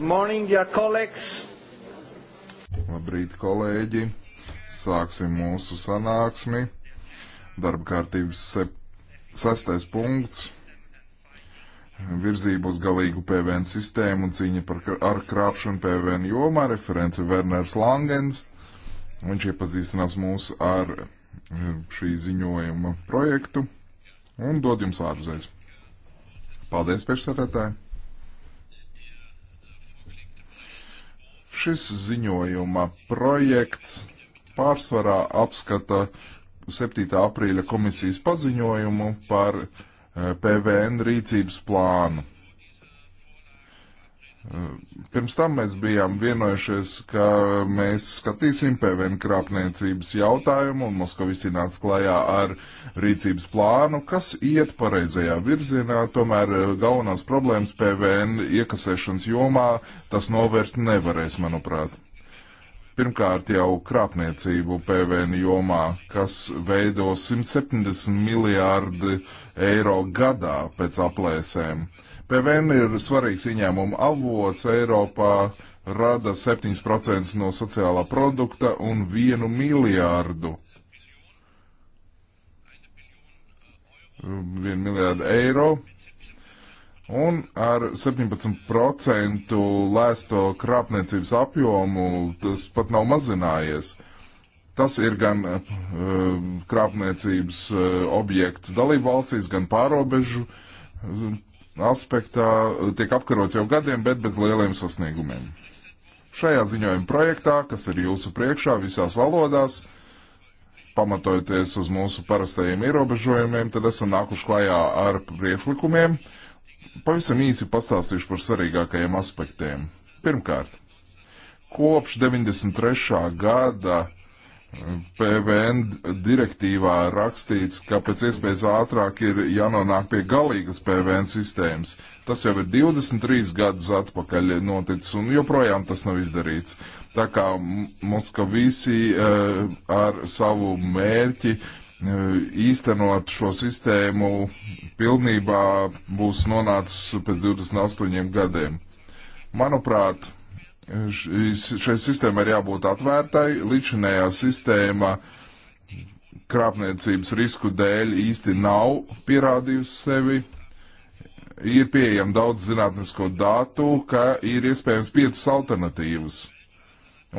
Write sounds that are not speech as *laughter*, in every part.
Morning, dear colleagues. Labrīt, kolēģi. Sāksim mūsu sanāksmi. Darba kārtības sastais punkts. Virzību uz galīgu PVN sistēmu un cīņa par, ar krāpšanu PVN jomā reference Werners Langens. Viņš iepazīstinās mūs ar eh, šī ziņojuma projektu un dod jums vārdu uzreiz. Paldies, priekšsarētāji! Šis ziņojuma projekts pārsvarā apskata 7. aprīļa komisijas paziņojumu par eh, PVN rīcības plānu. Pirms tam mēs bijām vienojušies, ka mēs skatīsim PVN krāpniecības jautājumu, un Moskavis nāca klajā ar rīcības plānu, kas iet pareizajā virzienā. Tomēr eh, galvenās problēmas PVN iekasēšanas jomā tas novērst nevarēs, manuprāt. Pirmkārt jau krāpniecību PVN jomā, kas veido 170 miljārdi eiro gadā pēc aplēsēm. Uh, PVN ir svarīgs ieņēmuma avots Eiropā, rada 7% no sociālā produkta un 1 miljārdu. 1 miljārdu eiro. Un ar 17% lēsto krāpniecības apjomu tas pat nav mazinājies. Tas ir gan uh, krāpniecības uh, objekts dalību valstīs, gan pārobežu uh, aspektā eh, tiek apkarots jau gadiem, bet bez lieliem sasniegumiem. Šajā ziņojuma projektā, kas ir jūsu priekšā visās valodās, pamatojoties uz mūsu parastajiem ierobežojumiem, tad esam nākuši klajā ar priekšlikumiem. Pavisam īsi pastāstīšu par svarīgākajiem aspektiem. Pirmkārt, kopš 93. gada PVN direktīvā rakstīts, ka pēc iespējas ātrāk ir jānonāk pie galīgas PVN sistēmas. Tas jau ir 23 gadus atpakaļ noticis un joprojām tas nav izdarīts. Tā kā Moskavīsi uh, ar savu mērķi uh, īstenot šo sistēmu pilnībā būs nonācis pēc 28 gadiem. Manuprāt, Šai sistēmai ir jābūt atvērtai. Līdzinējā sistēma krāpniecības risku dēļ īsti nav pierādījusi sevi. Ir pieejama daudz zinātnisko datu, ka ir iespējams piecas alternatīvas.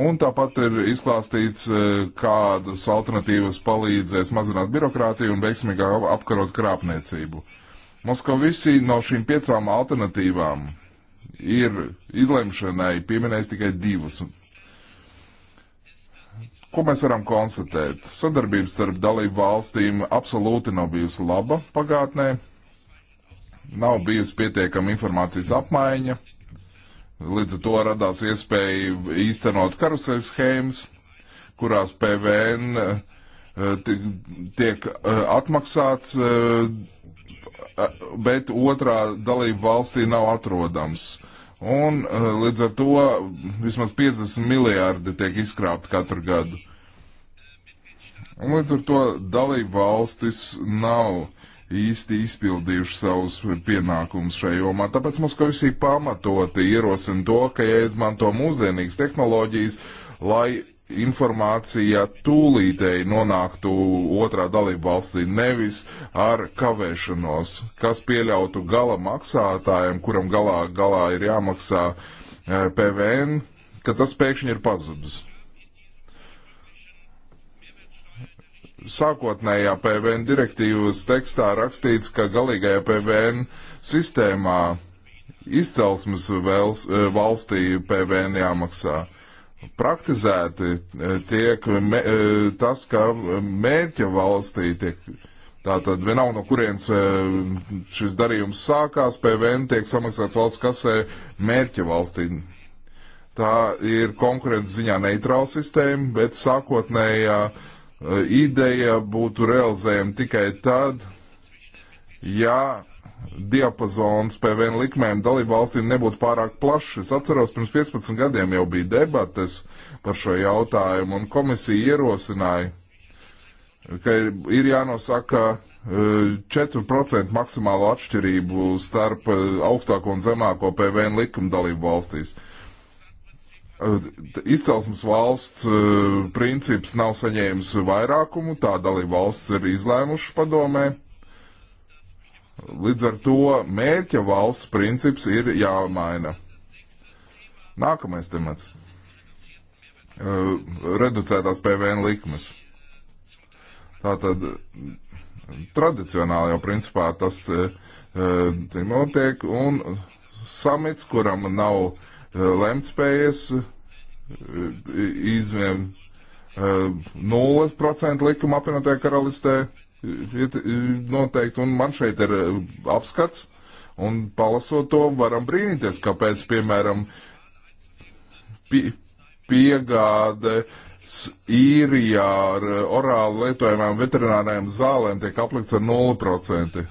Un tāpat ir izklāstīts, e, kādas alternatīvas palīdzēs mazināt birokrātiju un veiksmīgāk apkarot krāpniecību. Moskovisī no šīm piecām alternatīvām ir izlemšanai pieminējis tikai divus. Ko mēs varam konstatēt? Sadarbības starp dalību valstīm absolūti nav bijusi laba pagātnē, nav bijusi pietiekama informācijas apmaiņa, līdz ar to radās iespēja īstenot karuseļu schēmas, kurās PVN eh, tiek eh, atmaksāts, eh, bet otrā dalība valstī nav atrodams un eh, līdz ar to vismaz 50 miljārdi tiek izkrāpti katru gadu. Un līdz ar to dalību valstis nav īsti izpildījuši savus pienākumus šajā jomā. Tāpēc mums komisija pamatoti ierosina to, ka jāizmanto ja mūsdienīgas tehnoloģijas, lai informācija tūlītēji nonāktu otrā dalību valstī, nevis ar kavēšanos, kas pieļautu gala maksātājiem, kuram galā, galā ir jāmaksā e, PVN, ka tas pēkšņi ir pazudis. Sākotnējā PVN direktīvas tekstā rakstīts, ka galīgajā PVN sistēmā izcelsmes vēls, e, valstī PVN jāmaksā. Uh, praktizēti, e, tiek me, e, tas, ka mērķa valstī tiek. Tātad vienalga, no kurienes e, šis darījums sākās, PVN tiek samaksāts valsts kasē mērķa valstī. Tā ir konkurences ziņā neitrāla sistēma, bet sākotnējā ideja būtu realizējama tikai tad, ja diapazons PVN likmēm dalību valstīm nebūtu pārāk plašs. Es atceros, pirms 15 gadiem jau bija debates par šo jautājumu, un komisija ierosināja, ka ir jānosaka 4% e, maksimālo atšķirību starp e, augstāko un zemāko PVN likumu dalību valstīs. E, izcelsmes valsts princips nav saņēmis vairākumu, tā dalība valsts ir izlēmuši padomē. Līdz ar to mērķa valsts princips ir jāmaina. Nākamais temats uh, - reducētās PVN likmes. Tātad tradicionāli jau principā tas uh, uh, notiek un samits, kuram nav lemtspējas izņem 0% likuma apvienotajā karalistē noteikti, un man šeit ir uh, apskats, un palasot to, varam brīnīties, kāpēc, piemēram, pie, piegāde īrijā ar orāli lietojamām veterinārajām zālēm tiek aplikts ar 0%.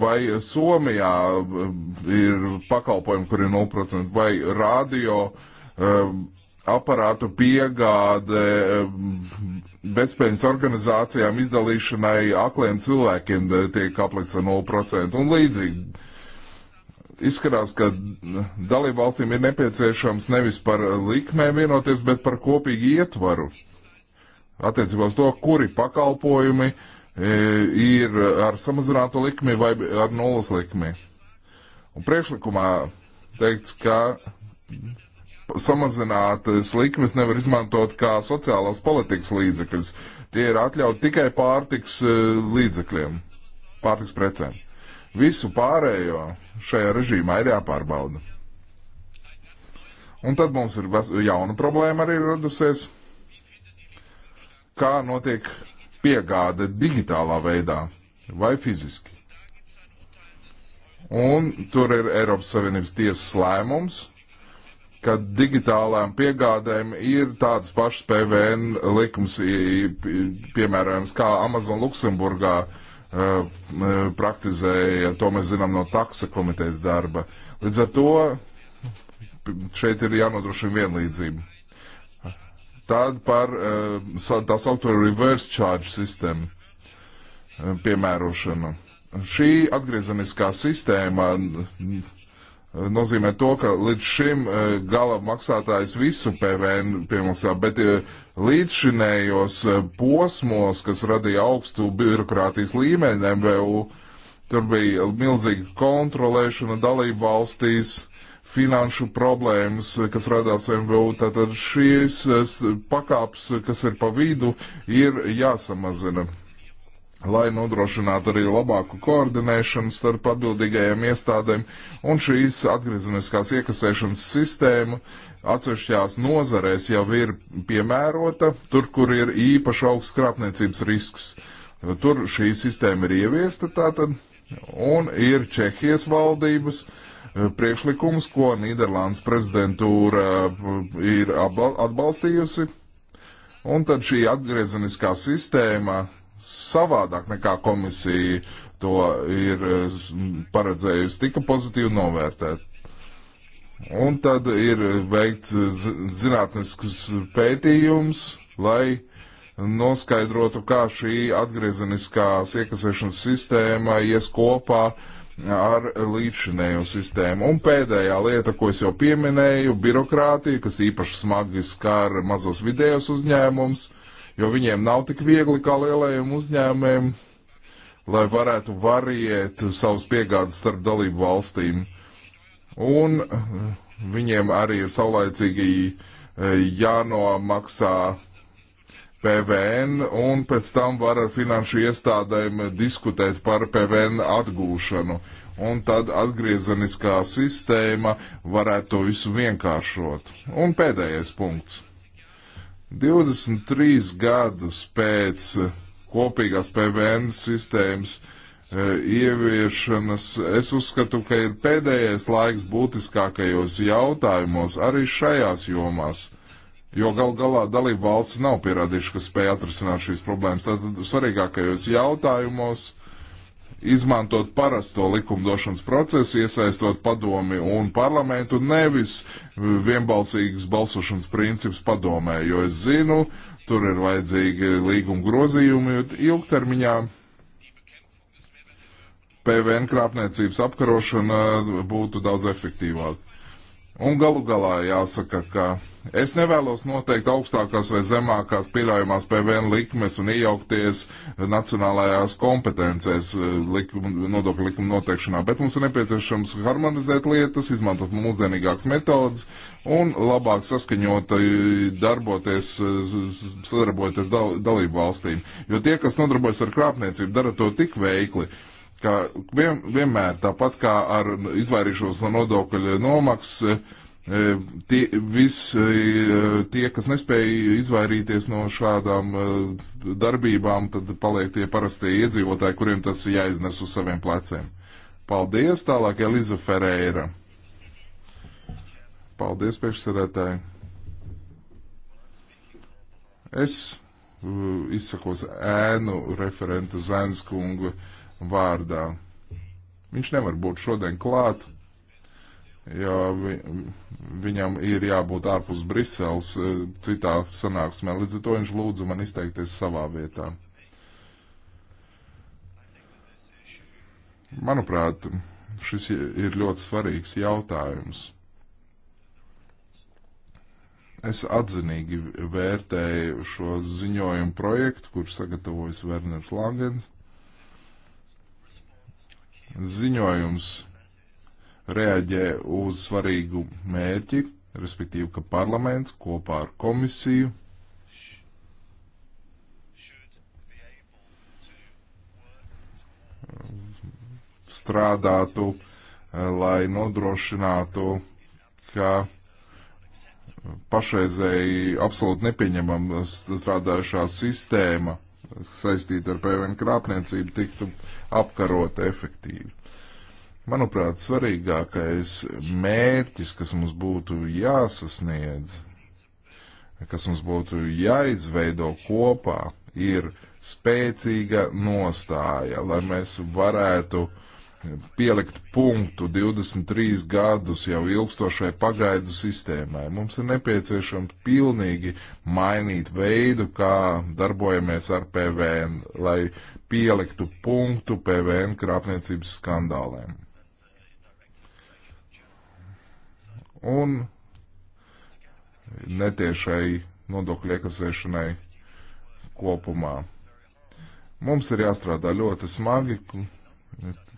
Vai Somijā uh, ir pakalpojumi, kur ir 0%, vai radio um, uh, aparātu piegāde um, bezpējas organizācijām izdalīšanai akliem cilvēkiem eh, tiek aplikts ar 0% un līdzīgi. Izskatās, ka dalību valstīm ir nepieciešams nevis par likmēm vienoties, bet par kopīgu ietvaru attiecībā uz to, kuri pakalpojumi e, ir ar samazinātu likmi vai ar nulles likmi. Un priekšlikumā teikts, ka samazinātas likmes nevar izmantot kā sociālās politikas līdzekļus. Tie ir atļauti tikai pārtiks eh, līdzekļiem, pārtiks precēm. Visu pārējo šajā režīmā ir jāpārbauda. Un tad mums ir jauna problēma arī radusies, kā notiek piegāde digitālā veidā vai fiziski. Un tur ir Eiropas Savienības tiesas lēmums, ka digitālām piegādēm ir tāds pašs PVN likums, piemērojams, kā Amazon Luksemburgā uh, praktizēja, to mēs zinām no taksa komitejas darba. Līdz ar to šeit ir jānodrošina vienlīdzība. Tad par uh, eh, tā saucamo reverse charge sistēmu uh, piemērošanu. Šī atgriezeniskā sistēma nozīmē to, ka līdz šim e, gala maksātājs visu PVN piemaksā, bet e, līdzšinējos e, posmos, kas radīja augstu birokrātijas līmeni MVU, tur bija milzīga kontrolēšana dalību valstīs, finanšu problēmas, kas radās MVU, tātad šīs pakāps, kas ir pa vidu, ir jāsamazina lai nodrošinātu arī labāku koordinēšanu starp atbildīgajiem iestādēm un šīs atgriezeniskās iekasēšanas sistēma atsevišķās nozarēs jau ir piemērota, tur, kur ir īpaši augsts krāpniecības risks. Tur šī sistēma ir ieviesta tātad, un ir Čehijas valdības eh, priekšlikums, ko Nīderlandes prezidentūra eh, ir atbalstījusi. Un tad šī atgriezeniskā sistēma savādāk nekā komisija to ir paredzējusi, tika pozitīvi novērtēt. Un tad ir veikts zinātnisks pētījums, lai noskaidrotu, kā šī atgriezeniskās iekasēšanas sistēma ies kopā ar līdzinējo sistēmu. Un pēdējā lieta, ko es jau pieminēju, birokrātija, kas īpaši smagi skar mazos vidējos uzņēmums, jo viņiem nav tik viegli kā lielajiem uzņēmējiem, lai varētu variēt savus piegādes starp dalību valstīm. Un eh, viņiem arī ir saulaicīgi eh, jānomaksā PVN, un pēc tam var ar finanšu iestādēm diskutēt par PVN atgūšanu. Un tad atgriezeniskā sistēma varētu to visu vienkāršot. Un pēdējais punkts. 23 gadus pēc eh, kopīgās PVN sistēmas eh, ieviešanas, es uzskatu, ka ir pēdējais laiks būtiskākajos jautājumos arī šajās jomās. Jo gal galā dalība valsts nav pierādījuši, ka spēja atrisināt šīs problēmas. Tātad svarīgākajos jautājumos uh, izmantot parasto likumdošanas procesu, iesaistot padomi un parlamentu, nevis vienbalsīgas balsošanas princips padomē, jo es zinu, tur ir vajadzīgi līguma grozījumi ilgtermiņā. PVN krāpniecības apkarošana būtu daudz efektīvāka. Un galu galā jāsaka, ka es nevēlos noteikt augstākās vai zemākās pieļaujamās PVN likmes un iejaukties nacionālajās kompetencēs eh, likuma, nodokļu likuma noteikšanā, bet mums ir nepieciešams harmonizēt lietas, izmantot mūsdienīgākas metodas un labāk saskaņot eh, darboties, sadarboties dal, dalību valstīm. Jo tie, kas nodarbojas ar krāpniecību, dara to tik veikli, uh, ka vien, vienmēr tāpat kā ar izvairīšanos no nodokļa nomaksas, e, e, tie, visi e, tie, kas nespēja izvairīties no šādām darbībām, tad paliek tie parastie iedzīvotāji, kuriem tas jāiznes uz saviem pleciem. Paldies, tālāk Eliza Ferreira. Paldies, priekšsēdētāji. Es izsakos ēnu referentu Zēnskungu. kungu vārdā. Viņš nevar būt šodien klāt, jo vi, viņam ir jābūt ārpus Briseles eh, citā sanāksmē. Līdz ar to viņš lūdza man izteikties savā vietā. Manuprāt, šis ir ļoti svarīgs jautājums. Es atzinīgi vērtēju šo ziņojumu projektu, kur sagatavojas Werners Langens. Ziņojums reaģē uz svarīgu mērķi, respektīvi, ka parlaments kopā ar komisiju strādātu, lai nodrošinātu, ka pašreizēji absolūti nepieņemama strādājušā sistēma saistīta ar PVN krāpniecību, tiktu apkarota efektīvi. Manuprāt, svarīgākais mērķis, kas mums būtu jāsasniedz, kas mums būtu jāizveido kopā, ir spēcīga nostāja, lai mēs varētu uh, pielikt punktu 23 gadus jau ilgstošai pagaidu sistēmai. Mums ir nepieciešams pilnīgi mainīt veidu, kā darbojamies ar PVN, lai pieliktu punktu PVN krāpniecības skandāliem. Un netiešai nodokļu iekasēšanai kopumā. Mums ir jāstrādā ļoti smagi,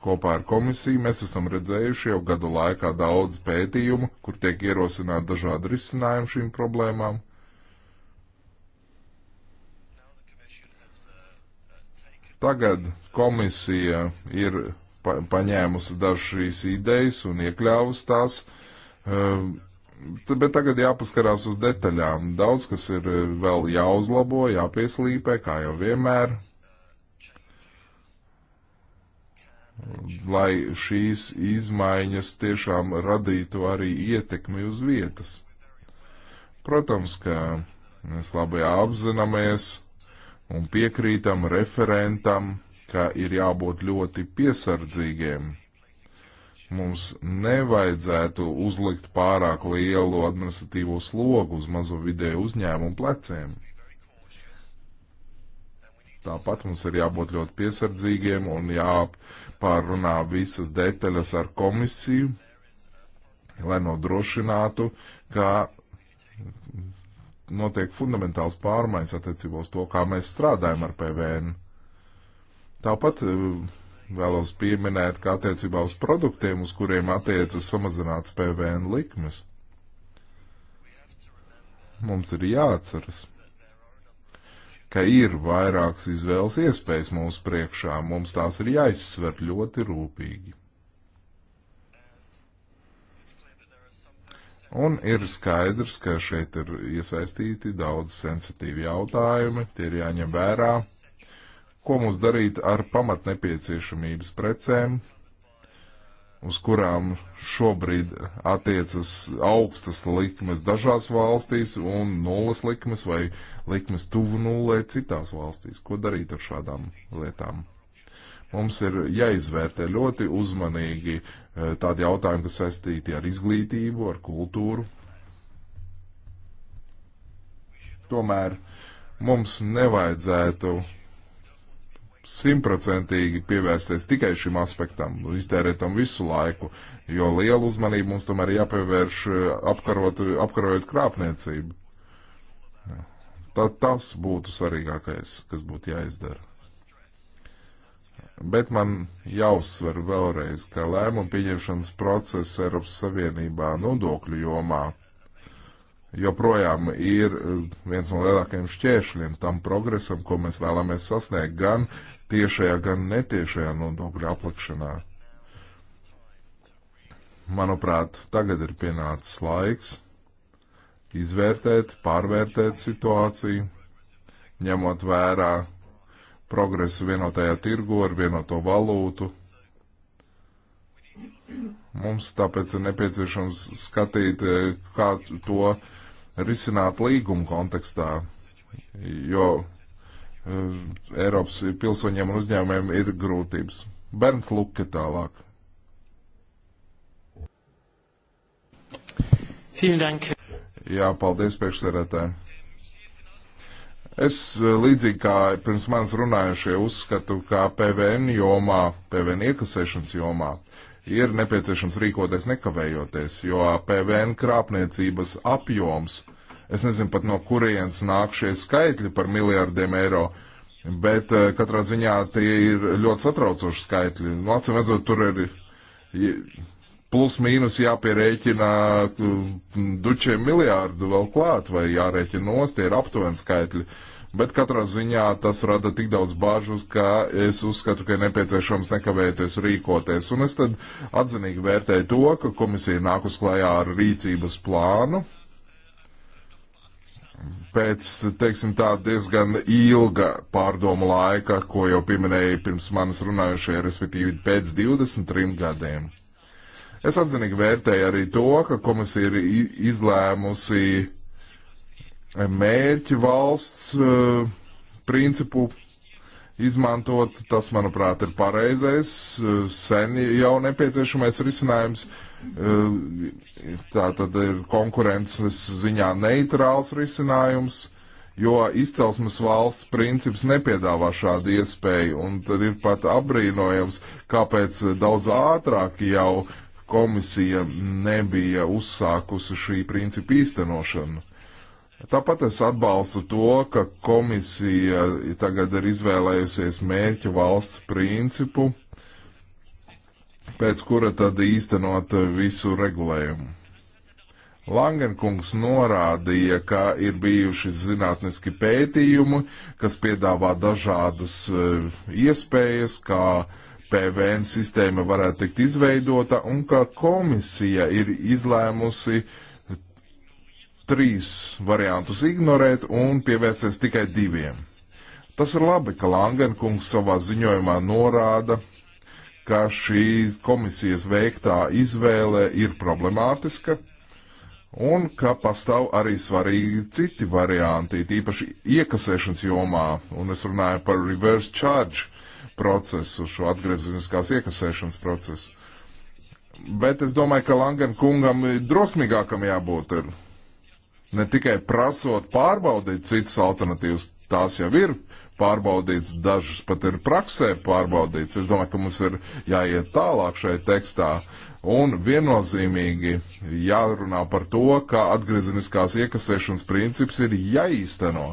kopā ar komisiju. Mēs esam redzējuši jau gadu laikā daudz pētījumu, kur tiek ierosināt dažādi risinājumi šīm problēmām. Tagad komisija ir pa paņēmusi dažas šīs idejas un iekļāvusi tās, um, bet tagad jāpaskarās uz detaļām. Daudz, kas ir eh, vēl jāuzlabo, jāpieslīpē, kā jau vienmēr. lai šīs izmaiņas tiešām radītu arī ietekmi uz vietas. Protams, ka mēs labi apzināmies un piekrītam referentam, ka ir jābūt ļoti piesardzīgiem. Mums nevajadzētu uzlikt pārāk lielu administratīvo slogu uz mazo vidēju uzņēmumu pleciem. Tāpat mums ir jābūt ļoti piesardzīgiem un jāpārunā visas detaļas ar komisiju, lai nodrošinātu, ka notiek fundamentāls pārmaiņas attiecībā uz to, kā mēs strādājam ar PVN. Tāpat eh, vēlos pieminēt, ka attiecībā uz produktiem, uz kuriem attiecas samazināts PVN likmes, mums ir jāatceras ka ir vairākas izvēles iespējas mūsu priekšā. Mums tās ir jāizsver ļoti rūpīgi. Un ir skaidrs, ka šeit ir iesaistīti daudz sensitīvi jautājumi, tie ir jāņem vērā. Ko mums darīt ar pamatnepieciešamības precēm, uz kurām šobrīd attiecas augstas likmes dažās valstīs un nulles likmes vai likmes tuvu nullē citās valstīs. Ko darīt ar šādām lietām? Mums ir jāizvērtē ļoti uzmanīgi e, tādi jautājumi, kas saistīti ar izglītību, ar kultūru. Tomēr mums nevajadzētu simtprocentīgi pievērsties tikai šim aspektam, iztērēt tam visu laiku, jo liela uzmanība mums tomēr jāpievērš eh, apkarot, apkarojot krāpniecību. Tad tas būtu svarīgākais, kas būtu jāizdara. Bet man jāuzsver vēlreiz, ka lēmumu pieņemšanas process Eiropas Savienībā nodokļu jomā joprojām ir eh, viens no lielākajiem šķēršļiem tam progresam, ko mēs vēlamies sasniegt gan tiešajā, gan netiešajā nodokļu aplikšanā. Manuprāt, tagad ir pienācis laiks izvērtēt, pārvērtēt situāciju, ņemot vērā progresu vienotajā tirgu ar vienoto valūtu. Mums tāpēc ir nepieciešams skatīt, e, kā to risināt līguma kontekstā, jo Eh, Eiropas pilsoņiem un uzņēmumiem ir grūtības. Bērns Luka tālāk. Jā, paldies priekšsarētājiem. Es eh, līdzīgi kā pirms manis runājušie uzskatu, ka PVN jomā, PVN iekasēšanas jomā ir nepieciešams rīkoties nekavējoties, jo PVN krāpniecības apjoms Es nezinu pat no kurienes nāk šie skaitļi par miljārdiem eiro, bet eh, katrā ziņā tie ir ļoti satraucoši skaitļi. Nu, Acīm redzot, tur ir plus mīnus jāpierēķina dučiem miljārdu vēl klāt vai jārēķina nost, tie ir aptuveni skaitļi. Bet katrā ziņā tas rada tik daudz bāžus, ka es uzskatu, ka ir nepieciešams nekavēties rīkoties. Un es tad atzinīgi vērtēju to, ka komisija nāk uz klājā ar rīcības plānu, pēc, teiksim tā, diezgan ilga pārdomu laika, ko jau pieminēja pirms manis runājušie, respektīvi pēc 23 gadiem. Es atzinīgi vērtēju arī to, ka komisija ir izlēmusi mērķi valsts e, principu izmantot. Tas, manuprāt, ir pareizais, e, sen jau nepieciešamais risinājums. Uh, Ehm, tā tad ir konkurences ziņā neitrāls risinājums, jo izcelsmes valsts princips nepiedāvā šādu iespēju, un tad ir pat apbrīnojams, kāpēc daudz ātrāk jau komisija nebija uzsākusi šī principa īstenošanu. Tāpat es atbalstu to, ka komisija tagad ir izvēlējusies mērķu valsts principu pēc kura tad īstenot visu regulējumu. Langenkungs norādīja, ka ir bijuši zinātniski pētījumi, kas piedāvā dažādas eh, iespējas, kā PVN sistēma varētu tikt izveidota, un ka komisija ir izlēmusi trīs variantus ignorēt un pievērsties tikai diviem. Tas ir labi, ka Langenkungs savā ziņojumā norāda, ka šī komisijas veiktā izvēle ir problemātiska un ka pastāv arī svarīgi citi varianti, tīpaši iekasēšanas jomā, un es runāju par reverse charge procesu, šo atgriezeniskās iekasēšanas procesu. Bet es domāju, ka Langen kungam drosmīgākam jābūt ir. Ne tikai prasot pārbaudīt citas alternatīvas, tās jau ir pārbaudīts, dažas pat ir praksē pārbaudīts. Es domāju, ka mums ir jāiet tālāk šai tekstā un viennozīmīgi jārunā par to, ka atgriezeniskās iekasēšanas princips ir jāīsteno.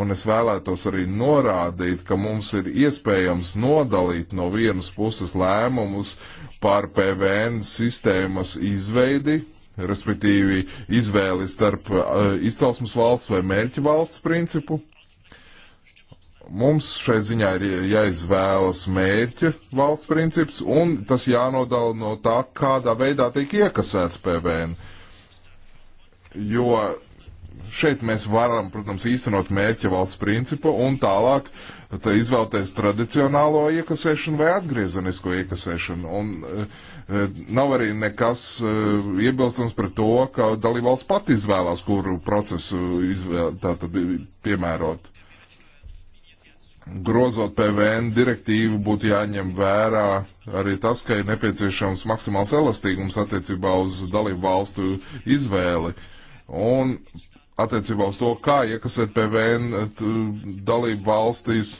Un es vēlētos arī norādīt, ka mums ir iespējams nodalīt no vienas puses lēmumus par PVN sistēmas izveidi, respektīvi izvēli starp eh, izcelsmes valsts vai mērķu valsts principu, Mums šai ziņā ir jāizvēlas mērķa valsts princips, un tas jānodala no tā, kādā veidā tiek iekasēts PVN. Jo šeit mēs varam, protams, īstenot mērķa valsts principu un tālāk tā izvēlēties tradicionālo iekasēšanu vai atgriezenisko iekasēšanu. Un e, nav arī nekas e, iebilstams par to, ka dalībvalsts pati izvēlās, kuru procesu izvēl, tātad piemērot grozot PVN direktīvu, būtu jāņem vērā arī tas, ka ir nepieciešams maksimāls elastīgums attiecībā uz dalību valstu izvēli. Un attiecībā uz to, kā iekasēt PVN dalību valstīs,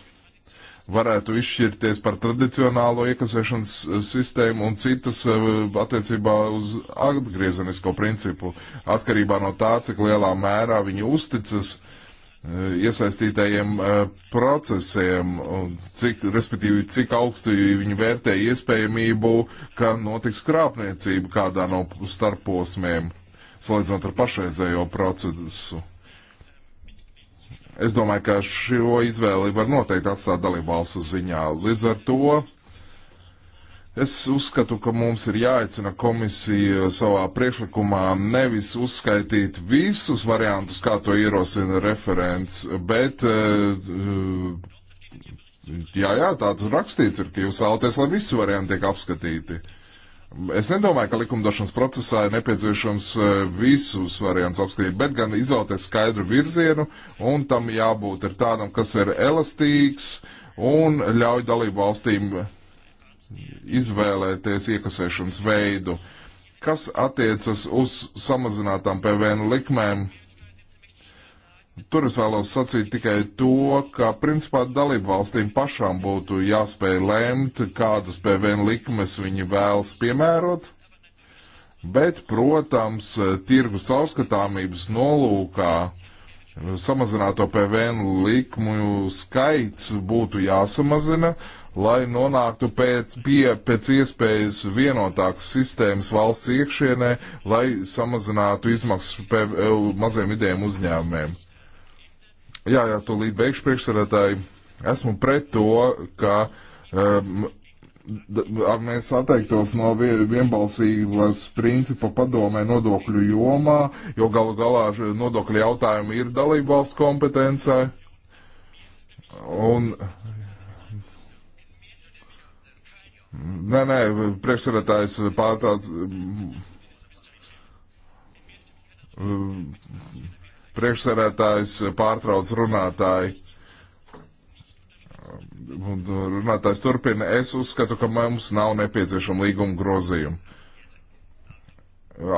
varētu izšķirties par tradicionālo iekasēšanas sistēmu un citas e, attiecībā uz atgriezenisko principu, atkarībā no tā, cik lielā mērā viņi uzticas uh, Eh, iesaistītajiem eh, procesiem, un cik, respektīvi, cik augstu viņi vērtē iespējamību, ka notiks krāpniecība kādā no starposmiem, salīdzinot ar pašreizējo procesu. Es domāju, ka šo izvēli var noteikti atstāt dalībvalstu ziņā. Līdz ar to Es uzskatu, ka mums ir jāicina komisija savā priekšlikumā nevis uzskaitīt visus variantus, kā to ierosina referents, bet eh, jā, jā, tāds rakstīts ir, ka jūs vēlaties, lai visi varianti tiek apskatīti. Es nedomāju, ka likumdošanas procesā ir nepieciešams eh, visus variantus apskatīt, bet gan izvēlēties skaidru virzienu, un tam jābūt ir tādam, kas ir elastīgs un ļauj dalību valstīm izvēlēties iekasēšanas veidu. Kas attiecas uz samazinātām PVN likmēm, Tur es vēlos sacīt tikai to, ka principā dalību valstīm pašām būtu jāspēj lēmt, kādas PVN likmes viņi vēlas piemērot. Bet, protams, tirgus caurskatāmības nolūkā samazināto PVN likmu skaits būtu jāsamazina, uh, lai nonāktu pēc, pie pēc iespējas vienotākas sistēmas valsts iekšienē, lai samazinātu izmaksas pie, e, maziem idejiem uzņēmumiem. Jā, jā, to līdz beigšu priekšsarētāji. Esmu pret to, ka um, mēs atteiktos no vienbalsības principa padomē nodokļu jomā, jo galu galā nodokļu jautājumi ir dalībvalsts kompetencē. Un Nē, nē, priekšsarētājs pārtāds. Priekšsarētājs pārtrauc runātāji. Un runātājs turpina. Es uzskatu, ka mums nav nepieciešama līguma grozījuma.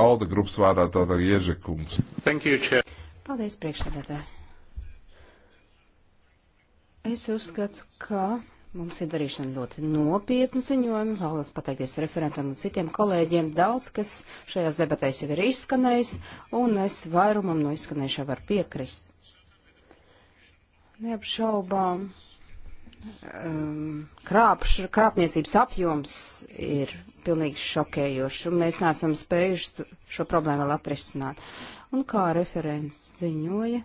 Alda grupas vārdā tāda iežekums. Thank you, chair. Paldies, priekšsarētāji. Es uzskatu, ka Mums ir darīšana ļoti nopietnu ziņojumu. Vēlos pateikties referentam un citiem kolēģiem. Daudz, kas šajās debatēs jau ir izskanējis, un es vairumam no izskanējušā varu piekrist. Neapšaubām, um, krāpš, krāpniecības apjoms ir pilnīgi šokējošs, un mēs neesam spējuši šo problēmu vēl atrisināt. Un kā referents ziņoja,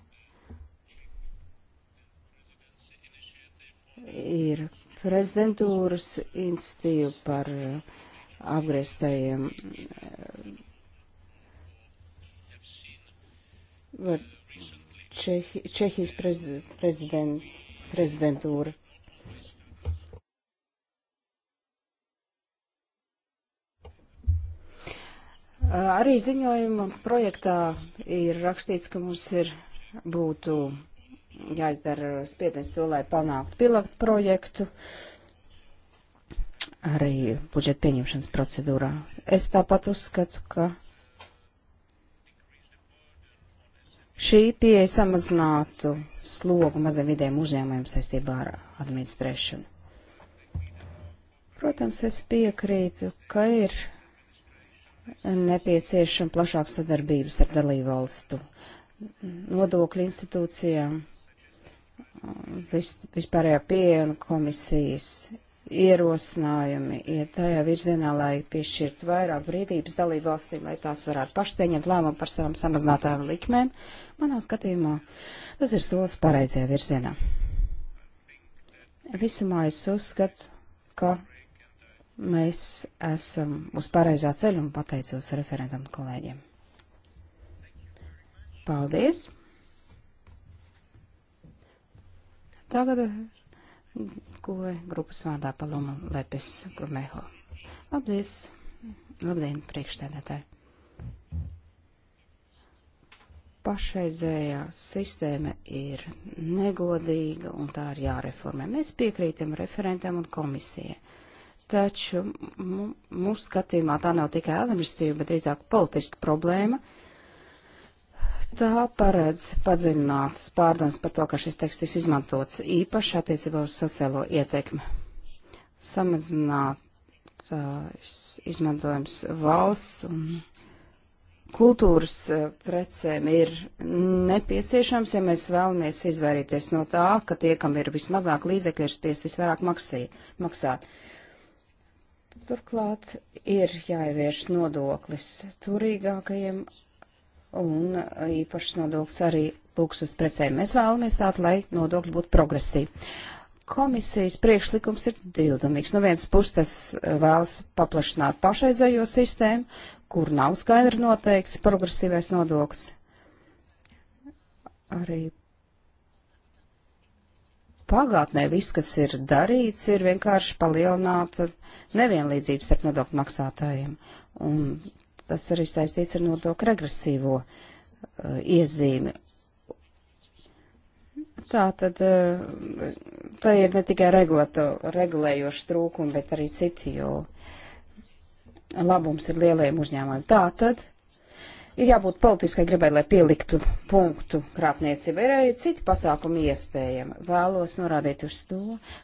ir prezidentūras institīva par uh, apgrieztajiem. Uh, Čehi, Čehijas prez, prezidents, prezidentūra. Uh, arī ziņojuma projektā ir rakstīts, ka mums ir būtu jāizdara spiediens to, lai panāktu pilotu projektu arī budžeta pieņemšanas procedūrā. Es tāpat uzskatu, ka šī pieeja samazinātu slogu maziem vidējiem uzņēmumiem saistībā ar administrēšanu. Protams, es piekrītu, ka ir nepieciešama plašāka sadarbības starp dalībvalstu nodokļu institūcijām vis, vispārējā pieeja un komisijas ierosinājumi ir tajā virzienā, lai piešķirt vairāk brīvības dalību valstīm, lai tās varētu paši pieņemt lēmumu par savām samazinātām likmēm. Manā skatījumā tas ir solis pareizajā virzienā. Visumā es uzskatu, ka mēs esam uz pareizā ceļa un pateicos referentam kolēģiem. Paldies! Tagad ko grupas vārdā Paloma Lepes Grumeho. Labdien, labdien, priekšstādātāji. Pašreizējā sistēma ir negodīga un tā ir jāreformē. Mēs piekrītam referentam un komisijai. Taču mūsu skatījumā tā nav tikai administratīva, bet drīzāk politiska problēma. Uh, Tā paredz padziļinātas pārdomas par to, ka šis teksts tiks izmantots īpaši attiecībā uz sociālo ietekmi. Samazināt izmantojums valsts un kultūras eh, precēm ir nepieciešams, ja mēs vēlamies izvairīties no tā, ka tie, kam ir vismazāk līdzekļi, ir spiest visvairāk maksī, maksāt. Turklāt ir jāievieš nodoklis turīgākajiem un īpašs nodoklis arī luksus precēm. Mēs vēlamies tādu, lai nodokļi būtu progresīvi. Komisijas priekšlikums ir divdomīgs. No nu vienas puses tas eh, vēlas paplašināt pašreizējo sistēmu, kur nav skaidri noteikts progresīvais nodoklis. Arī pagātnē viss, kas ir darīts, ir vienkārši palielināta nevienlīdzība starp nodokļu maksātājiem. Un Tas arī saistīts ar nodokļu regresīvo uh, iezīmi. Tā tad uh, eh, tā ir ne tikai regulējoša trūkuma, bet arī citi, jo labums ir lielajiem uzņēmumiem. Tā tad Ir jābūt politiskai gribai, lai pieliktu punktu krāpniecībai. Ir arī citi pasākumi iespējami. Vēlos norādīt uz to,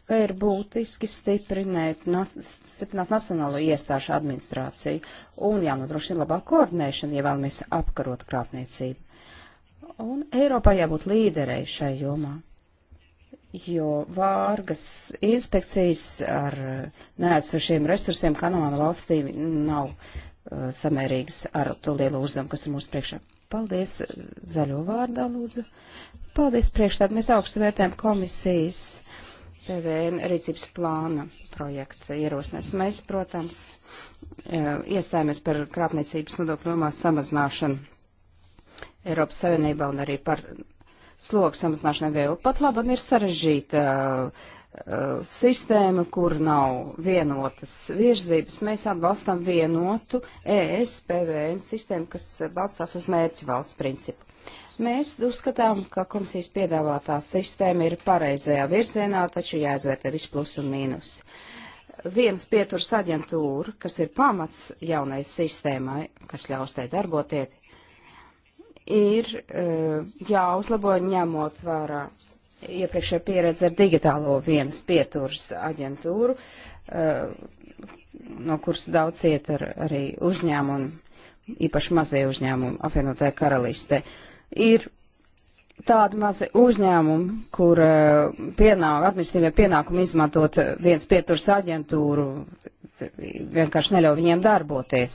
ka ir būtiski stiprināt, stiprināt nacionālo iestāžu administrāciju un jānodrošina labāk koordinēšana, ja vēlamies apkarot krāpniecību. Un Eiropā jābūt līderei šai jomā jo vārgas inspekcijas ar neatsošiem resursiem Kanāna valstīm nav samērīgas ar to lielo uzdevumu, kas ir mūsu priekšā. Paldies eh, zaļo vārdā, lūdzu. Paldies priekšstādā. Mēs augstu vērtējam komisijas PVN rīcības plāna projekta ierosinājums. Mēs, protams, eh, iestājāmies par krāpniecības nodokļu nomās samazināšanu Eiropas Savienībā un arī par slogu samazināšanu vēl. Pat labi, ir sarežģīta. Uh, Uh, sistēma, kur nav vienotas virzības. Mēs atbalstam vienotu ES PVN sistēmu, kas balstās uz mērķu valsts principu. Mēs uzskatām, ka komisijas piedāvātā sistēma ir pareizajā virzienā, taču jāizvērtē visi plusi un mīnusi. Viens pieturs aģentūra, kas ir pamats jaunai sistēmai, kas ļaus tai darboties, ir uh, jāuzlabo ņemot vērā iepriekšēja pieredze ar digitālo vienas pieturas aģentūru, eh, no kuras daudz iet ar, arī uzņēmumu, īpaši mazie uzņēmumi apvienotajā karalistē. Ir tādi mazi uzņēmumi, kur eh, pienāk, administratīvie pienākumi izmantot viens pieturs aģentūru, vienkārši neļauj viņiem darboties.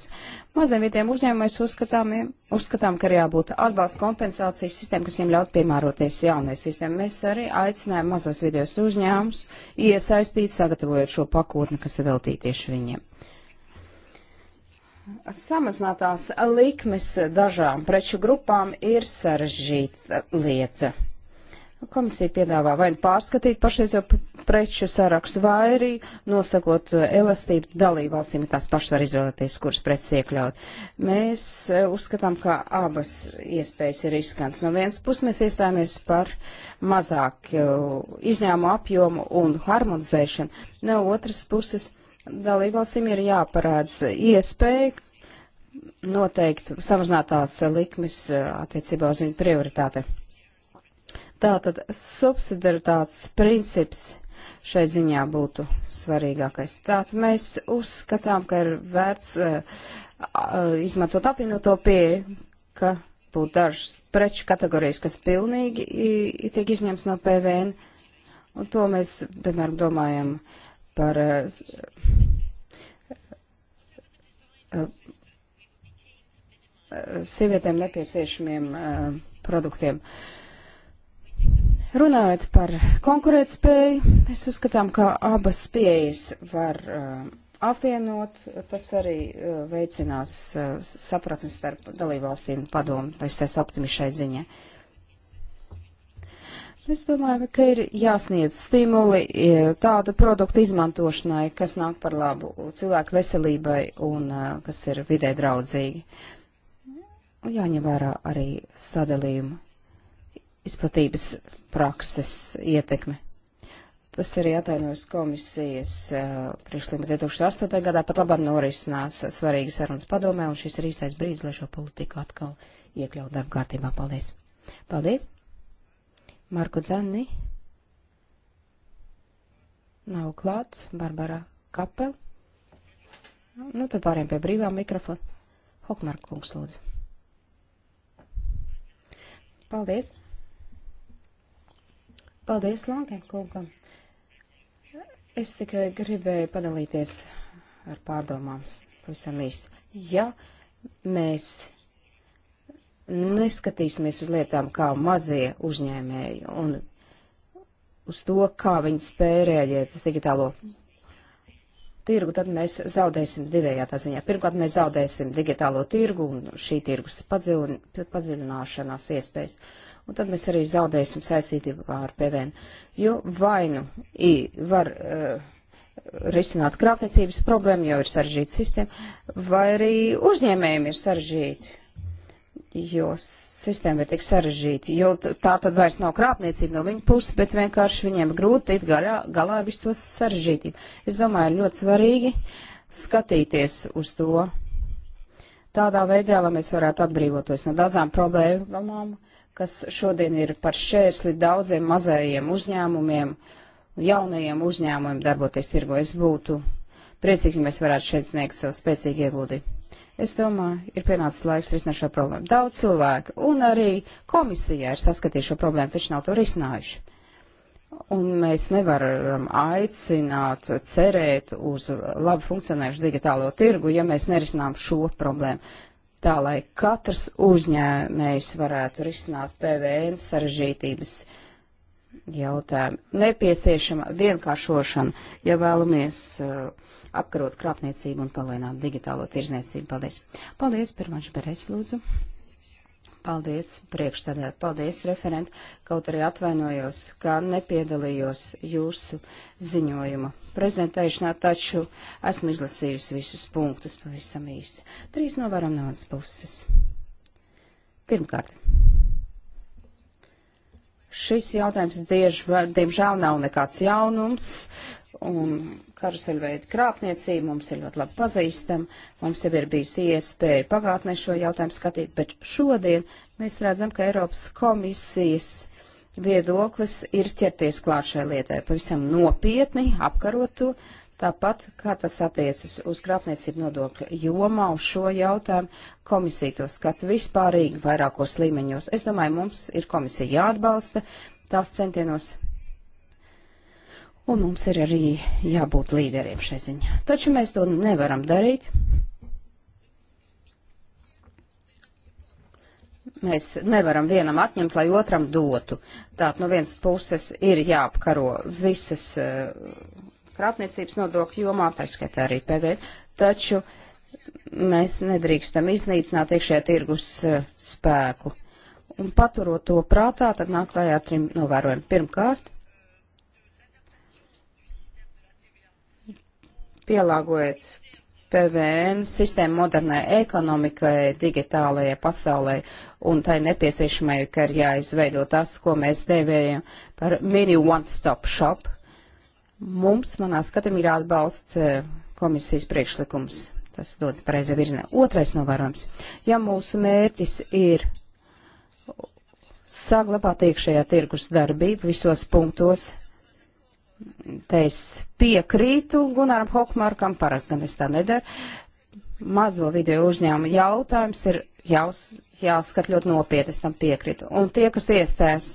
Maziem vidiem uzņēmumiem mēs uzskatām, uzskatām, ka ir jābūt atbalsta kompensācijas sistēma, kas viņiem ļaut piemēroties jaunai sistēmai. Mēs arī aicinājām mazos vidējos uzņēmumus iesaistīt, sagatavojot šo pakotni, kas ir veltīta tieši viņiem. Samazinātās likmes dažām preču grupām ir sarežģīta lieta. Komisija piedāvā vai nu pārskatīt pašreizo preču sarakstu, vai arī nosakot eh, elastību dalībvalstīm, tās pašas var izvēlēties, kuras preces iekļaut. Mēs eh, uzskatām, ka abas iespējas ir izskans. No vienas puses mēs iestājāmies par mazāk eh, izņēmu apjomu un harmonizēšanu, no otras puses dalībvalstīm ir jāparādz iespēja noteikti samazinātās likmes attiecībā uz viņu prioritātei. Tātad subsidaritātes princips šai ziņā būtu svarīgākais. Tātad mēs uzskatām, ka ir vērts uh, izmantot apvienoto pieeju, ka būtu dažas preču kategorijas, kas pilnīgi i, i, tiek izņemts no PVN. Un to mēs, piemēram, domājam par uh, uh, sievietēm nepieciešamiem produktiem. Uh, Runājot par konkurētspēju, mēs uzskatām, ka abas pieejas var uh, apvienot, tas arī uh, veicinās uh, sapratni starp dalībvalstīm padomu, es esmu optimišai ziņā. Es domāju, ka ir jāsniedz stimuli uh, tādu produktu izmantošanai, kas nāk par labu cilvēku veselībai un uh, kas ir vidē draudzīgi. Jāņem vērā arī sadalījuma izplatības prakses ietekme. Tas arī atainojas komisijas uh, priekšlikuma 2008. gadā, pat labāk norisinās svarīgas sarunas padomē, un šis ir īstais brīdis, lai šo politiku atkal iekļaut darba kārtībā. Paldies! Paldies! Marku Dzanni nav klāt, Barbara Kapel. Nu, tad pāriem pie brīvā mikrofona. Hokmarkungs, lūdzu. Paldies! Paldies, Lankenkungam. Es tikai gribēju padalīties ar pārdomām pavisam īsi. Ja mēs neskatīsimies uz lietām kā mazie uzņēmēji un uz to, kā viņi spēja rēģēt uz digitālo tirgu, tad mēs zaudēsim divējādā ziņā. Pirmkārt, mēs zaudēsim digitālo tirgu un šī tirgus padziļināšanās iespējas un tad mēs arī zaudēsim saistītību ar PVN. Jo vainu var uh, risināt krāpniecības problēmu, jo ir sarežģīta sistēma, vai arī uzņēmējiem ir sarežģīti, jo sistēma ir tik sarežģīta, jo tā tad vairs nav krāpniecība no viņa puses, bet vienkārši viņiem grūti tikt galā, galā ar visu to sarežģītību. Es domāju, ir ļoti svarīgi skatīties uz to tādā veidā, lai mēs varētu atbrīvoties no daudzām problēmām kas šodien ir par šērsli daudziem mazajiem uzņēmumiem, jaunajiem uzņēmumiem darboties tirgo. Es būtu priecīgs, ja mēs varētu šeit sniegt savu spēcīgu ieguldi. Es domāju, ir pienācis laiks risināt šo problēmu. Daudz cilvēku un arī komisijā ir saskatījuši šo problēmu, taču nav to risinājuši. Un mēs nevaram aicināt, cerēt uz labi funkcionējušu digitālo tirgu, ja mēs nerisinām šo problēmu tā lai katrs uzņēmējs varētu risināt PVN sarežģītības jautājumu. Nepieciešama vienkāršošana, ja vēlamies uh, apkarot krāpniecību un palēnāt digitālo tirzniecību. Paldies! Paldies, Pirmaņš Berēs, lūdzu! Paldies, priekšsēdē. Paldies, referent. Kaut arī atvainojos, ka nepiedalījos jūsu ziņojuma prezentēšanā, taču esmu izlasījusi visus punktus pavisam īsi. Trīs novaram no manas puses. Pirmkārt. Šis jautājums, diež, diemžēl, nav nekāds jaunums, un karuseļveida krāpniecība mums ir ļoti labi pazīstama, mums jau ir bijusi iespēja pagātnē šo jautājumu skatīt, bet šodien mēs redzam, ka Eiropas komisijas viedoklis ir ķerties klāt šai lietai, pavisam nopietni apkarot to, tāpat kā tas attiecas uz krāpniecību nodokļu jomā, uz šo jautājumu komisija to skata vispārīgi vairākos līmeņos. Es domāju, mums ir komisija jāatbalsta tās centienos Un mums ir arī jābūt līderiem šai ziņā. Taču mēs to nevaram darīt. Mēs nevaram vienam atņemt, lai otram dotu. Tātad no vienas puses ir jāapkaro visas eh, krāpniecības nodokļu jomā, tā skaitā arī PVD, taču mēs nedrīkstam iznīcināt iekšējā tirgus eh, spēku. Un paturot to prātā, tad nāk klājā trim novērojumi. Pirmkārt, pielāgojot PVN sistēmu modernai ekonomikai, digitālajai pasaulē un tai nepieciešamai, ka ir jāizveido tas, ko mēs dēvējam par mini one-stop shop. Mums, manā skatījumā, ir atbalsta eh, komisijas priekšlikums. Tas dodas pareizā virzienā. Otrais novērojums. Ja mūsu mērķis ir saglabāt iekšējā tirgus darbību visos punktos, Te es piekrītu Gunaram Hokmarkam, parasti gan es tā nedaru. Mazo video uzņēmumu jautājums ir jās, jāskat ļoti nopietni, es tam piekrītu. Un tie, kas iestēs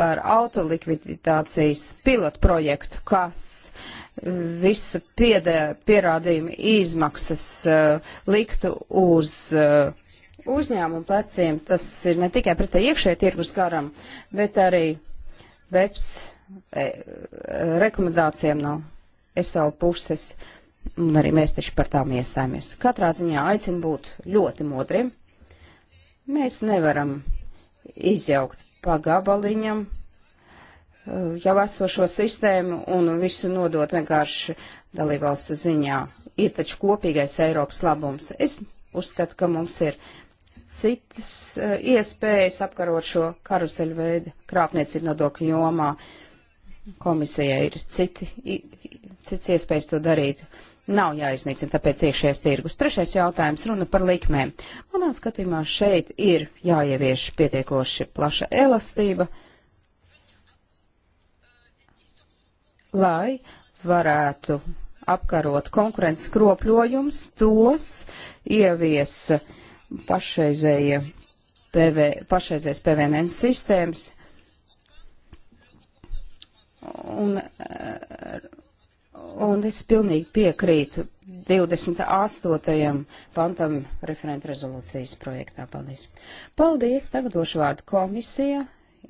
par autolikviditācijas pilotu projektu, kas visa piedē, pierādījuma izmaksas uh, liktu uz uh, uzņēmumu pleciem, tas ir ne tikai pretēji iekšēji tirgus garam, bet arī webs E, rekomendācijām no SL puses, un arī mēs taču par tām iestājāmies. Katrā ziņā aicinu būt ļoti modriem. Mēs nevaram izjaukt pagabaliņam e, jau esošo sistēmu un visu nodot vienkārši dalībvalstu ziņā. Ir taču kopīgais Eiropas labums. Es uzskatu, ka mums ir citas e, iespējas apkarot šo karuseļu veidu krāpniecību nodokļu jomā. Uh, Komisijai ir citi, cits iespējas to darīt. Nav jāiznīcina tāpēc iekšējais tirgus. Trešais jautājums runa par likmēm. Manā skatījumā šeit ir jāievieš pietiekoši plaša elastība, lai varētu apkarot konkurences kropļojums, tos ievies pašreizējie PV, pašreizējais PVN sistēmas, Un, un es pilnīgi piekrītu 28. pantam referenta rezolūcijas projektā. Paldies. Paldies. Tagad došu vārdu komisija.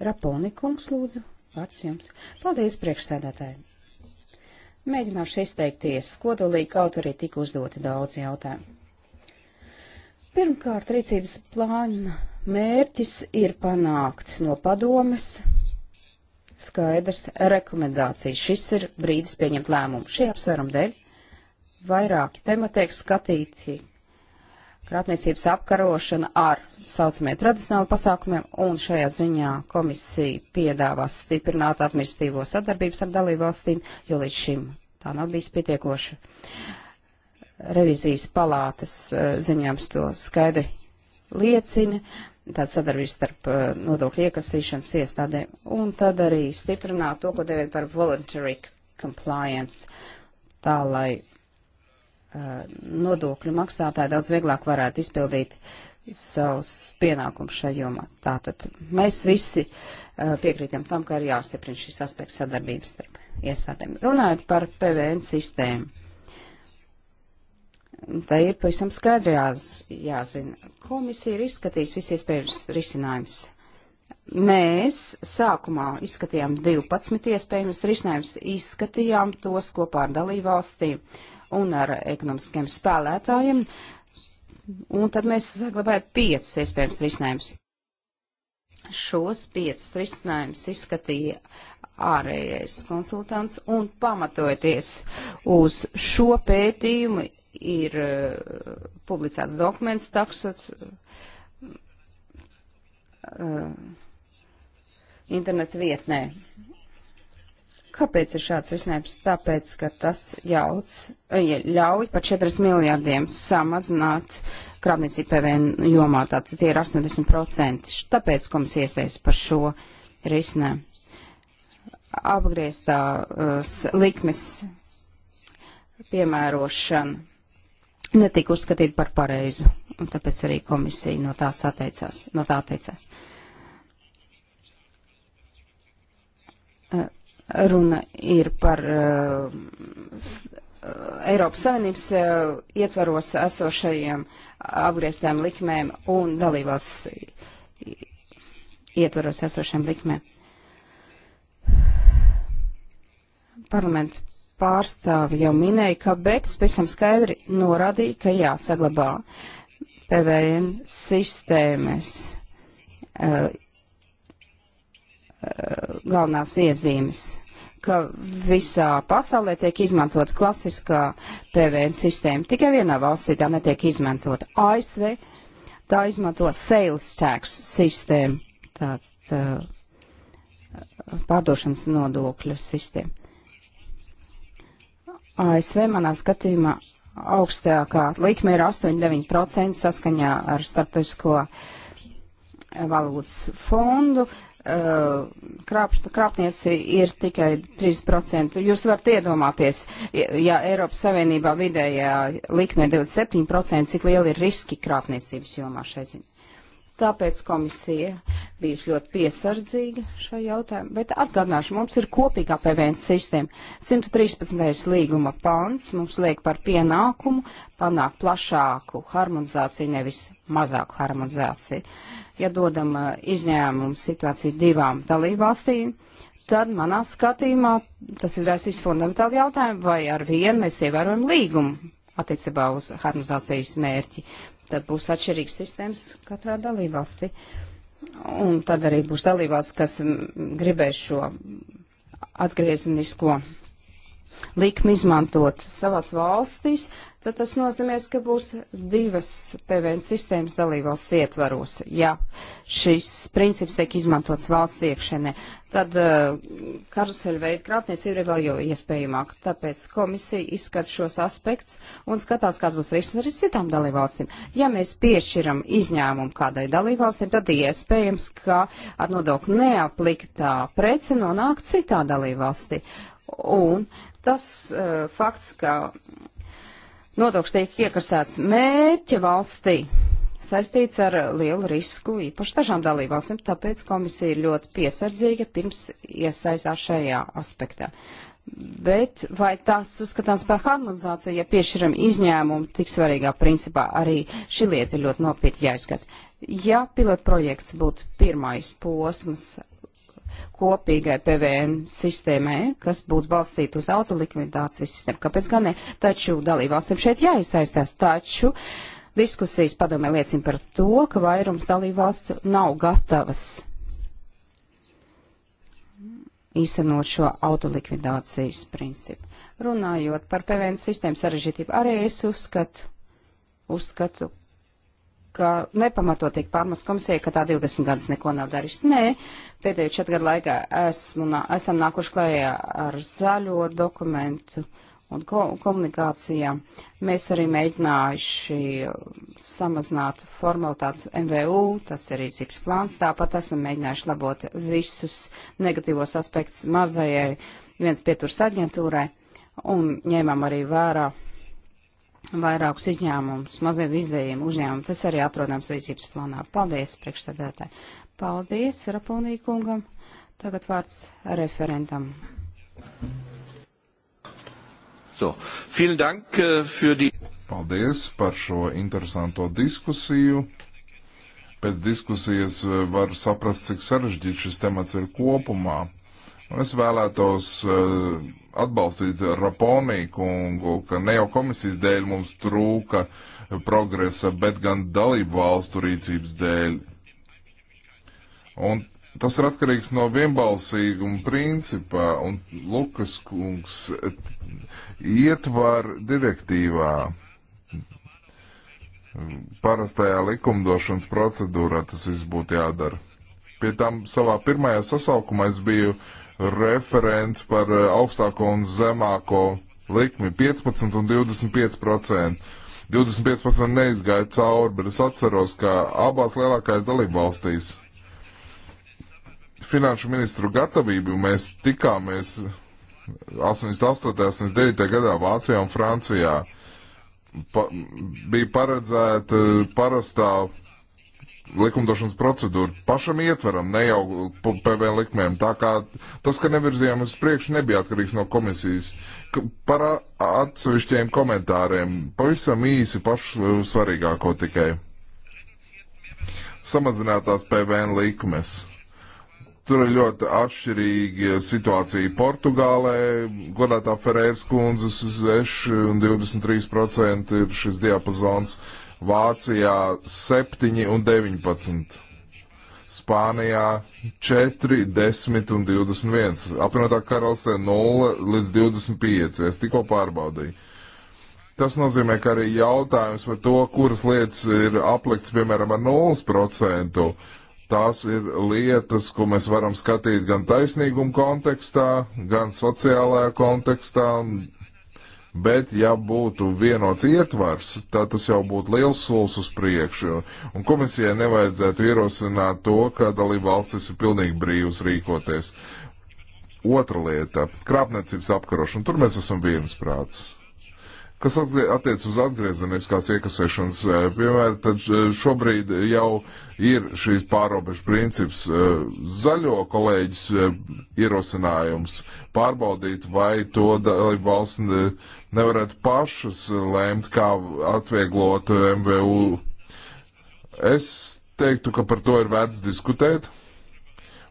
Raponikungs, lūdzu. Vārds jums. Paldies, priekšsēdētāji. Mēģināšu izteikties, kodolīgi kaut arī tika uzdoti daudz jautājumu. Pirmkārt, rīcības plāna mērķis ir panākt no padomes skaidrs rekomendācijas. Šis ir brīdis pieņemt lēmumu. Šī apsveruma dēļ vairāki temati tiek skatīti krāpniecības apkarošana ar saucamie tradicionāli pasākumiem, un šajā ziņā komisija piedāvā stiprināt administratīvo sadarbības ar dalībvalstīm, jo līdz šim tā nav bijis pietiekoša. Revizijas palātas eh, ziņojums to skaidri liecina tāda sadarbība starp uh, nodokļu iekasīšanas iestādēm, un tad arī stiprināt to, ko deviet par voluntary compliance, tā lai uh, nodokļu maksātāji daudz vieglāk varētu izpildīt savus pienākumus šajā jomā. Tātad mēs visi uh, piekrītam tam, ka ir jāstiprina šis aspekts sadarbības starp iestādēm. Runājot par PVN sistēmu tā ir pavisam skaidri jāz, jāzina. Komisija ir izskatījusi visi iespējams risinājums. Mēs sākumā izskatījām 12 iespējams risinājums, izskatījām tos kopā ar dalībvalstīm un ar ekonomiskiem spēlētājiem, un tad mēs saglabājām 5 iespējams risinājumus. Šos piecus risinājumus izskatīja ārējais konsultants un pamatojoties uz šo pētījumu ir eh, publicēts dokuments taksot eh, internetu vietnē. Kāpēc ir šāds risinājums? Tāpēc, ka tas jauc, eh, ja ļauj par 4 miljārdiem samazināt krāpniecību PVN jomā, tātad tie ir 80%. Tāpēc komisija iesaist par šo risinājumu. Apgrieztās likmes piemērošana netika uzskatīta par pareizu, un tāpēc arī komisija no tās atteicās. No tā atteicās. Eh, runa ir par uh, Eiropas Savienības uh, ietvaros esošajiem apgrieztēm likmēm un dalībās ietvaros esošajiem likmēm. Parlamentu pārstāvi jau minēja, ka BEPS pēc tam skaidri norādīja, ka jāsaglabā PVN sistēmas uh, galvenās iezīmes, ka visā pasaulē tiek izmantota klasiskā PVN sistēma. Tikai vienā valstī tā netiek izmantota. ASV tā izmanto sales tax sistēmu, tātad uh, pārdošanas nodokļu sistēmu. ASV manā skatījumā augstākā likme ir 8,9% saskaņā ar starptautisko eh, valūtas fondu. Eh, Krāp, krāpnieci ir tikai 3%. Jūs varat iedomāties, ja Eiropas Savienībā vidējā likme ir 27%, cik liela ir riski krāpniecības jomā šai ziņā. Tāpēc komisija bijusi ļoti piesardzīga šajā jautājumā, bet atgādināšu, mums ir kopīgā PVN sistēma. 113. līguma pants mums liek par pienākumu panākt plašāku harmonizāciju, nevis mazāku harmonizāciju. Ja dodam uh, izņēmumu situāciju divām dalībvalstīm, tad manā skatījumā tas izraisīs fundamentāli jautājumu, vai ar vienu mēs ievērojam līgumu attiecībā uz harmonizācijas mērķi. Tad būs atšķirīgas sistēmas katrā dalībvalstī. Un tad arī būs dalībvalsts, kas gribēs šo atgriezenisko likmi izmantot savās valstīs, tad tas nozīmēs, ka būs divas PVN sistēmas dalībvalsts ietvaros. Ja šis princips tiek izmantots valsts iekšēnē, tad uh, eh, karuseļveida krāpniecība ir vēl jau iespējamāk. Tāpēc komisija izskata šos aspektus un skatās, kāds būs risinājums arī citām dalībvalstīm. Ja mēs piešķiram izņēmumu kādai dalībvalstīm, tad iespējams, ka ar nodokli neapliktā prece nonāk citā dalībvalstī. Un tas uh, fakts, ka nodoklis tiek iekasēts mērķa valstī, saistīts ar lielu risku īpaši dažām dalībvalstīm, tāpēc komisija ir ļoti piesardzīga pirms iesaistās šajā aspektā. Bet vai tas uzskatāms par harmonizāciju, ja piešķiram izņēmumu tik svarīgā principā, arī šī lieta ir ļoti nopietni jāizskata. Ja pilotprojekts būtu pirmais posms kopīgai PVN sistēmai, kas būtu balstīta uz autolikvidācijas sistēmu. Kāpēc gan ne? Taču dalībvalstīm šeit jāiesaistās. Taču diskusijas padomē liecina par to, ka vairums dalībvalstu nav gatavas īstenot šo autolikvidācijas principu. Runājot par PVN sistēmu sarežģītību, arī es uzskatu, uzskatu ka nepamatot tiek pārmest komisijai, ka tā 20 gadus neko nav darījusi. Nē, pēdējo četru gadu laikā esmu, esam nākuši klējā ar zaļo dokumentu un ko, komunikācijām. Mēs arī mēģinājuši samazināt formalitātes MVU, tas ir rīcības plāns, tāpat esam mēģinājuši labot visus negatīvos aspektus mazajai viens pieturs aģentūrai un ņēmām arī vērā vairākus izņēmumus, maziem vizējiem uzņēmumiem. Tas arī atrodams rīcības plānā. Paldies, priekšsēdētāji. Paldies, Rapunī kungam. Tagad vārds referentam. So, vielen Dank äh, für die. Paldies par šo interesanto diskusiju. Pēc diskusijas äh, var saprast, cik sarežģīts šis temats ir kopumā. Un es vēlētos uh, atbalstīt Raponī kungu, ka ne jau komisijas dēļ mums trūka progresa, bet gan dalību valstu rīcības dēļ. Un tas ir atkarīgs no vienbalsīguma principā, un Lukas kungs ietvar direktīvā parastajā likumdošanas procedūrā tas viss būtu jādara. Pie tam savā pirmajā sasaukumā es biju uh, referents par eh, augstāko un zemāko likmi - 15 un 25 procentu. 25% neizgāja cauri, bet es atceros, ka abās lielākajās dalībvalstīs finanšu ministru gatavību mēs tikāmies 88. 89. gadā Vācijā un Francijā. Pa, bija paredzēta eh, parastā likumdošanas procedūru pašam ietveram, ne jau PV likmēm. Tā kā tas, ka nevirzījām uz priekšu, nebija atkarīgs no komisijas. Par atsevišķiem komentāriem pavisam īsi pašu svarīgāko tikai. Samazinātās PVN likmes. Tur ir ļoti atšķirīga situācija Portugālē. Godātā Ferēras kundzes 6 un 23% ir šis diapazons. Uh, Vācijā 7 un 19. Spānijā 4, 10 un 21. Apvienotā karalistē 0 līdz 25. Es tikko pārbaudīju. Tas nozīmē, ka arī jautājums par to, kuras lietas ir aplikts, piemēram, ar 0%, tās ir lietas, ko mēs varam skatīt gan taisnīguma kontekstā, gan sociālajā kontekstā, Bet, ja būtu vienots ietvars, tad tas jau būtu liels solis uz priekšu. Un komisijai nevajadzētu ierosināt to, ka dalība valstis ir pilnīgi brīvs rīkoties. Otra lieta - krāpniecības apkarošana. Tur mēs esam viensprāts. Kas attiec uz atgriezeniskās iekasēšanas, eh, piemēram, tad eh, šobrīd jau ir šīs pārobežu princips. Eh, zaļo kolēģis ierosinājums pārbaudīt, vai to valsts nevarētu pašas lēmt, kā atvieglot MVU. Es teiktu, ka par to ir vērts diskutēt,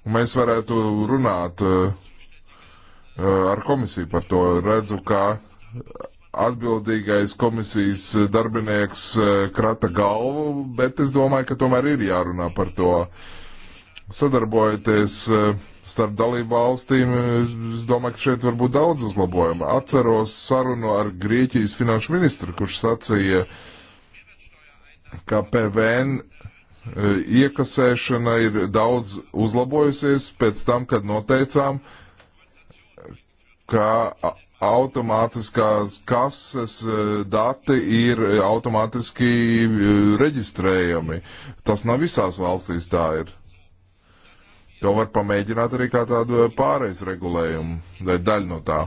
un mēs varētu runāt ar komisiju par to. Redzu, ka atbildīgais komisijas eh, darbinieks eh, krata galvu, bet es domāju, ka tomēr ir jārunā par to. Sadarbojoties eh, starp dalību valstīm, es domāju, ka šeit var būt daudz uzlabojumu. Atceros sarunu ar Grieķijas finanšu ministru, kurš sacīja, ka PVN iekasēšana ir daudz uzlabojusies pēc tam, kad noteicām, ka automātiskās kases eh, dati ir eh, automātiski eh, reģistrējami. Tas nav visās valstīs tā ir. To var pamēģināt arī kā tādu pāreiz regulējumu vai daļu no tā.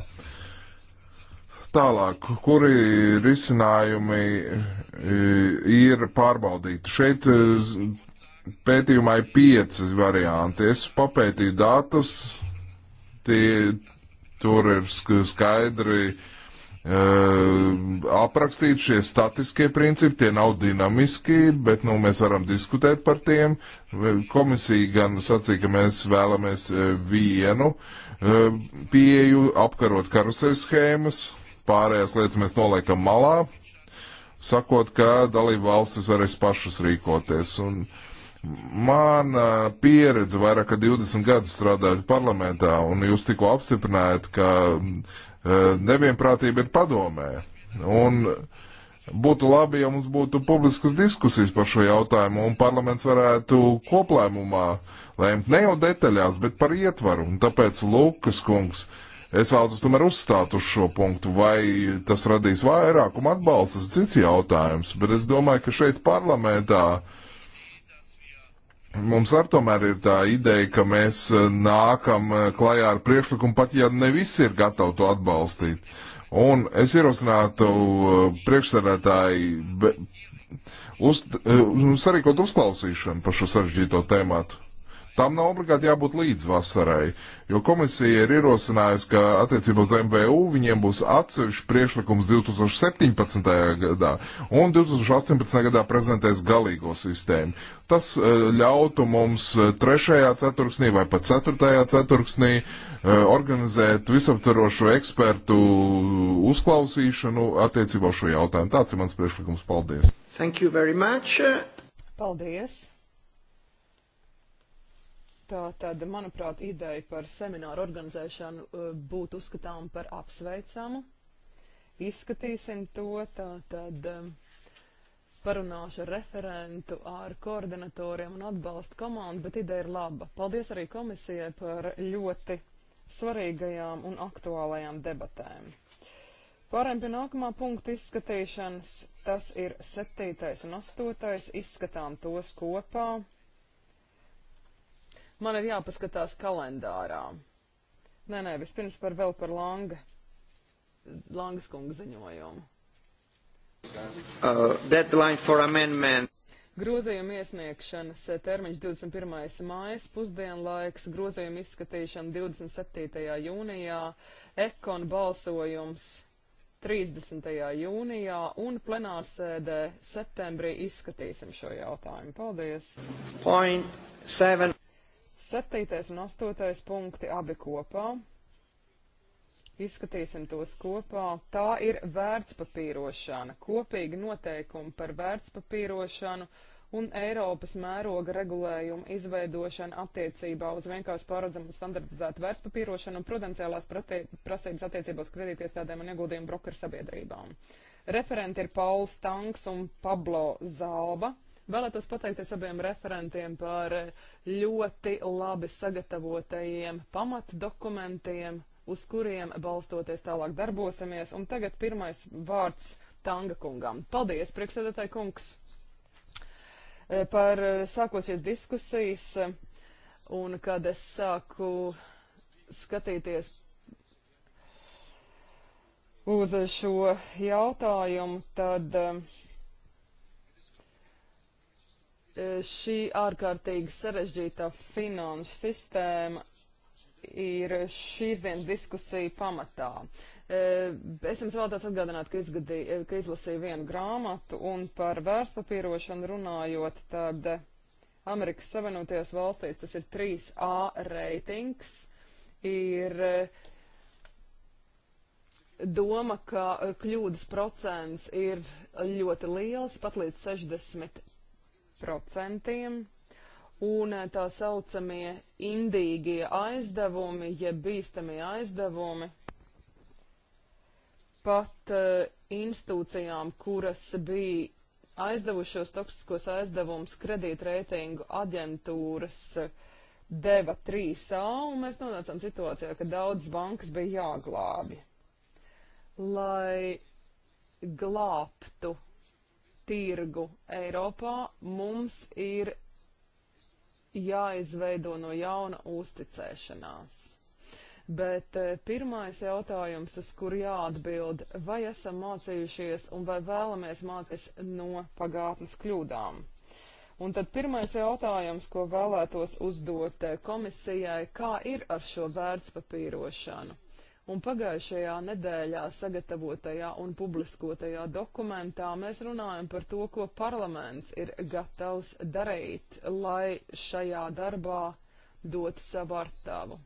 Tālāk, kuri risinājumi ir pārbaudīti? Šeit pētījumā ir pieci varianti. Es papētīju datus, tie Tur ir skaidri eh, aprakstīti šie statiskie principi, tie nav dinamiski, bet nu, mēs varam diskutēt par tiem. Komisija gan sacīja, ka mēs vēlamies eh, vienu eh, pieju apkarot karuseļu schēmas, pārējās lietas mēs noliekam malā, sakot, ka dalību valstis varēs pašas rīkoties. Un, uh, Mana pieredze vairāk kā 20 gadus strādājot parlamentā, un jūs tikko apstiprinājāt, ka nevienprātība ir padomē. Un būtu labi, ja mums būtu publiskas diskusijas par šo jautājumu, un parlaments varētu koplēmumā lēmt ne jau detaļās, bet par ietvaru. Un tāpēc Lukas kungs. Es vēlos tomēr uzstāt uz šo punktu, vai tas radīs vairākumu atbalstu, tas cits jautājums, bet es domāju, ka šeit parlamentā uh, Mums ar tomēr ir tā ideja, ka mēs eh, nākam eh, klajā ar priekšlikumu, pat ja ne visi ir gatavi to atbalstīt. Un es ierosinātu eh, priekšsēdētāji uz, sarīkot uzklausīšanu par šo sarežģīto tēmātu. Tam nav obligāti jābūt līdz vasarai, jo komisija ir ierosinājusi, ka attiecībā uz MVU viņiem būs atsevišķi priekšlikums 2017. gadā un 2018. gadā prezentēs galīgo sistēmu. Tas e, ļautu mums 3. E, ceturksnī vai pat 4. ceturksnī e, organizēt visaptarošu ekspertu uzklausīšanu attiecībā uz šo jautājumu. Tāds ir mans priekšlikums. Paldies! Thank you very much. Paldies! Tā tad, manuprāt, ideja par semināru organizēšanu uh, būtu uzskatām par apsveicamu. Izskatīsim to, tā tad um, parunāšu ar referentu, ar koordinatoriem un atbalstu komandu, bet ideja ir laba. Paldies arī komisijai par ļoti svarīgajām un aktuālajām debatēm. Pārējām pie nākamā punkta izskatīšanas. Tas ir septītais un astotais. Izskatām tos kopā. Man ir jāpaskatās kalendārā. Nē, nē, vispirms par vēl par Langa, Langas kunga ziņojumu. Uh, deadline for amendment. Grozījuma iesniegšanas termiņš 21. mājas pusdienlaiks, grozījuma izskatīšana 27. jūnijā, ekon balsojums 30. jūnijā un plenārsēdē septembrī izskatīsim šo jautājumu. Paldies! Point seven. Septītais un astotais punkti abi kopā. Izskatīsim tos kopā. Tā ir vērtspapīrošana, kopīga noteikuma par vērtspapīrošanu un Eiropas mēroga regulējuma izveidošana attiecībā uz vienkārši pārredzamu standartizētu vērtspapīrošanu un prudenciālās prasības attiecībās kredītiestādēm un ieguldījumu brokeru sabiedrībām. Referenti ir Pauls Tanks un Pablo Zalba. Vēlētos pateikties abiem referentiem par ļoti labi sagatavotajiem pamatdokumentiem, uz kuriem balstoties tālāk darbosimies. Un tagad pirmais vārds Tanga kungam. Paldies, priekšsēdētāji kungs, e, par e, sākosies diskusijas. E, un kad es sāku skatīties uz šo jautājumu, tad uh, Eh, šī ārkārtīgi sarežģītā finanšu sistēma ir šīs dienas diskusija pamatā. Eh, es jums vēlētos atgādināt, ka, izgadī, eh, ka izlasīju vienu grāmatu un par vērtspapīrošanu runājot, tad Amerikas Savienotajās valstīs tas ir 3A reitings. Ir doma, ka kļūdas procents ir ļoti liels, pat līdz 60 procentiem, un eh, tā saucamie indīgie aizdevumi, jeb bīstamie aizdevumi, pat uh, institūcijām, kuras bija aizdevušos toksiskos aizdevumus kredītreitingu aģentūras eh, deva 3A, un mēs nonācām situācijā, ka daudzas bankas bija jāglābi. Lai glābtu tirgu Eiropā, mums ir jāizveido no jauna uzticēšanās. Bet eh, pirmais jautājums, uz kuru jāatbild, vai esam mācījušies un vai vēlamies mācīties no pagātnes kļūdām? Un tad pirmais jautājums, ko vēlētos uzdot eh, komisijai, kā ir ar šo vērtspapīrošanu? un pagājušajā nedēļā sagatavotajā un publiskotajā dokumentā mēs runājam par to, ko parlaments ir gatavs darīt, lai šajā darbā dot savu artavu.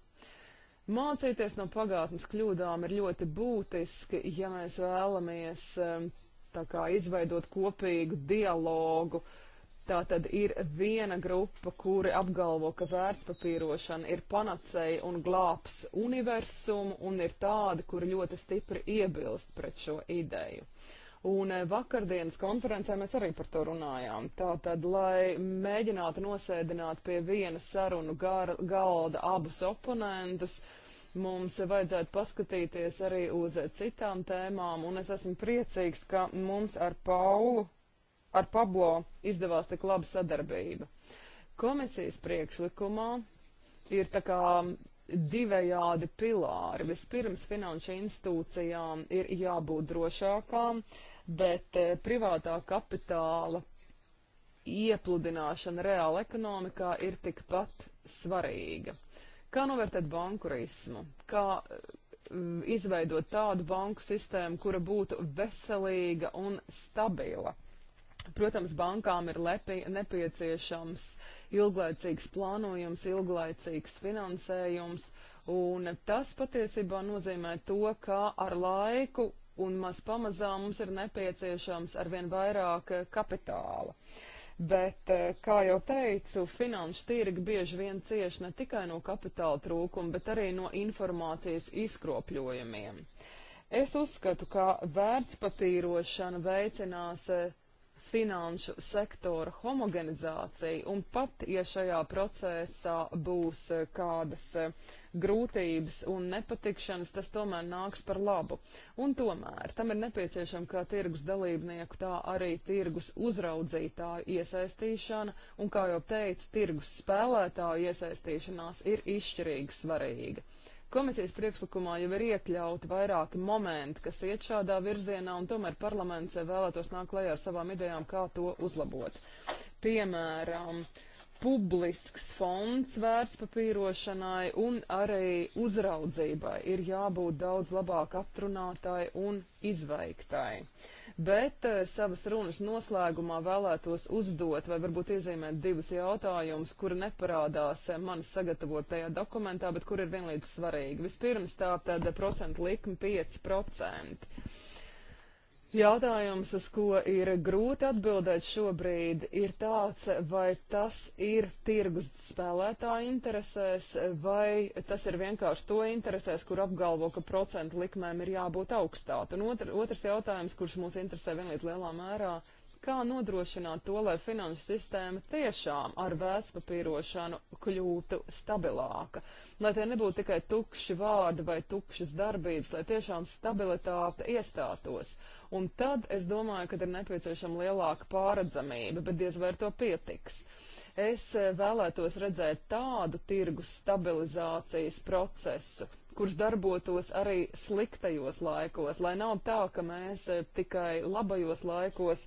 Mācīties no pagātnes kļūdām ir ļoti būtiski, ja mēs vēlamies eh, tā kā izveidot kopīgu dialogu, uh, Tā tad ir viena grupa, kuri apgalvo, ka vērtspapīrošana ir panacēja un glābs universumu, un ir tādi, kuri ļoti stipri iebilst pret šo ideju. Un eh, vakardienas konferencē mēs arī par to runājām. Tātad, lai mēģinātu nosēdināt pie viena sarunu gar, galda abus oponentus, mums vajadzētu paskatīties arī uz citām tēmām, un es esmu priecīgs, ka mums ar Paulu ar Pablo izdevās tik laba sadarbība. Komisijas priekšlikumā ir tā kā divējādi pilāri. Vispirms finanšu institūcijām ir jābūt drošākām, bet eh, privātā kapitāla iepludināšana reāla ekonomikā ir tikpat svarīga. Kā novērtēt banku rismu? Kā eh, izveidot tādu banku sistēmu, kura būtu veselīga un stabila? Protams, bankām ir lepi, nepieciešams ilglaicīgs plānojums, ilglaicīgs finansējums, un tas patiesībā nozīmē to, ka ar laiku un maz pamazām mums ir nepieciešams arvien vairāk eh, kapitāla. Bet, eh, kā jau teicu, finanšu tirgi bieži vien cieši ne tikai no kapitāla trūkuma, bet arī no informācijas izkropļojumiem. Es uzskatu, ka vērtspapīrošana veicinās eh, finanšu sektora homogenizāciju, un pat ja šajā procesā būs eh, kādas eh, grūtības un nepatikšanas, tas tomēr nāks par labu. Un tomēr tam ir nepieciešama kā tirgus dalībnieku, tā arī tirgus uzraudzītāju iesaistīšana, un kā jau teicu, tirgus spēlētāju iesaistīšanās ir izšķirīgi svarīga. Komisijas priekšlikumā jau ir iekļauti vairāki momenti, kas iet šādā virzienā, un tomēr parlaments vēlētos nākt klajā ar savām idejām, kā to uzlabot. Piemēram, publisks fonds vērtspapīrošanai un arī uzraudzībai ir jābūt daudz labāk atrunātai un izveiktai. Uh, bet eh, savas runas noslēgumā vēlētos uzdot vai varbūt iezīmēt divus jautājumus, kuri neparādās eh, manas sagatavotajā dokumentā, bet kur ir vienlīdz svarīgi. Vispirms tā tad eh, procentu likme 5%. Jautājums, uz ko ir grūti atbildēt šobrīd, ir tāds, vai tas ir tirgus spēlētāja interesēs, vai tas ir vienkārši to interesēs, kur apgalvo, ka procentu likmēm ir jābūt augstāt. Un otr, otrs jautājums, kurš mūs interesē vienlīdz lielā mērā, kā nodrošināt to, lai finanšu sistēma tiešām ar vēstpapīrošanu kļūtu stabilāka, lai tie nebūtu tikai tukši vārdi vai tukšas darbības, lai tiešām stabilitāte iestātos. Un tad es domāju, ka ir nepieciešama lielāka pāredzamība, bet diez vai ar to pietiks. Es eh, vēlētos redzēt tādu tirgus stabilizācijas procesu, kurš darbotos arī sliktajos laikos, lai nav tā, ka mēs eh, tikai labajos laikos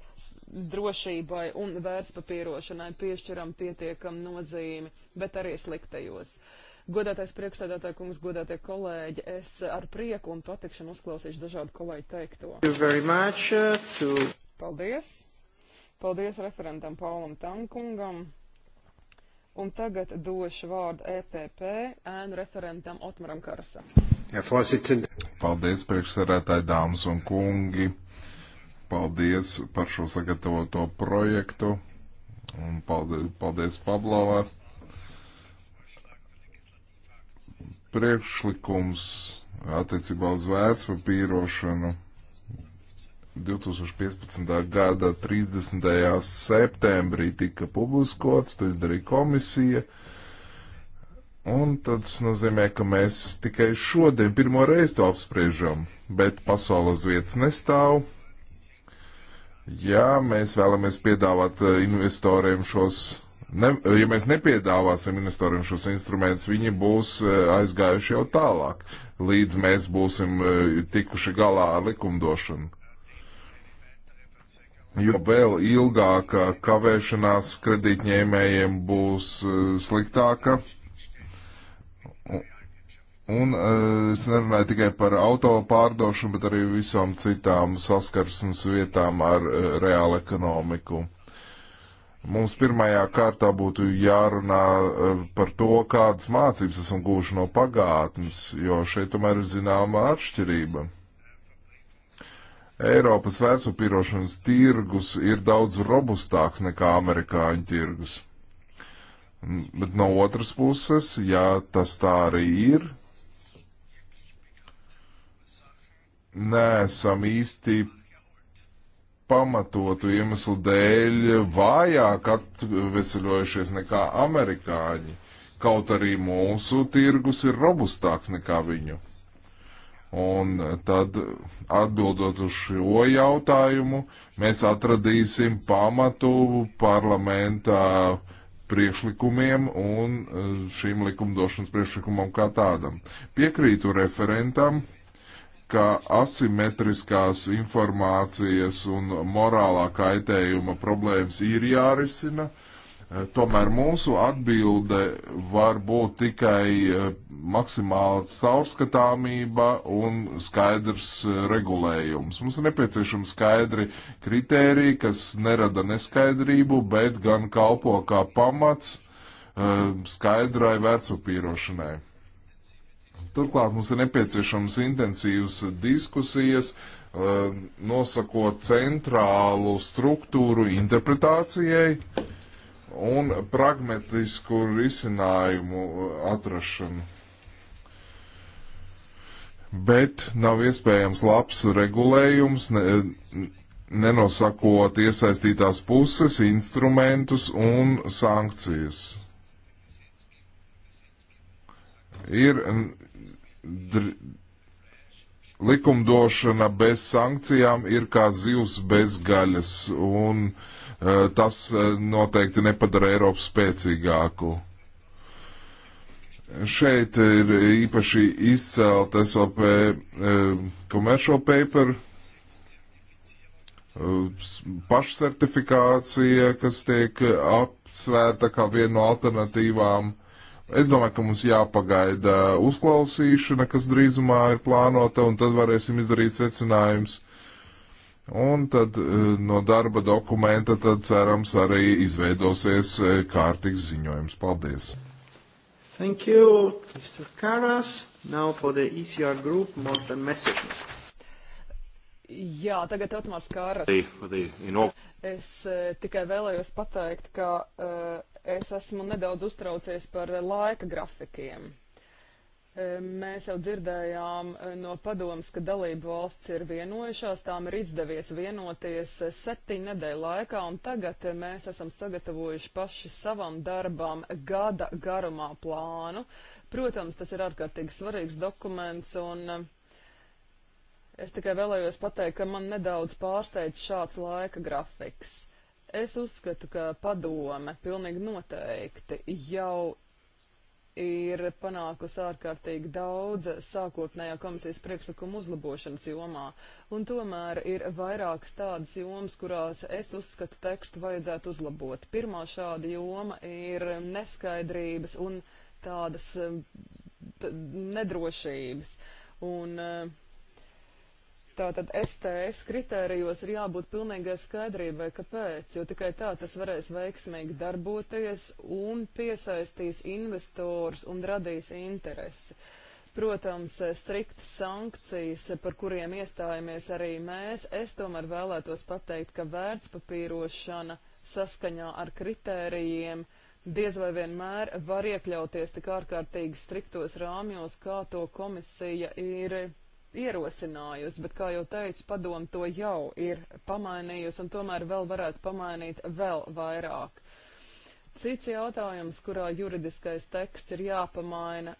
drošībai un vērtspapīrošanai piešķiram pietiekam nozīmi, bet arī sliktajos. Godātais priekšsēdētāj kungs, godātie kolēģi, es ar prieku un patikšanu uzklausīšu dažādu kolēģu teikto. Much, uh, to... Paldies! Paldies referentam Paulam Tankungam! Un tagad došu vārdu EPP ēnu referentam Otmaram Karasam. Paldies, priekšsarētāji, dāmas un kungi. Paldies par šo sagatavoto projektu. Un paldies, paldies Pablovā. Priekšlikums attiecībā uz vērtspapīrošanu 2015. gada 30. septembrī tika publiskots, to izdarīja komisija. Un tad tas nozīmē, ka mēs tikai šodien pirmo reizi to apspriežam, bet pasaules vietas nestāv. Ja mēs vēlamies piedāvāt eh, investoriem šos ne, ja mēs nepiedāvāsim investoriem šos instrumentus, viņi būs eh, aizgājuši jau tālāk, līdz mēs būsim eh, tikuši galā ar likumdošanu jo vēl ilgāka kavēšanās kredītņēmējiem būs eh, sliktāka. Un eh, es nerunāju tikai par auto pārdošanu, bet arī visām citām saskarsmes vietām ar eh, reālu ekonomiku. Mums pirmajā kārtā būtu jārunā par to, kādas mācības esam gūši no pagātnes, jo šeit tomēr ir zināma atšķirība. Eiropas vērtspapīrošanas tirgus ir daudz robustāks nekā amerikāņu tirgus. Bet no otras puses, ja tas tā arī ir, nesam īsti pamatotu iemeslu dēļ vājāk atveseļojušies nekā amerikāņi, kaut arī mūsu tirgus ir robustāks nekā viņu. Un tad atbildot uz šo jautājumu, mēs atradīsim pamatu parlamentā priekšlikumiem un eh, šīm likumdošanas priekšlikumam kā tādam. Piekrītu referentam, ka asimetriskās informācijas un morālā kaitējuma problēmas ir jārisina. Uh, Eh, tomēr mūsu atbilde var būt tikai eh, maksimāla caurskatāmība un skaidrs eh, regulējums. Mums ir nepieciešami skaidri kritēriji, kas nerada neskaidrību, bet gan kalpo kā pamats skaidrai vērtspapīrošanai. Turklāt mums ir nepieciešams intensīvas diskusijas, nosakot centrālu struktūru interpretācijai un pragmatisku risinājumu uh, atrašanu. Bet nav iespējams labs regulējums, ne, nenosakot iesaistītās puses, instrumentus un sankcijas. Ir likumdošana bez sankcijām ir kā zivs bez gaļas, un uh, Eh, tas eh, noteikti nepadara Eiropu spēcīgāku. Šeit ir īpaši izcelt SOP eh, commercial paper, pašsertifikācija, kas tiek apsvērta kā viena no alternatīvām. Es domāju, ka mums jāpagaida uzklausīšana, kas drīzumā ir plānota, un tad varēsim izdarīt secinājums Un tad eh, no darba dokumenta tad cerams arī izveidosies eh, kārtīgs ziņojums. Paldies! Thank you, Mr. Karas. Now for the ECR group, Morten Messerschmidt. Jā, tagad Otmārs Kāras. Es eh, tikai vēlējos pateikt, ka uh, es esmu nedaudz uztraucies par laika grafikiem. Mēs jau dzirdējām eh, no padomas, ka dalību valsts ir vienojušās, tām ir izdevies vienoties eh, septiņu nedēļu laikā, un tagad eh, mēs esam sagatavojuši paši savam darbam gada garumā plānu. Protams, tas ir ārkārtīgi svarīgs dokuments, un es tikai vēlējos pateikt, ka man nedaudz pārsteidz šāds laika grafiks. Es uzskatu, ka padome pilnīgi noteikti jau ir panākusi ārkārtīgi daudz sākotnējā komisijas priekšlikuma uzlabošanas jomā, un tomēr ir vairākas tādas jomas, kurās es uzskatu tekstu vajadzētu uzlabot. Pirmā šāda joma ir neskaidrības un tādas eh, nedrošības. Un, uh, Tātad STS kritērijos ir jābūt pilnīgai skaidrībai, kāpēc, jo tikai tā tas varēs veiksmīgi darboties un piesaistīs investors un radīs interesi. Protams, striktas sankcijas, par kuriem iestājamies arī mēs, es tomēr vēlētos pateikt, ka vērtspapīrošana saskaņā ar kritērijiem diez vai vienmēr var iekļauties tik ārkārtīgi striktos rāmjos, kā to komisija ir ierosinājusi, bet, kā jau teicu, padomu to jau ir pamainījusi un tomēr vēl varētu pamainīt vēl vairāk. Cits jautājums, kurā juridiskais teksts ir jāpamaina,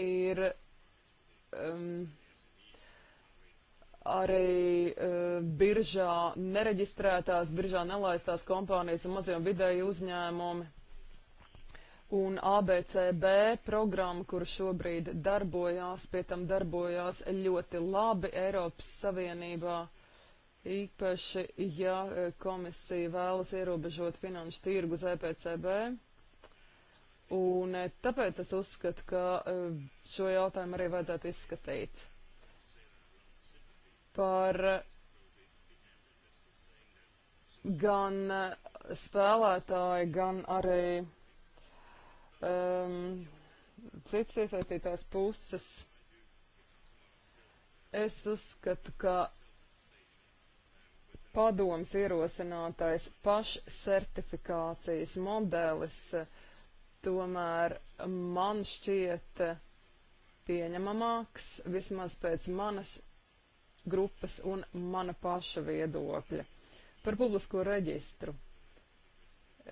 ir um, arī uh, biržā nereģistrētās, biržā nelaistās kompānijas un mazie un vidēji uzņēmumi un ABCB programma, kura šobrīd darbojās, pie tam darbojās ļoti labi Eiropas Savienībā. Īpaši, ja e, komisija vēlas ierobežot finanšu tirgu uz EPCB, Un e, tāpēc es uzskatu, ka e, šo jautājumu arī vajadzētu izskatīt. Par gan spēlētāju, gan arī um, citas iesaistītās puses. Es uzskatu, ka padoms ierosinātais pašsertifikācijas modelis tomēr man šķiet pieņemamāks, vismaz pēc manas grupas un mana paša viedokļa par publisko reģistru.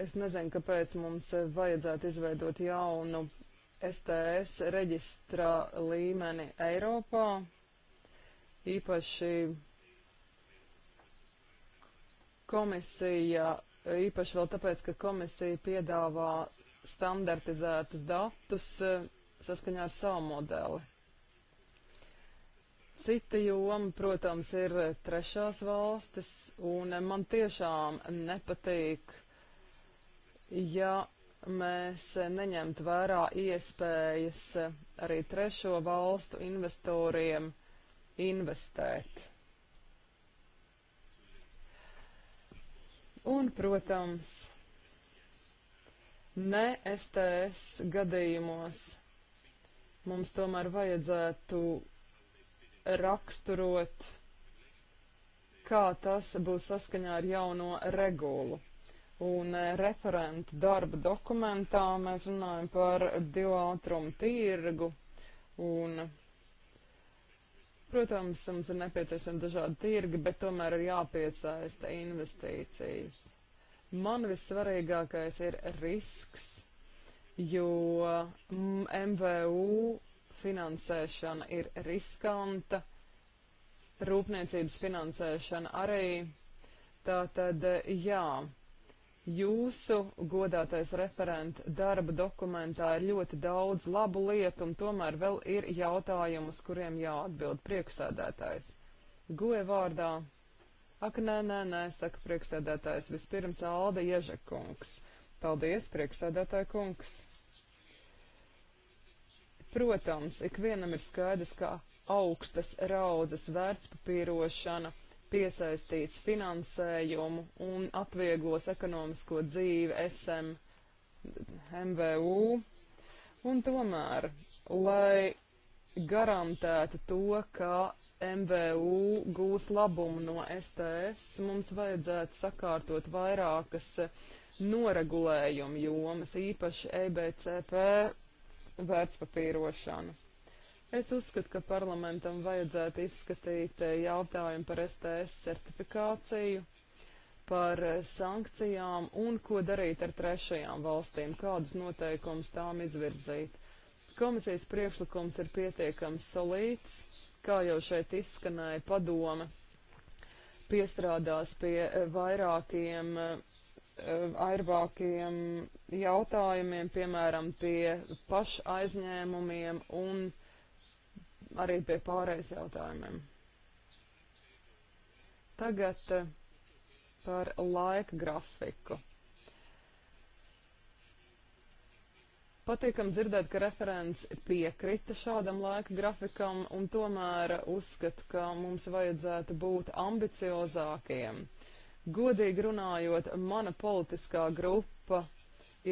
Es nezinu, kāpēc mums vajadzētu izveidot jaunu STS reģistra līmeni Eiropā. Īpaši komisija, īpaši vēl tāpēc, ka komisija piedāvā standartizētus datus e, saskaņā ar savu modeli. Cita joma, protams, ir trešās valstis, un man tiešām nepatīk ja mēs neņemtu vērā iespējas arī trešo valstu investoriem investēt. Un, protams, ne STS gadījumos mums tomēr vajadzētu raksturot, kā tas būs saskaņā ar jauno regulu Un eh, referenta darba dokumentā mēs runājam par divātrumu tirgu. Un, protams, mums ir nepieciešami dažādi tirgi, bet tomēr ir jāpiesaista investīcijas. Man vissvarīgākais ir risks, jo MVU mm, finansēšana ir riskanta, rūpniecības finansēšana arī. Tātad, jā, Jūsu godātais referenta darba dokumentā ir ļoti daudz labu lietu, un tomēr vēl ir jautājumi, uz kuriem jāatbild priekšsēdētājs. Goe vārdā. Ak, nē, nē, nē, saka priekšsēdētājs. Vispirms Alda Ježekungs. Paldies, priekšsēdētāja kungs. Protams, ikvienam ir skaidrs, ka augstas raudzes vērtspapīrošana piesaistīts finansējumu un atvieglos ekonomisko dzīvi SM, MVU. Un tomēr, lai garantētu to, ka MVU gūs labumu no STS, mums vajadzētu sakārtot vairākas noregulējuma jomas, īpaši EBCP vērtspapīrošanu. Es uzskatu, ka parlamentam vajadzētu izskatīt eh, jautājumu par STS certifikāciju, par eh, sankcijām un ko darīt ar trešajām valstīm, kādus noteikumus tām izvirzīt. Komisijas priekšlikums ir pietiekams solīts, kā jau šeit izskanēja padome, piestrādās pie eh, vairākiem vairākiem jautājumiem, piemēram, pie pašaizņēmumiem un arī pie pārējais jautājumiem. Tagad eh, par laika grafiku. Patīkam dzirdēt, ka referents piekrita šādam laika grafikam un tomēr uzskata, ka mums vajadzētu būt ambiciozākiem. Godīgi runājot, mana politiskā grupa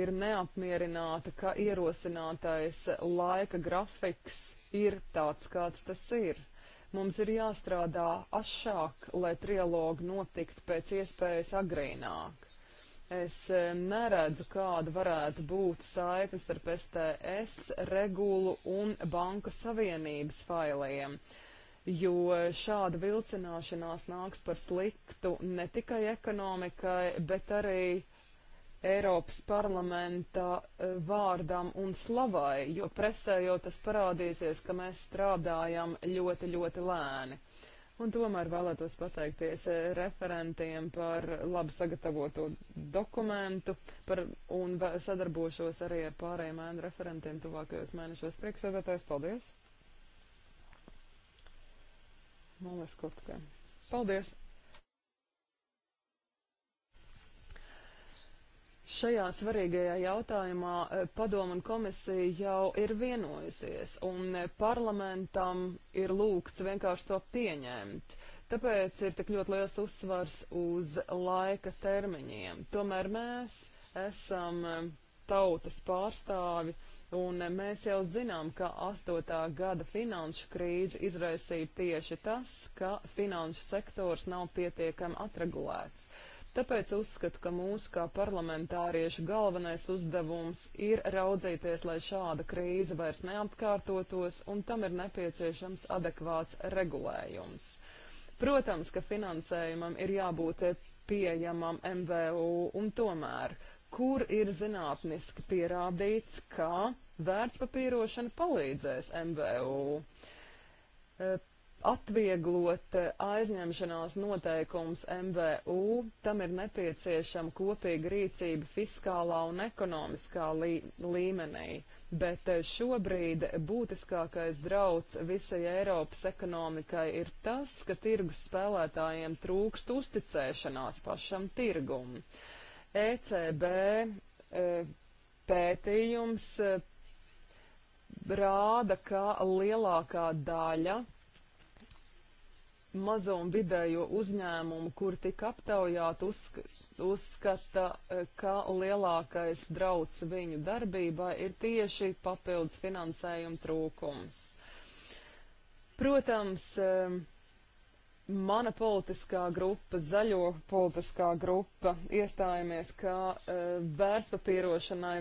ir neapmierināta, ka ierosinātais laika grafiks ir tāds, kāds tas ir. Mums ir jāstrādā ašāk, lai trialogi notiktu pēc iespējas agrīnāk. Es e, neredzu, kāda varētu būt saikne starp STS regulu un Banku Savienības failiem, jo šāda vilcināšanās nāks par sliktu ne tikai ekonomikai, bet arī Eiropas parlamenta e, vārdam un slavai, jo presē jau tas parādīsies, ka mēs strādājam ļoti, ļoti lēni. Un tomēr vēlētos pateikties e, referentiem par labi sagatavoto dokumentu par, un sadarbošos arī ar pārējiem ēnu referentiem tuvākajos mēnešos. Priekšsēdētājs, paldies! Malas Kutkai. Paldies! Šajā svarīgajā jautājumā e, padomu un komisija jau ir vienojusies, un e, parlamentam ir lūgts vienkārši to pieņemt. Tāpēc ir tik ļoti liels uzsvars uz laika termiņiem. Tomēr mēs esam e, tautas pārstāvi, un mēs jau zinām, ka astotā gada finanšu krīze izraisīja tieši tas, ka finanšu sektors nav pietiekami atregulēts. Uh, Tāpēc uzskatu, ka mūsu kā parlamentāriešu galvenais uzdevums ir raudzīties, lai šāda krīze vairs neatkārtotos, un tam ir nepieciešams adekvāts regulējums. Protams, ka finansējumam ir jābūt pieejamam MVU, un tomēr, kur ir zinātniski pierādīts, ka vērtspapīrošana palīdzēs MVU? atvieglot eh, aizņemšanās noteikums MVU, tam ir nepieciešama kopīga rīcība fiskālā un ekonomiskā lī līmenī, bet eh, šobrīd būtiskākais drauds visai Eiropas ekonomikai ir tas, ka tirgus spēlētājiem trūkst uzticēšanās pašam tirgum. ECB e, eh, pētījums rāda, ka lielākā daļa mazo un vidējo uzņēmumu, kur tika aptaujāt, uzsk uzskata, e, ka lielākais drauds viņu darbībā ir tieši papildus finansējuma trūkums. Protams, e, mana politiskā grupa, zaļo politiskā grupa, iestājamies, ka e, vērtspapīrošanai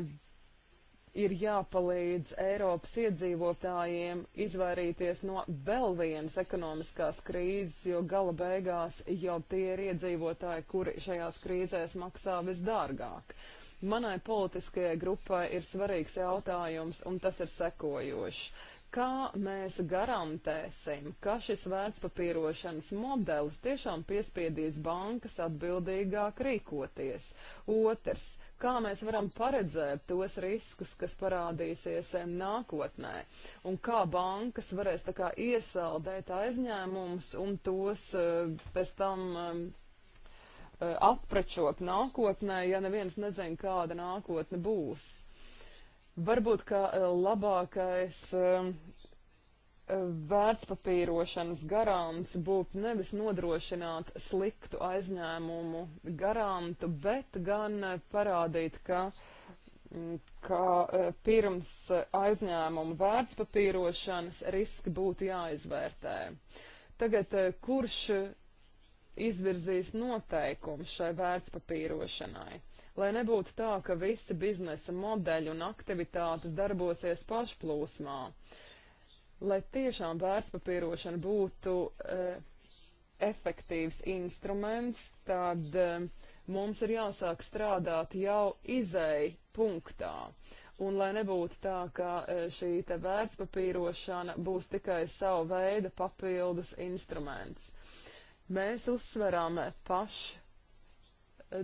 ir jāpalīdz Eiropas iedzīvotājiem izvairīties no vēl vienas ekonomiskās krīzes, jo gala beigās jau tie ir iedzīvotāji, kuri šajās krīzēs maksā visdārgāk. Manai politiskajai grupai ir svarīgs jautājums, un tas ir sekojošs kā mēs garantēsim, ka šis vērtspapīrošanas modelis tiešām piespiedīs bankas atbildīgāk rīkoties. Otrs, kā mēs varam paredzēt tos riskus, kas parādīsies eh, nākotnē, un kā bankas varēs tā kā iesaldēt aizņēmumus un tos eh, pēc tam eh, aprečot nākotnē, ja neviens nezin, kāda nākotne būs. Varbūt, ka eh, labākais eh, eh, vērtspapīrošanas garants būtu nevis nodrošināt sliktu aizņēmumu garantu, bet gan parādīt, ka, mm, ka pirms aizņēmuma vērtspapīrošanas riski būtu jāizvērtē. Tagad, kurš izvirzīs noteikumus šai vērtspapīrošanai? lai nebūtu tā, ka visi biznesa modeļi un aktivitātes darbosies pašplūsmā. Lai tiešām vērtspapīrošana būtu e, efektīvs instruments, tad e, mums ir jāsāk strādāt jau izēj punktā. Un lai nebūtu tā, ka eh, šī te vērtspapīrošana būs tikai savu veidu papildus instruments. Mēs uzsveram pašu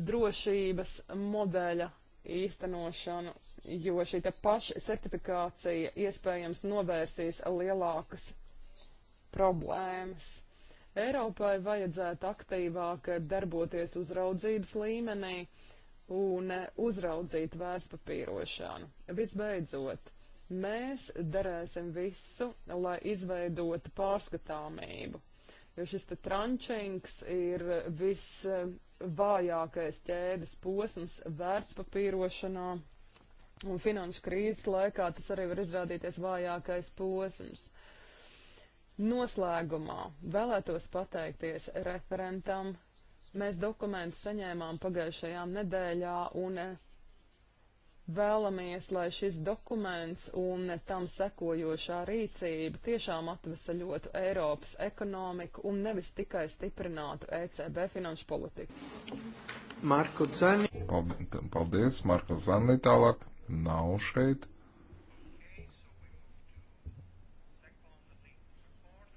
drošības modeļa īstenošanu, jo šī pašsertifikācija iespējams novērsīs lielākas problēmas. Eiropai vajadzētu aktīvāk darboties uzraudzības līmenī un uzraudzīt vērtspapīrošanu. Visbeidzot, mēs darēsim visu, lai izveidotu pārskatāmību jo šis te trančings ir visvājākais ķēdes posms vērtspapīrošanā, un finanšu krīzes laikā tas arī var izrādīties vājākais posms. Noslēgumā vēlētos pateikties referentam. Mēs dokumentu saņēmām pagājušajā nedēļā, un eh, Vēlamies, lai šis dokuments un tam sekojošā rīcība tiešām atvesaļotu Eiropas ekonomiku un nevis tikai stiprinātu ECB finanšu politiku. Marku Zani. Paldies, Marku Zani tālāk. Nav šeit.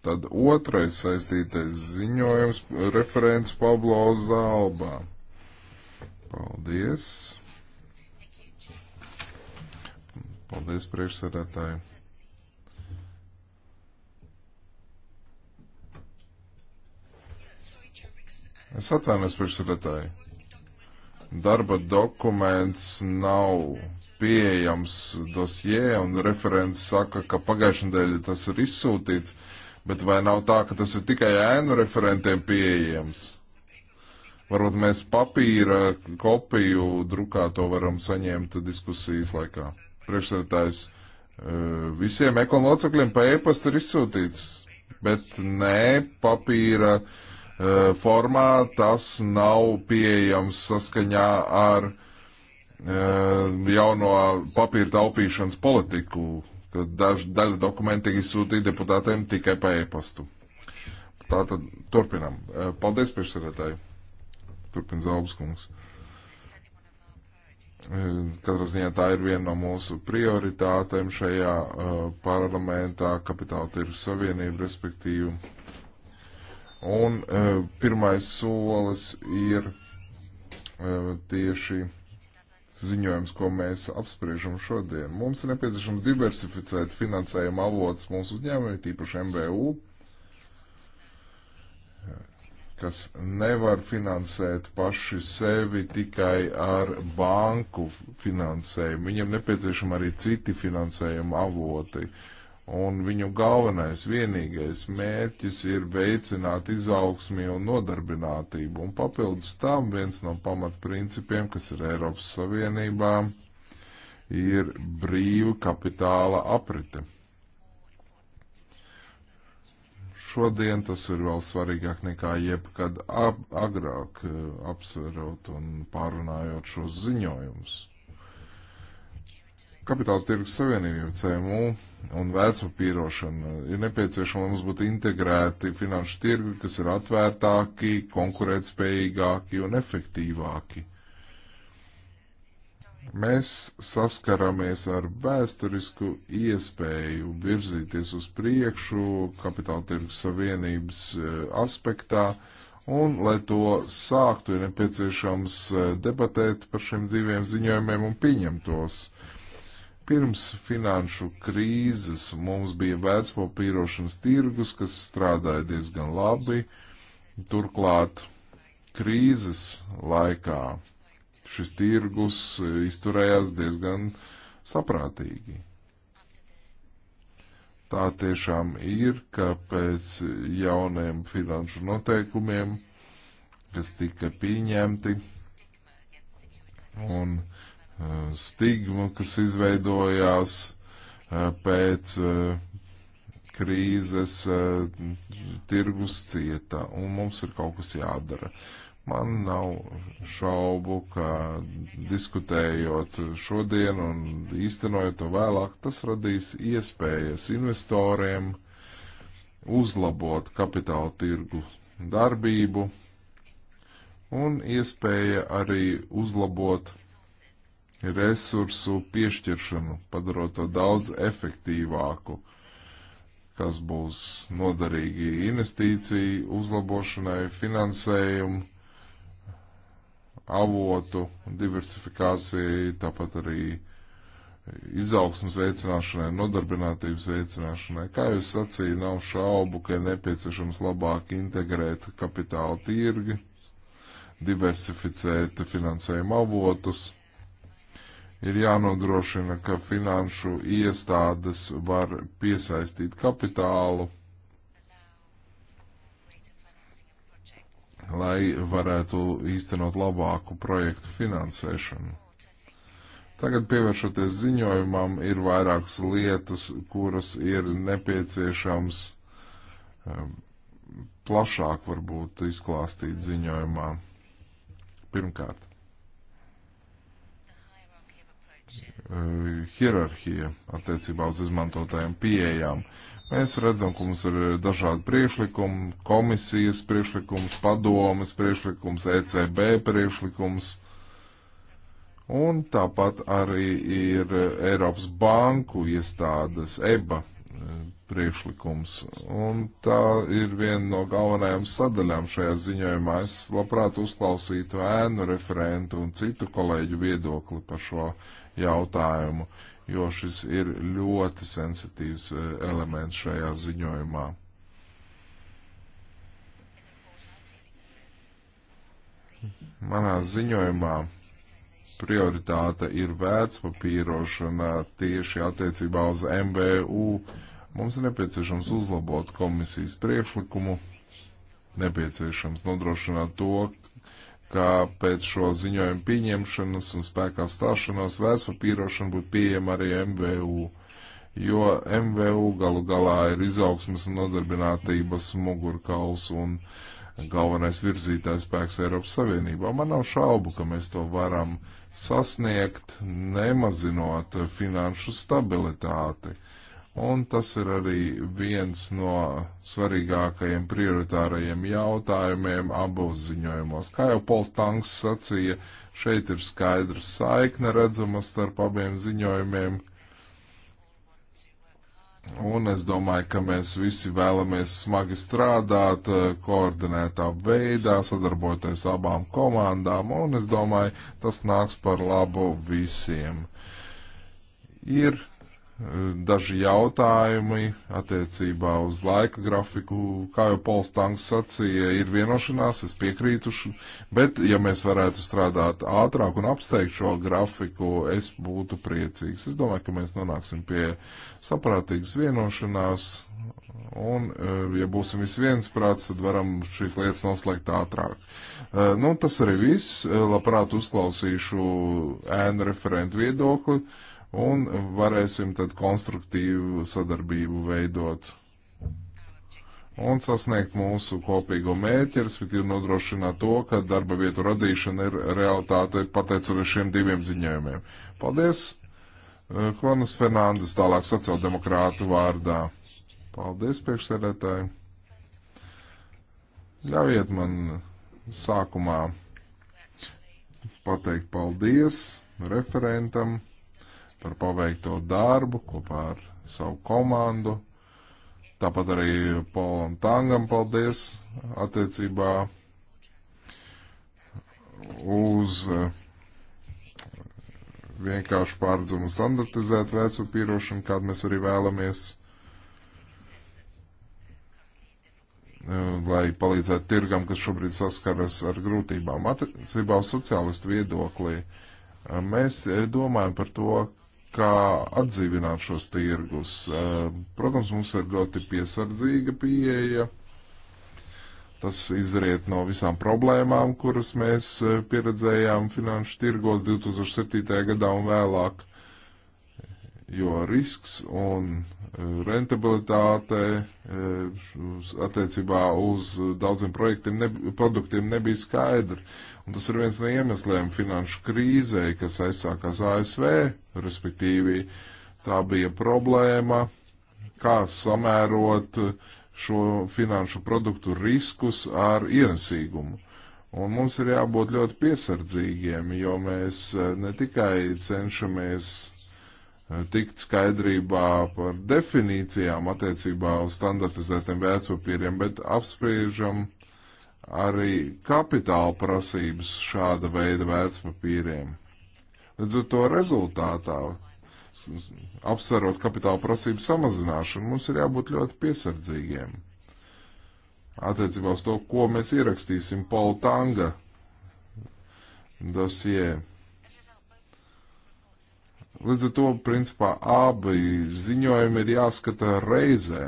Tad otrais saistītais ziņojums - referents Pablo Zalba. Paldies! Paldies, priekšsēdētāji. Es atvainojos, priekšsēdētāji. Darba dokuments nav pieejams dosjē, un referents saka, ka pagājušajā nedēļā tas ir izsūtīts, bet vai nav tā, ka tas ir tikai ēnu referentiem pieejams? Varbūt mēs papīra kopiju drukā to varam saņemt diskusijas laikā priekšsēdētājs. Eh, visiem ekonu locekļiem pa e-pastu ir izsūtīts, bet nē, papīra eh, formā tas nav pieejams saskaņā ar eh, jauno papīra taupīšanas politiku, kad daž, daļa dokumenti tiek izsūtīti deputātiem tikai pa e-pastu. Tātad turpinam. Paldies, priekšsēdētāji. Turpin Zalbas kungs. Katrā ziņā tā ir viena no mūsu prioritātēm šajā uh, parlamentā, kapitāla tirgus savienība, respektīvi. Un uh, pirmais solis ir uh, tieši ziņojums, ko mēs apspriežam šodien. Mums ir nepieciešams diversificēt finansējuma avots mūsu uzņēmumiem, tīpaši MVU. Uh, kas nevar finansēt paši sevi tikai ar banku finansējumu. Viņiem nepieciešama arī citi finansējuma avoti. Un viņu galvenais, vienīgais mērķis ir veicināt izaugsmi un nodarbinātību. Un papildus tam viens no pamatprincipiem, kas ir Eiropas Savienībā, ir brīva kapitāla aprite. šodien, tas ir vēl svarīgāk nekā jebkad ab, agrāk eh, apsverot un pārunājot šos ziņojumus. Kapitāla tirgus savienība, CMU un vērtspapīrošana ir nepieciešama, lai mums būtu integrēti finanšu tirgi, kas ir atvērtāki, konkurētspējīgāki un efektīvāki. Mēs saskaramies ar vēsturisku iespēju virzīties uz priekšu kapitāla tirgus savienības e, aspektā, un, lai to sāktu, ir nepieciešams e, debatēt par šiem dzīviem ziņojumiem un pieņemt tos. Pirms finanšu krīzes mums bija vērtspapīrošanas tirgus, kas strādāja diezgan labi, turklāt krīzes laikā šis tirgus izturējās diezgan saprātīgi. Tā tiešām ir, ka pēc jauniem finanšu noteikumiem, kas tika pieņemti, un uh, stigmu, kas izveidojās uh, pēc uh, krīzes, tirgus cieta, un mums ir kaut kas jādara. Man nav šaubu, ka diskutējot šodien un īstenojot to vēlāk, tas radīs iespējas investoriem uzlabot kapitāla tirgu darbību un iespēja arī uzlabot resursu piešķiršanu, padarot to daudz efektīvāku, kas būs noderīgi investīciju uzlabošanai, finansējumu avotu diversifikācijai, tāpat arī izaugsmas veicināšanai, nodarbinātības veicināšanai. Kā jūs sacīju, nav šaubu, ka ir nepieciešams labāk integrēt kapitāla tirgi, diversificēt finansējuma avotus. Ir jānodrošina, ka finanšu iestādes var piesaistīt kapitālu lai varētu īstenot labāku projektu finansēšanu. Tagad pievēršoties ziņojumam, ir vairākas lietas, kuras ir nepieciešams um, plašāk varbūt izklāstīt ziņojumā. Pirmkārt, uh, hierarhija attiecībā uz izmantotajām pieejām. Uh, Mēs redzam, ka mums ir dažādi priekšlikumi, komisijas priekšlikums, padomas priekšlikums, ECB priekšlikums. Un tāpat arī ir Eiropas banku iestādes EBA priekšlikums. Un tā ir viena no galvenajām sadaļām šajā ziņojumā. Es labprāt uzklausītu ēnu referentu un citu kolēģu viedokli par šo jautājumu. Uh, jo šis ir ļoti sensitīvs e, elements šajā ziņojumā. Manā ziņojumā prioritāte ir vērtspapīrošana tieši attiecībā uz MBU. Mums ir nepieciešams uzlabot komisijas priekšlikumu, nepieciešams nodrošināt to, ka pēc šo ziņojumu pieņemšanas un spēkā stāšanos vēstpapīrošana būtu pieejama arī MVU, jo MVU galu galā ir izaugsmas un nodarbinātības mugurkauls un galvenais virzītājs spēks Eiropas Savienībā. Man nav šaubu, ka mēs to varam sasniegt, nemazinot finanšu stabilitāti Un tas ir arī viens no svarīgākajiem prioritārajiem jautājumiem abos ziņojumos. Kā jau Pols Tanks sacīja, šeit ir skaidrs saikne redzama starp abiem ziņojumiem. Un es domāju, ka mēs visi vēlamies smagi strādāt, koordinētā veidā, sadarboties abām komandām, un es domāju, tas nāks par labu visiem. Ir daži jautājumi attiecībā uz laika grafiku, kā jau Pols Tanks sacīja, ir vienošanās, es piekrītuši, bet ja mēs varētu strādāt ātrāk un apsteigt šo grafiku, es būtu priecīgs. Es domāju, ka mēs nonāksim pie saprātīgas vienošanās, un eh, ja būsim visi viensprāts, tad varam šīs lietas noslēgt ātrāk. Eh, nu, tas arī viss. Eh, labprāt uzklausīšu ēnu referentu viedokli un varēsim tad konstruktīvu sadarbību veidot un sasniegt mūsu kopīgo mērķi, respektīvi nodrošināt to, ka darba vietu radīšana ir realitāte pateicoties šiem diviem ziņojumiem. Paldies! Eh, Konas Fernandes tālāk sociāldemokrātu vārdā. Paldies, priekšsēdētāji! Ļaujiet man sākumā pateikt paldies referentam par paveikto darbu kopā ar savu komandu. Tāpat arī Polam Tangam paldies attiecībā uz eh, vienkārši pārdzumu standartizēt vecu pīrošanu, kādu mēs arī vēlamies, eh, lai palīdzētu tirgam, kas šobrīd saskaras ar grūtībām. Attiecībā uz sociālistu viedoklī eh, mēs domājam par to, kā atdzīvināt šos tirgus. Ehm, protams, mums ir ļoti piesardzīga pieeja. Tas izriet no visām problēmām, kuras mēs eh, pieredzējām finanšu tirgos 2007. gadā un vēlāk, jo risks un eh, rentabilitāte eh, attiecībā uz daudziem projektiem, ne, produktiem nebija skaidri. Tas ir viens no iemesliem finanšu krīzei, kas aizsākās ASV, respektīvi tā bija problēma, kā samērot šo finanšu produktu riskus ar ienesīgumu. Un mums ir jābūt ļoti piesardzīgiem, jo mēs eh, ne tikai cenšamies eh, tikt skaidrībā par definīcijām attiecībā uz standartizētiem vērtspapīriem, bet apspriežam arī kapitāla prasības šāda veida vērtspapīriem. Līdz ar to rezultātā, apsverot kapitāla prasību samazināšanu, mums ir jābūt ļoti piesardzīgiem attiecībā uz to, ko mēs ierakstīsim Paul Tanga dosie. Līdz ar to, principā, abi ziņojumi ir jāskata reizē.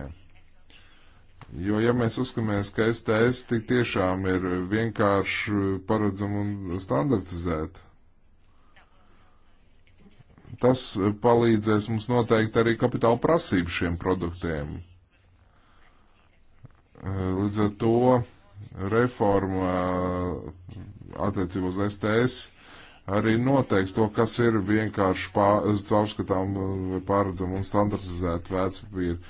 Jo, ja mēs uzskatāmies, ka STS tik tiešām ir vienkārši paredzama un standartizēta, tas palīdzēs mums noteikt arī kapitāla prasību šiem produktiem. Līdz ar to reforma attiecībā uz STS arī noteiks to, kas ir vienkārši caurskatām pār, pārredzama un standartizēta vērtspapīra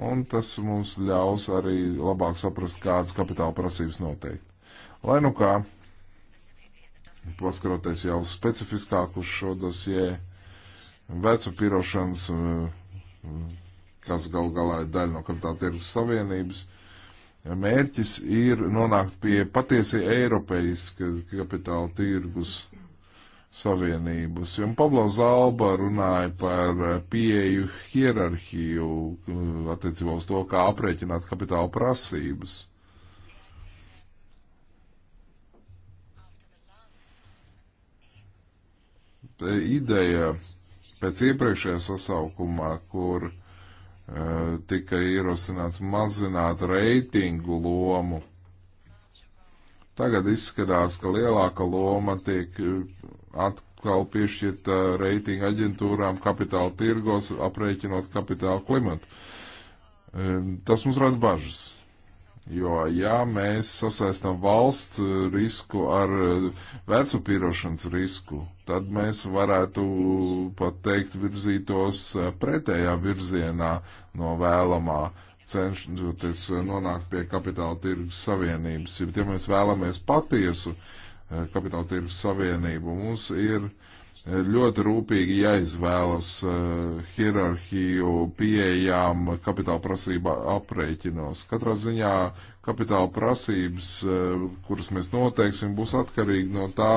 un tas mums ļaus arī labāk saprast, kādas kapitāla prasības noteikti. Lai nu kā, paskaroties jau specifiskāk uz šo dosie, vecu pirošanas, eh, kas gal galā ir daļa no kapitāla tirgus savienības, mērķis ir nonākt pie patiesi eiropeiska kapitāla tirgus Savienības. Un Pablo Zalba runāja par pieeju hierarhiju uh, attiecībā uz to, kā aprēķināt kapitāla prasības. Te ideja pēc iepriekšējā sasaukumā, kur uh, tika ierosināts mazināt reitingu lomu Tagad izskatās, ka lielāka loma tiek atkal piešķirta uh, reitinga aģentūrām kapitāla tirgos, aprēķinot kapitāla klimatu. Um, tas mums rada bažas. Jo, ja mēs sasaistām valsts uh, risku ar uh, vecu pīrošanas risku, tad mēs varētu pat teikt virzītos pretējā virzienā no vēlamā cenšoties nonākt pie kapitāla tirgus savienības. Ja mēs vēlamies patiesu uh, Eh, kapitāla tirgus savienību. Mums ir eh, ļoti rūpīgi jāizvēlas eh, hierarhiju pieejām kapitāla prasība aprēķinos. Katrā ziņā kapitāla prasības, kuras mēs noteiksim, būs atkarīgi no tā,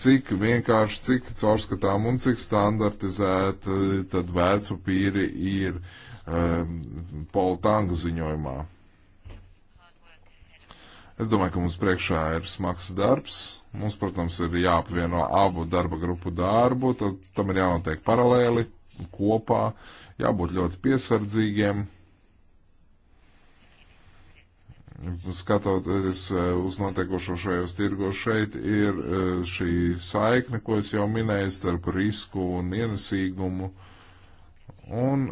cik vienkārši, cik caurskatām un cik standartizēta tad vecu pīri ir um, ehm, Paula Tanga ziņojumā. Es domāju, ka mums priekšā ir smags darbs. Mums, protams, ir jāapvieno abu darba grupu darbu, tad tam ir jānotiek paralēli, kopā, jābūt ļoti piesardzīgiem. Skatoties eh, uz notiekošo šajos tirgos šeit, ir eh, šī saikne, ko es jau minēju, starp risku un ienesīgumu. Un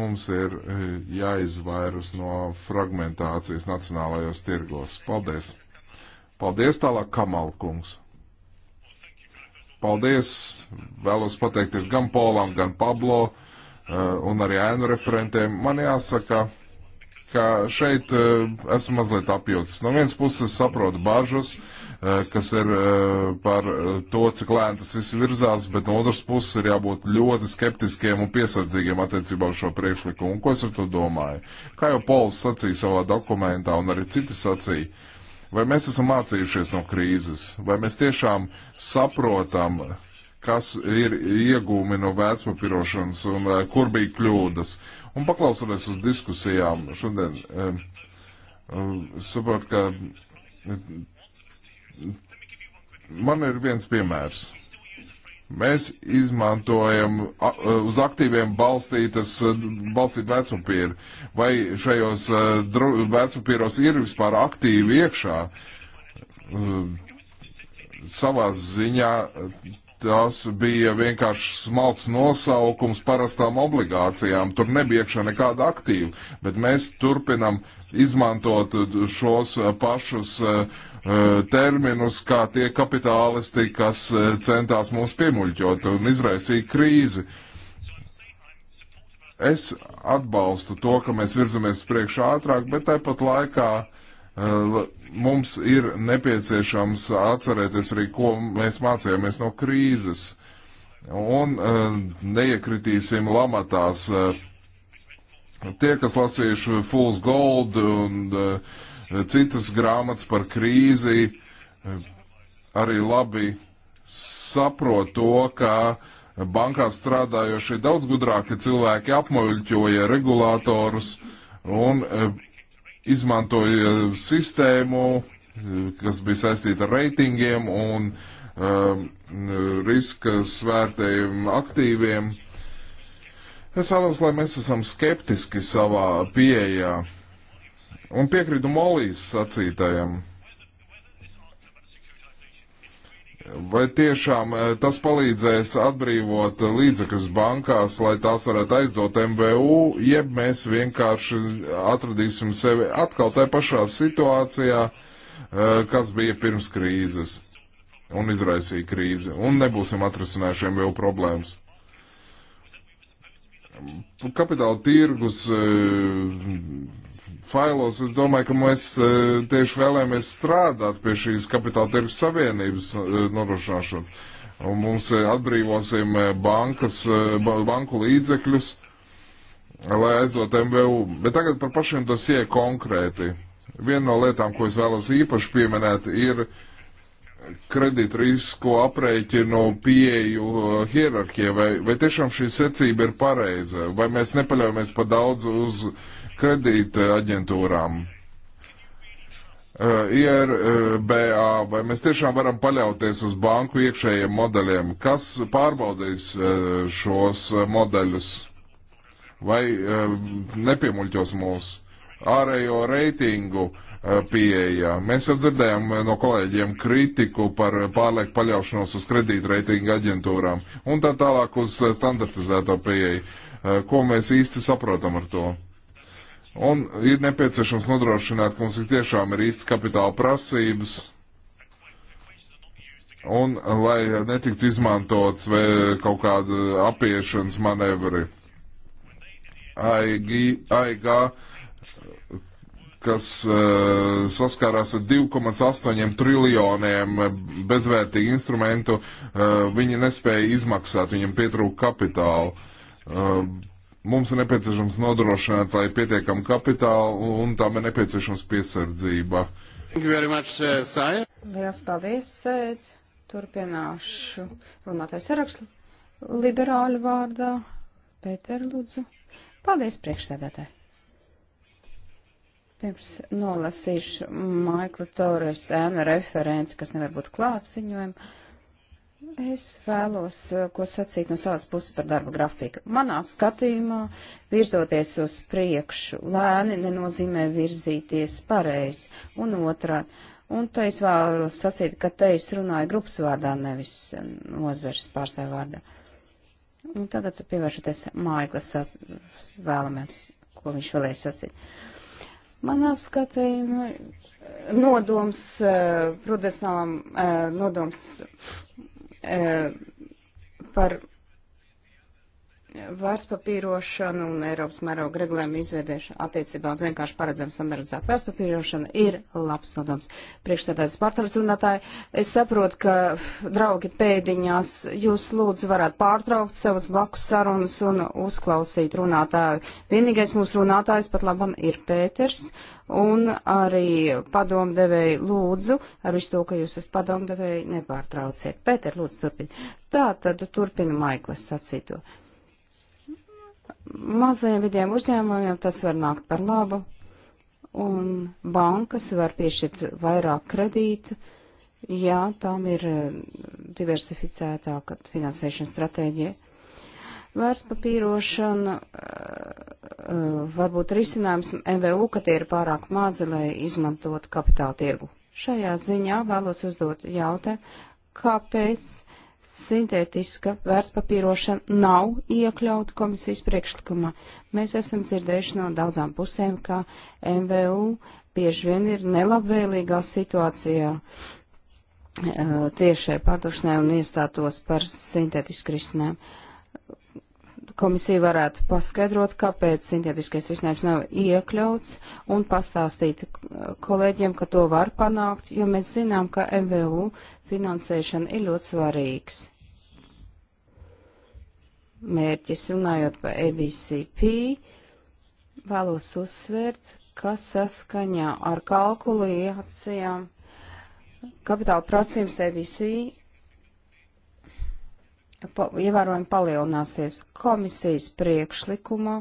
mums ir eh, jāizvairas no fragmentācijas nacionālajos tirgos. Paldies! Paldies tālāk, Kamal kungs. Paldies, vēlos pateikties gan Polam, gan Pablo eh, un arī ēnu referentiem. Man jāsaka, ka šeit eh, esmu mazliet apjūts. No vienas puses saprotu bažas, eh, kas ir par to, cik lēni tas viss virzās, bet no otras puses ir jābūt ļoti skeptiskiem un piesardzīgiem attiecībā uz šo priekšlikumu. Un ko es ar to domāju? Kā jau Pols sacīja savā dokumentā un arī citi sacīja, Vai mēs esam mācījušies no krīzes? Vai mēs tiešām saprotam, kas ir iegūmi no vērtspapirošanas un eh, kur bija kļūdas? Un paklausoties uz diskusijām šodien, eh, eh, saprot, ka man ir viens piemērs. Mēs izmantojam uz aktīviem balstītas, balstīt vecupīru. Vai šajos vecupīros ir vispār aktīvi iekšā? Savā ziņā tas bija vienkārši smalks nosaukums parastām obligācijām. Tur nebija iekšā nekāda aktīva, bet mēs turpinam izmantot šos pašus Eh, terminus, kā tie kapitālisti, kas eh, centās mūs piemuļķot un izraisīja krīzi. Es atbalstu to, ka mēs virzamies priekšā ātrāk, bet tāpat laikā eh, mums ir nepieciešams atcerēties arī, ko mēs mācījāmies no krīzes. Un neiekritīsim lamatās. Tie, kas lasījuši Fool's Gold un uh, citas grāmatas par krīzi eh, arī labi saprot to, ka bankās strādājošie daudz gudrāki cilvēki apmuļķoja regulātorus un eh, izmantoja sistēmu, eh, kas bija saistīta ar reitingiem un um, riska svērtējiem aktīviem. Es vēlos, lai mēs esam skeptiski savā pieejā Un piekrītu Molijas sacītajam. Vai tiešām eh, tas palīdzēs atbrīvot līdzekļus bankās, lai tās varētu aizdot MVU, jeb mēs vienkārši atradīsim sevi atkal tajā pašā situācijā, eh, kas bija pirms krīzes un izraisīja krīzi, un nebūsim atrisinājuši MVU problēmas? Kapitāla tirgus eh, failos, es domāju, ka mēs e, tieši vēlēmies strādāt pie šīs kapitāla tirgus savienības e, nodrošināšanas. Un mums e, atbrīvosim bankas, banku līdzekļus, lai aizdot MVU. Bet tagad par pašiem dosie konkrēti. Viena no lietām, ko es vēlos īpaši pieminēt, ir kredītrisku aprēķinu pieeju hierarhijai, vai, vai tiešām šī secība ir pareiza, vai mēs nepaļaujamies pa daudz uz kredīta aģentūrām, eh, IRBA, vai mēs tiešām varam paļauties uz banku iekšējiem modeļiem? Kas pārbaudīs eh, šos modeļus? Vai eh, nepiemuļķos mūsu ārējo reitingu pieeja? Mēs jau dzirdējām no kolēģiem kritiku par pārlieku paļaušanos uz kredītreitingu aģentūrām un tā tālāk uz standartizēto pieeju. Ko mēs īsti saprotam ar to? Un ir nepieciešams nodrošināt, ka mums ir tiešām ir īsts kapitāla prasības, un lai netiktu izmantots vai kaut kāda apiešanas manevri. AIG, AIG kas uh, saskārās ar 2,8 triljoniem bezvērtīgu instrumentu, uh, viņi nespēja izmaksāt, viņiem pietrūka kapitāla. Uh, Mums ir nepieciešams nodrošināt, lai pietiekam kapitālu un tam ir nepieciešams piesardzība. Much, uh, Lielas paldies, Sēd. Turpināšu runātais sarakstu liberāļu vārdā. Pēter, lūdzu. Paldies, priekšsēdētāji. Pirms nolasīšu Maikla Torres ēnu referenti, kas nevar būt klāt ziņojumu Es vēlos uh, ko sacīt no savas puses par darba grafiku. Manā skatījumā virzoties uz priekšu lēni nenozīmē virzīties pareizi un otrā. Un te es vēlos sacīt, ka te es runāju grupas vārdā, nevis um, nozares pārstāvju vārdā. Un tagad pievēršoties Maiklas vēlamēms, ko viņš vēlēja sacīt. Manā skatījumā nodoms, uh, prudesionālam uh, nodoms par vērtspapīrošanu un Eiropas mēroga regulējumu izveidēšanu attiecībā uz vienkārši paredzam standardizētu vērtspapīrošanu ir labs nodoms. Priekšsēdētājs partneris runātāji, es saprotu, ka draugi pēdiņās jūs lūdzu varētu pārtraukt savas blakus sarunas un uzklausīt runātāju. Vienīgais mūsu runātājs pat labam ir Pēters un arī padomdevēji lūdzu, ar visu to, ka jūs esat padomdevēji, nepārtrauciet. Pēter, lūdzu, turpini. Tā tad turpina Maiklis sacīto. Uh, Mazajiem vidiem uzņēmumiem tas var nākt par labu, un bankas var piešķirt vairāk kredītu, ja tām ir eh, diversificētāka finansēšanas stratēģija. Vērtspapīrošana eh, eh, varbūt risinājums MVU, ka tie ir pārāk mazi, lai izmantot kapitāla tirgu. Šajā ziņā vēlos uzdot jautājumu, kāpēc sintētiska vērtspapīrošana nav iekļauta komisijas priekšlikumā. Mēs esam dzirdējuši no daudzām pusēm, ka MVU bieži vien ir nelabvēlīgā situācijā eh, tiešai pārdošanai un iestātos par sintētisku risinājumu. Komisija varētu paskaidrot, kāpēc sintētiskais risinājums nav iekļauts un pastāstīt kolēģiem, ka to var panākt, jo mēs zinām, ka MVU finansēšana ir ļoti svarīgs mērķis. Runājot par ABCP, vēlos uzsvērt, ka saskaņā ar kalkulācijām kapitāla prasības ABC pa, ievērojami palielināsies komisijas priekšlikumā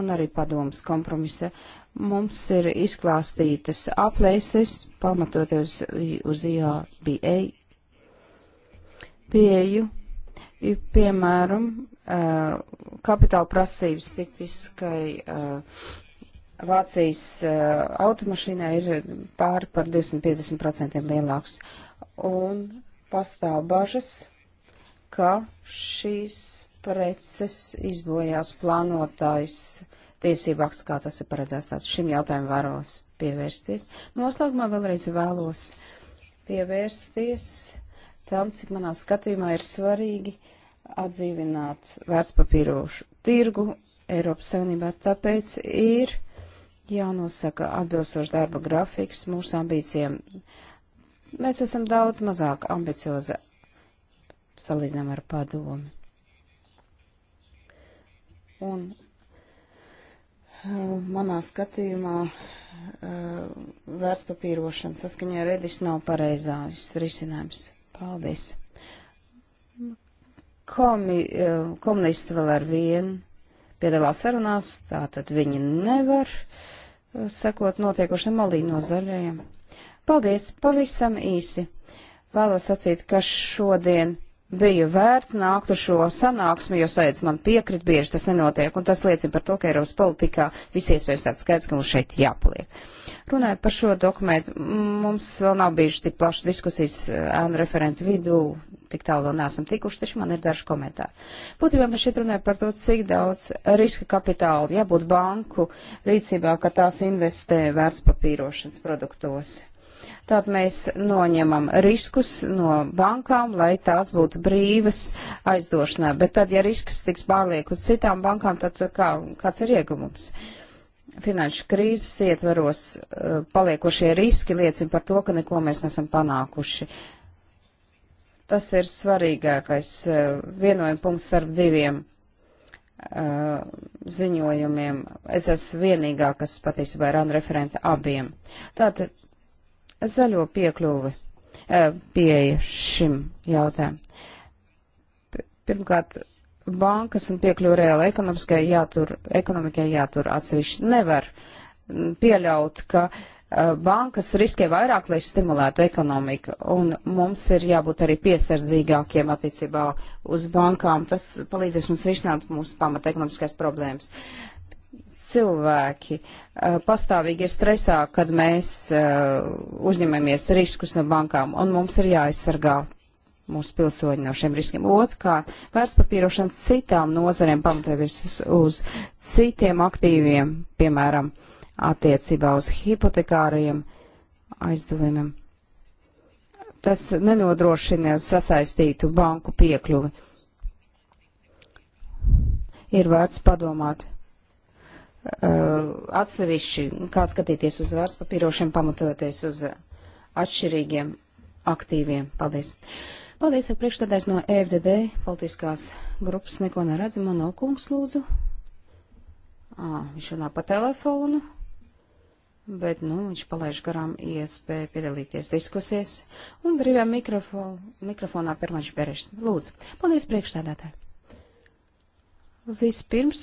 un arī padomas kompromisa. Mums ir izklāstītas aplēses pamatoties uz IABA pieju, piemēram, eh, kapitāla prasības tipiskai eh, Vācijas eh, automašīnai ir pāri par 250% lielāks. Un pastāv bažas, ka šīs preces izbojās plānotājs tiesībāks, kā tas ir paredzēts. Tātad šim jautājumam vēlos pievērsties. Noslēgumā vēlreiz vēlos pievērsties tam, cik manā skatījumā ir svarīgi atdzīvināt vērtspapīrošu tirgu Eiropas Savienībā. Tāpēc ir jānosaka atbilstoši darba grafiks mūsu ambīcijiem. Mēs esam daudz mazāk ambiciozi salīdzinām ar padomi. Un eh, manā skatījumā eh, vērtspapīrošana saskaņā ar Edis nav pareizās risinājums. Paldies. Komi, eh, komunisti vēl ar vienu piedalās sarunās, tātad viņi nevar eh, sekot notiekošiem malī no zaļajiem. Paldies, pavisam īsi. Vēlos sacīt, ka šodien bija vērts nākt uz šo sanāksmi, jo saic man piekrit bieži, tas nenotiek, un tas liecina par to, ka Eiropas politikā visies vairs tāds skaidrs, ka mums šeit jāpaliek. Runājot par šo dokumentu, mums vēl nav bijušas tik plašas diskusijas eh, ēnu referentu vidū, tik tālu vēl neesam tikuši, taču man ir daži komentāri. Būtībā mēs šeit runājam par to, cik daudz riska kapitāla jābūt banku rīcībā, ka tās investē vērtspapīrošanas produktos Tad mēs noņemam riskus no bankām, lai tās būtu brīvas aizdošanā. Bet tad, ja risks tiks pārliek uz citām bankām, tad kā, kāds ir iegumums? Finanšu krīzes ietveros eh, paliekošie riski liecina par to, ka neko mēs nesam panākuši tas ir svarīgākais eh, vienojuma punkts starp diviem uh, ziņojumiem. Es esmu vienīgā, kas patiesībā ir anreferenta abiem. Tātad zaļo piekļuvi eh, pieeja šim jautājumam. Pirmkārt, bankas un piekļuvi reāla ekonomiskai jātur, ekonomikai jātur atsevišķi. Nevar mm, pieļaut, ka eh, bankas riskē vairāk, lai stimulētu ekonomiku, un mums ir jābūt arī piesardzīgākiem attiecībā uz bankām. Tas palīdzēs mums risināt mūsu pamata ekonomiskās problēmas. Uh, cilvēki uh, pastāvīgi ir stresā, kad mēs uh, uzņemamies riskus no bankām, un mums ir jāaizsargā mūsu pilsoņi no šiem riskiem. Otrkārt, vērtspapīrošana citām nozarēm pamatoties uz, uz citiem aktīviem, piemēram, attiecībā uz hipotekāriem aizdevumiem. Tas nenodrošina sasaistītu banku piekļuvi. Ir vērts padomāt Uh, atsevišķi, kā skatīties uz vārds papīrošiem, pamatojoties uz atšķirīgiem aktīviem. Paldies! Paldies, ka priekšstādājs no EFDD politiskās grupas neko neredz. Man nav kungs, lūdzu. À, viņš runā pa telefonu, bet, nu, viņš palaiž garām iespēju piedalīties diskusijas. Un brīvā mikrofonā pirmais berešs. Lūdzu. Paldies, priekšstādātāji! Vispirms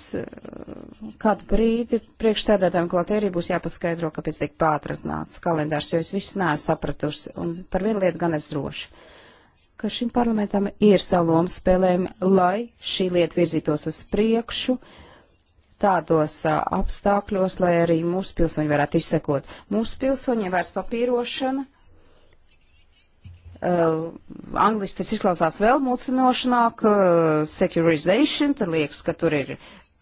kādu brīdi priekšsēdētājiem klātērī būs jāpaskaidro, kāpēc tiek pātratnāts kalendārs, jo es visu neesmu sapratusi. Un par vienu lietu gan es droši, ka šim parlamentam ir savu lomu spēlējumi, lai šī lieta virzītos uz priekšu tādos apstākļos, lai arī mūsu pilsoņi varētu izsekot. Mūsu pilsoņiem vairs papīrošana Uh, angliski tas izklausās vēl mulcinošanāk, uh, securization, tad liekas, ka tur ir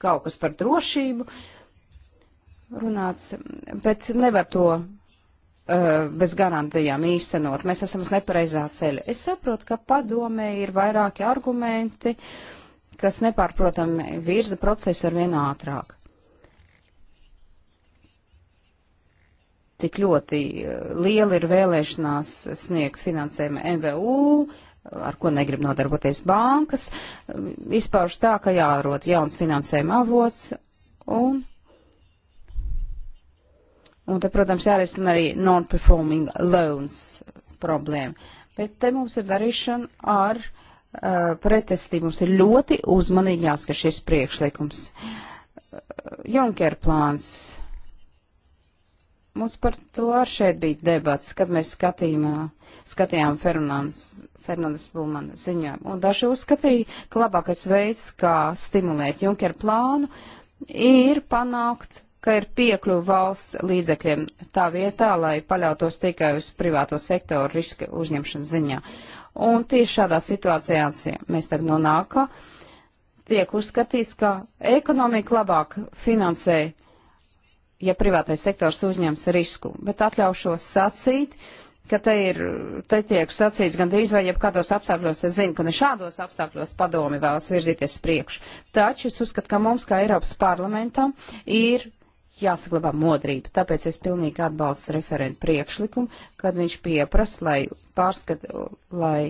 kaut kas par drošību runāts, bet nevar to uh, bez garantijām īstenot. Mēs esam uz nepareizā ceļa. Es saprotu, ka padomē ir vairāki argumenti, kas nepārprotami virza procesu ar vien ātrāk. tik ļoti eh, liela ir vēlēšanās sniegt finansējumu MVU, ar ko negrib nodarboties bankas, izpauž tā, ka jārot jauns finansējuma avots un. Un te, protams, jārisina arī non-performing loans problēma. Bet te mums ir darīšana ar uh, pretestību. Mums ir ļoti uzmanīgi jāskatās šis priekšlikums. Uh, Junker plāns. Uh, Mums par to šeit bija debats, kad mēs skatījumā, skatījām Fernandes Bulmanu ziņojumu. Un daži uzskatīja, ka labākais veids, kā stimulēt Junkeru plānu, ir panākt, ka ir piekļuva valsts līdzekļiem tā vietā, lai paļautos tikai uz privāto sektoru riska uzņemšanas ziņā. Un tieši šādā situācijā mēs tagad nonākam. Tiek uzskatīts, ka ekonomika labāk finansēja ja privātais sektors uzņems risku. Bet atļaušos sacīt, ka te, ir, te tiek sacīts gandrīz vai jebkādos apstākļos, es zinu, ka ne šādos apstākļos padomi vēlas virzīties priekš. Taču es uzskatu, ka mums, kā Eiropas parlamentam, ir jāsaglabā modrība. Tāpēc es pilnīgi atbalstu referentu priekšlikumu, kad viņš pieprasa, lai pārskat, lai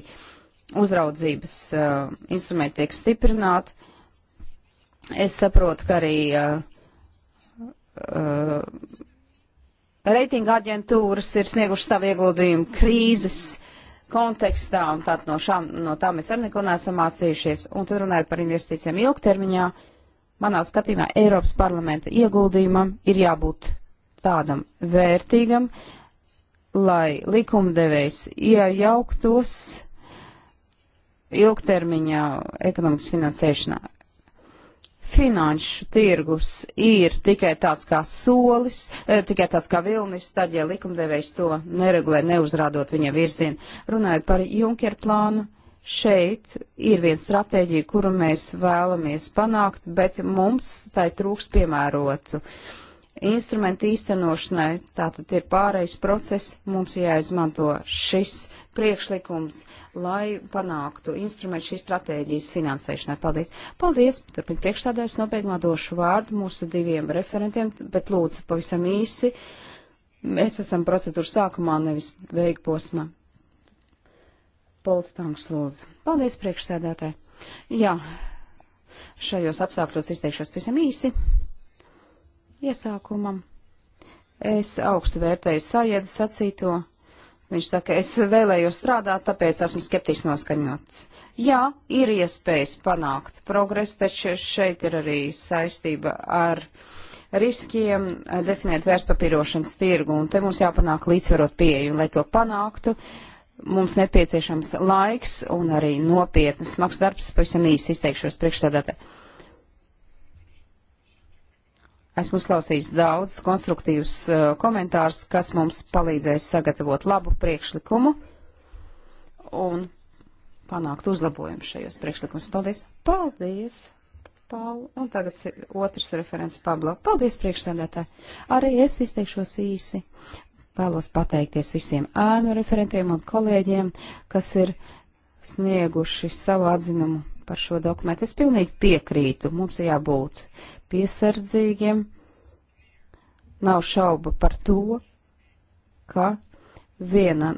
uzraudzības uh, instrumenti tiek stiprināti. Es saprotu, ka arī uh, uh, reitinga aģentūras ir sniegušas savu ieguldījumu krīzes kontekstā, un tad no, šām, no tā mēs arī neko neesam mācījušies. Un tad runājot par investīcijām ilgtermiņā, manā skatījumā Eiropas parlamenta ieguldījumam ir jābūt tādam vērtīgam, lai likumdevējs iejauktos ilgtermiņā ekonomikas finansēšanā finanšu tirgus ir tikai tāds kā solis, eh, tikai tāds kā vilnis, tad, ja likumdevējs to neregulē, neuzrādot viņa virzienu. Runājot par Junker plānu, šeit ir viena stratēģija, kuru mēs vēlamies panākt, bet mums tai trūks piemērotu. Instrumentu īstenošanai tātad ir pārējais process, mums jāizmanto šis priekšlikums, lai panāktu instrumentu šīs stratēģijas finansēšanai. Paldies! Paldies! Turpin priekšstādājs nobeigumā došu vārdu mūsu diviem referentiem, bet lūdzu pavisam īsi. Mēs esam procedūru sākumā, nevis beigposmā. Polstāngs lūdzu. Paldies priekšstādātāji! Jā, šajos apstākļos izteikšos pavisam īsi. Iesākumam. Es augstu vērtēju sajēdu sacīto Viņš saka, es vēlējos strādāt, tāpēc esmu skeptiski noskaņots. Jā, ir iespējas panākt progresu, taču šeit ir arī saistība ar riskiem definēt vērtspapīrošanas tirgu, un te mums jāpanāk līdzsvarot pieeju, un lai to panāktu, mums nepieciešams laiks un arī nopietnas smags darbs, pavisam īsi izteikšos priekšsēdētāji. Esmu uzklausījis daudz konstruktīvus uh, komentārus, kas mums palīdzēs sagatavot labu priekšlikumu un panākt uzlabojumu šajos priekšlikumus. Paldies! Paldies! Paul, un tagad ir otrs referents Pablo. Paldies, priekšsēdētāji! Arī es izteikšos īsi. Vēlos pateikties visiem ēnu referentiem un kolēģiem, kas ir snieguši savu atzinumu par šo dokumentu. Es pilnīgi piekrītu, mums jābūt piesardzīgiem. Nav šauba par to, ka viena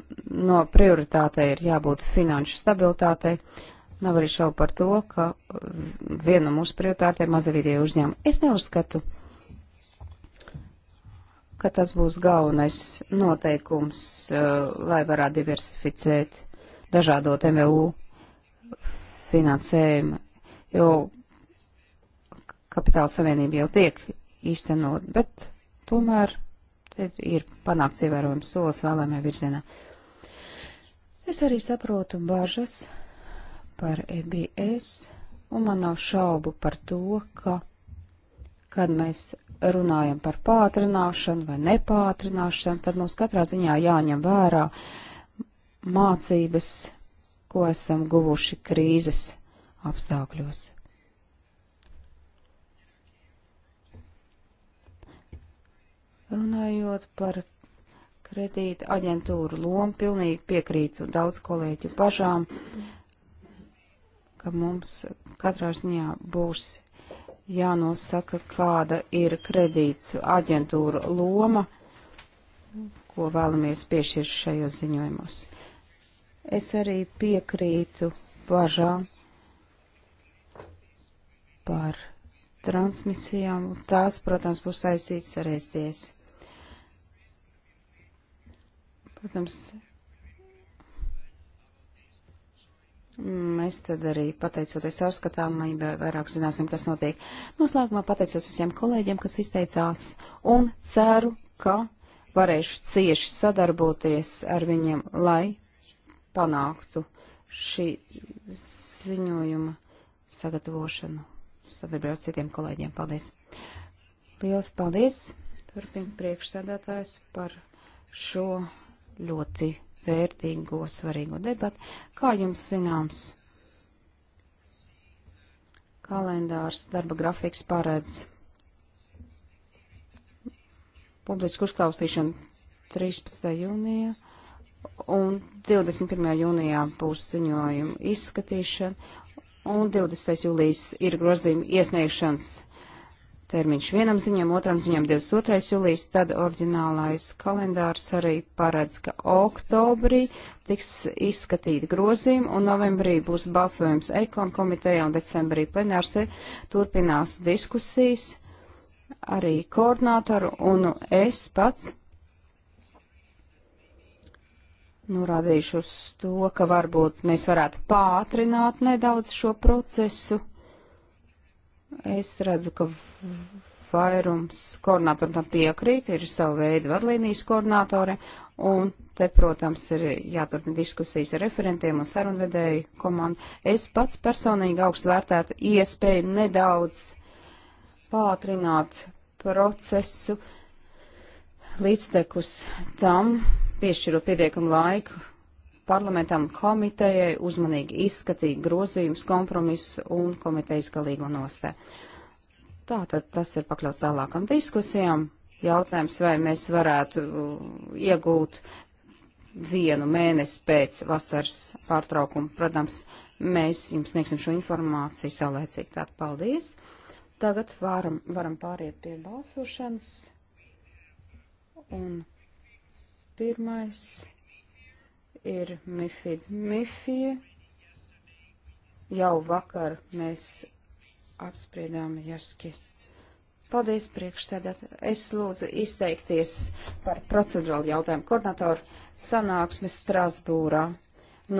no prioritātei ir jābūt finanšu stabilitātei. Nav arī šaubu par to, ka viena no mūsu prioritātēm mazavidēja uzņēmuma. Es neuzskatu, ka tas būs galvenais noteikums, uh, lai varētu diversificēt dažādot MVU finansējumu, jo kapitāla savienība jau tiek īstenot, bet tomēr ir panākts ievērojams solis vēlēmē virzienā. Es arī saprotu bažas par EBS, un man nav šaubu par to, ka, kad mēs runājam par pātrināšanu vai nepātrināšanu, tad mums katrā ziņā jāņem vērā mācības, ko esam guvuši krīzes apstākļos. Runājot par kredīta aģentūru lomu, pilnīgi piekrītu daudz kolēģu bažām, ka mums katrā ziņā būs jānosaka, kāda ir kredīta aģentūra loma, ko vēlamies piešķirt šajos ziņojumos. Es arī piekrītu bažām par transmisijām. Tās, protams, būs saistītas ar SDS. Protams, Mēs tad arī, pateicoties savskatāmībai, vairāk zināsim, kas notiek. Noslēgumā pateicos visiem kolēģiem, kas izteicās, un ceru, ka varēšu cieši sadarboties ar viņiem, lai panāktu šī ziņojuma sagatavošanu sadarbībā ar citiem kolēģiem. Paldies! Lielas paldies! Turpin priekšsēdētājs par šo ļoti vērtīgo, svarīgo debatu. Kā jums zināms, kalendārs darba grafiks paredz publisku uzklausīšanu 13. jūnijā un 21. jūnijā būs ziņojuma izskatīšana un 20. jūlijas ir grozījuma iesniegšanas termiņš vienam ziņam, otram ziņam 22. jūlijas, tad oriģinālais kalendārs arī paredz, ka oktobrī tiks izskatīti grozījumi un novembrī būs balsojums Ekon komiteja un decembrī plenārsē turpinās diskusijas arī koordinātoru un es pats. Norādīšu uz to, ka varbūt mēs varētu pātrināt nedaudz šo procesu Es redzu, ka vairums koordinātori tam piekrīt, ir savu veidu vadlīnijas koordinātori, un te, protams, ir jāturpina diskusijas ar referentiem un sarunvedēju komandu. Es pats personīgi augstu vērtētu iespēju nedaudz pātrināt procesu līdztekus tam, piešķirot pietiekamu laiku parlamentam komitejai uzmanīgi izskatīt grozījums, kompromisu un komitejas galīgo nostē. Tātad tas ir pakļauts tālākam diskusijām. Jautājums, vai mēs varētu uh, iegūt vienu mēnesi pēc vasaras pārtraukuma. Protams, mēs jums sniegsim šo informāciju saulēcīgi. Tātad paldies. Tagad varam, varam pāriet pie balsošanas. Un pirmais ir MIFID. MIFIE jau vakar mēs apspriedām Jaski. Paldies, priekšsēdāt. Es lūdzu izteikties par procedurālu jautājumu. Koordinatoru sanāksme Strasbūrā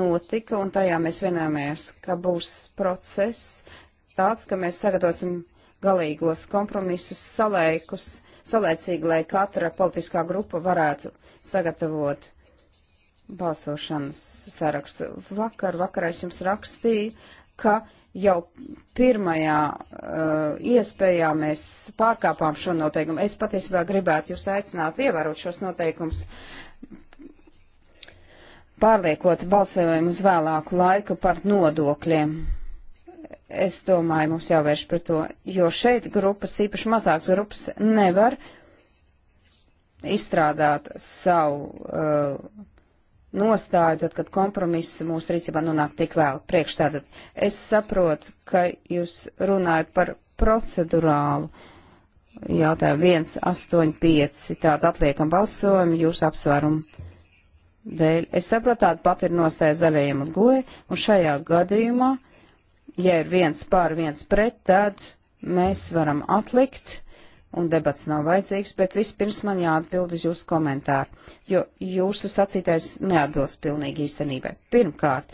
notika, un tajā mēs vienojāmies, ka būs process tāds, ka mēs sagatavosim galīgos kompromisus salēkus, salēcīgi, lai katra politiskā grupa varētu sagatavot balsošanas sarakstu. Vakar, vakarā es jums rakstīju, ka jau pirmajā uh, iespējā mēs pārkāpām šo noteikumu. Es patiesībā gribētu jūs aicināt ievērot šos noteikumus, pārliekot balsojumu uz vēlāku laiku par nodokļiem. Es domāju, mums jāvērš pret to, jo šeit grupas, īpaši mazākas grupas, nevar izstrādāt savu uh, nostāju, tad, kad kompromiss mūsu rīcībā nonāk tik vēl priekšstādā. Es saprotu, ka jūs runājat par procedurālu jautājumu 185, tādu atliekam balsojumu jūsu apsvērumu dēļ. Es saprotu, tāda pat ir nostāja zaļajiem un goja, un šajā gadījumā, ja ir viens pār, viens pret, tad mēs varam atlikt un debats nav vajadzīgs, bet vispirms man jāatbild uz jūsu komentāru, jo jūsu sacītais neatbilst pilnīgi īstenībai. Pirmkārt,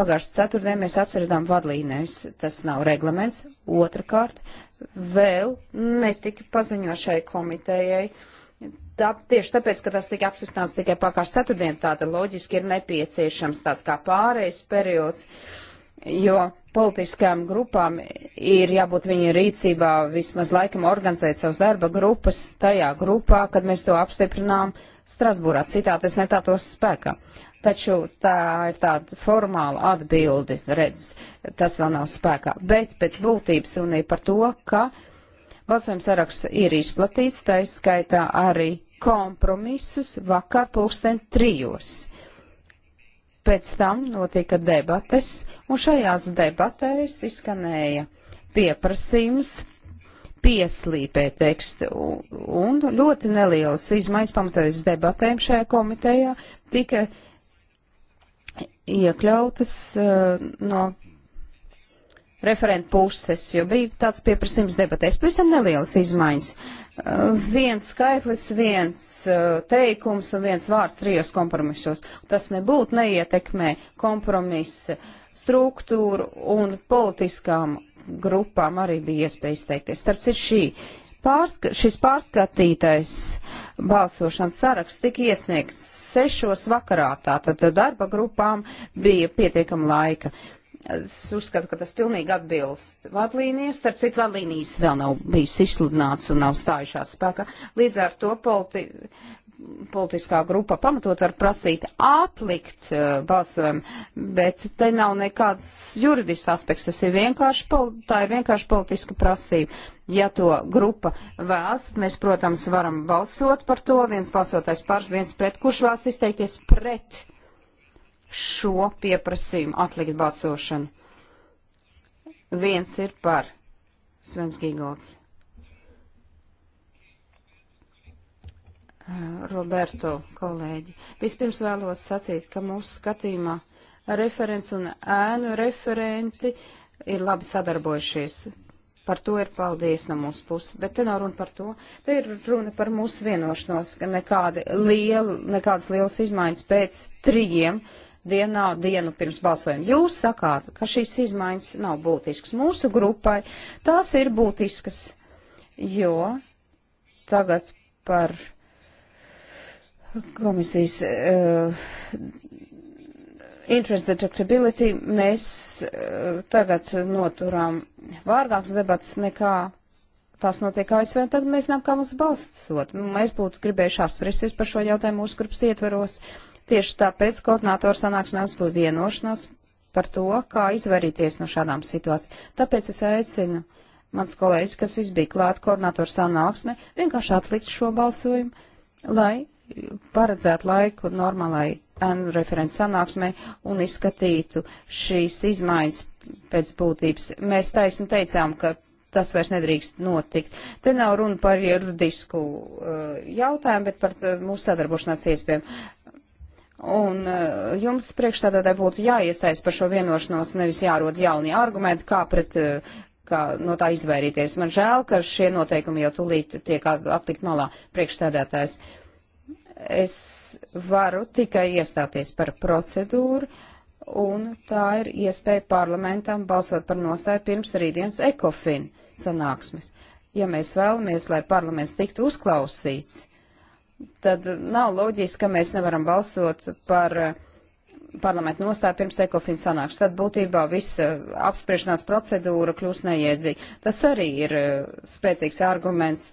pagājušā ceturtdien mēs apsveridām vadlīnijas, tas nav reglaments. Otrakārt, vēl netika paziņot šai komitejai. Tā, tieši tāpēc, ka tas tika apstiprināts tikai pagājušā ceturtdien, tāda loģiski ir nepieciešams tāds kā pārējais periods, jo politiskajām grupām ir jābūt viņa rīcībā vismaz laikam organizēt savas darba grupas tajā grupā, kad mēs to apstiprinām Strasbūrā. Citādi es netātos spēkā. Taču tā ir tāda formāla atbildi, redz, tas vēl nav spēkā. Bet pēc būtības runīja par to, ka balsojums saraksts ir izplatīts, tā izskaitā arī kompromisus vakar pulksten trijos. Uh, Pēc tam notika debates, un šajās debatēs izskanēja pieprasījums pieslīpē tekstu, un ļoti nelielas izmaiņas pamatojas debatēm šajā komitejā tika iekļautas uh, no referentu puses, jo bija tāds pieprasījums debatēs, pavisam nelielas izmaiņas. Uh, viens skaitlis, viens uh, teikums un viens vārds trijos kompromisos. Tas nebūtu neietekmē kompromisa struktūru un politiskām grupām arī bija iespēja izteikties. Starp citu, šī Pārska, šis pārskatītais balsošanas saraksts tika iesniegts sešos vakarā, tātad darba grupām bija pietiekama laika. Uh, Es uzskatu, ka tas pilnīgi atbilst vadlīnijas. Starp citu, vadlīnijas vēl nav bijusi izsludināts un nav stājušās spēkā. Līdz ar to politi politiskā grupa pamatot var prasīt atlikt uh, balsojumu, bet te nav nekāds juridisks aspekts. Tas ir vienkārši, tā ir vienkārši politiska prasība. Ja to grupa vēlas, mēs, protams, varam balsot par to, viens balsotais par, viens pret, kurš vēlas izteikties pret šo pieprasījumu atlikt balsošanu. Viens ir par Svens Gigolds. Roberto kolēģi. Vispirms vēlos sacīt, ka mūsu skatījumā referents un ēnu referenti ir labi sadarbojušies. Par to ir paldies no mūsu puses, bet te nav runa par to. Te ir runa par mūsu vienošanos, ka nekādi liel, nekādas lielas izmaiņas pēc trījiem uh, dienā, dienu pirms balsojuma. Jūs sakāt, ka šīs izmaiņas nav būtiskas mūsu grupai, tās ir būtiskas, jo tagad par komisijas uh, interest detectability mēs uh, tagad noturām vārgāks debats nekā tās notiek ASV, tad mēs zinām, kā mums balstot. Mēs būtu gribējuši apspriesties par šo jautājumu mūsu grupas ietveros. Uh, Tieši tāpēc koordinātoru sanāksmēs būtu vienošanās par to, kā izvairīties no šādām situācijām. Tāpēc es aicinu mans kolēģis, kas viss bija klāt koordinātoru sanāksmē, vienkārši atlikt šo balsojumu, lai paredzētu laiku normālai referents sanāksmē un izskatītu šīs izmaiņas pēc būtības. Mēs taisni teicām, ka tas vairs nedrīkst notikt. Te nav runa par juridisku uh, jautājumu, bet par uh, mūsu sadarbošanās iespējām. Un e, jums priekšstādātāji būtu jāiestājas par šo vienošanos, nevis jārod jaunie argumenti, kā pret e, kā no tā izvairīties. Man žēl, ka šie noteikumi jau tūlīt tiek atlikt malā priekšstādātājs. Es varu tikai iestāties par procedūru, un tā ir iespēja parlamentam balsot par nostāju pirms rītdienas ekofin sanāksmes. Ja mēs vēlamies, lai parlaments tiktu uzklausīts, tad nav loģiski, ka mēs nevaram balsot par eh, parlamentu nostāju pirms ekofina sanāks. Tad būtībā viss eh, apspriešanās procedūra kļūs neiedzīga. Tas arī ir eh, spēcīgs arguments,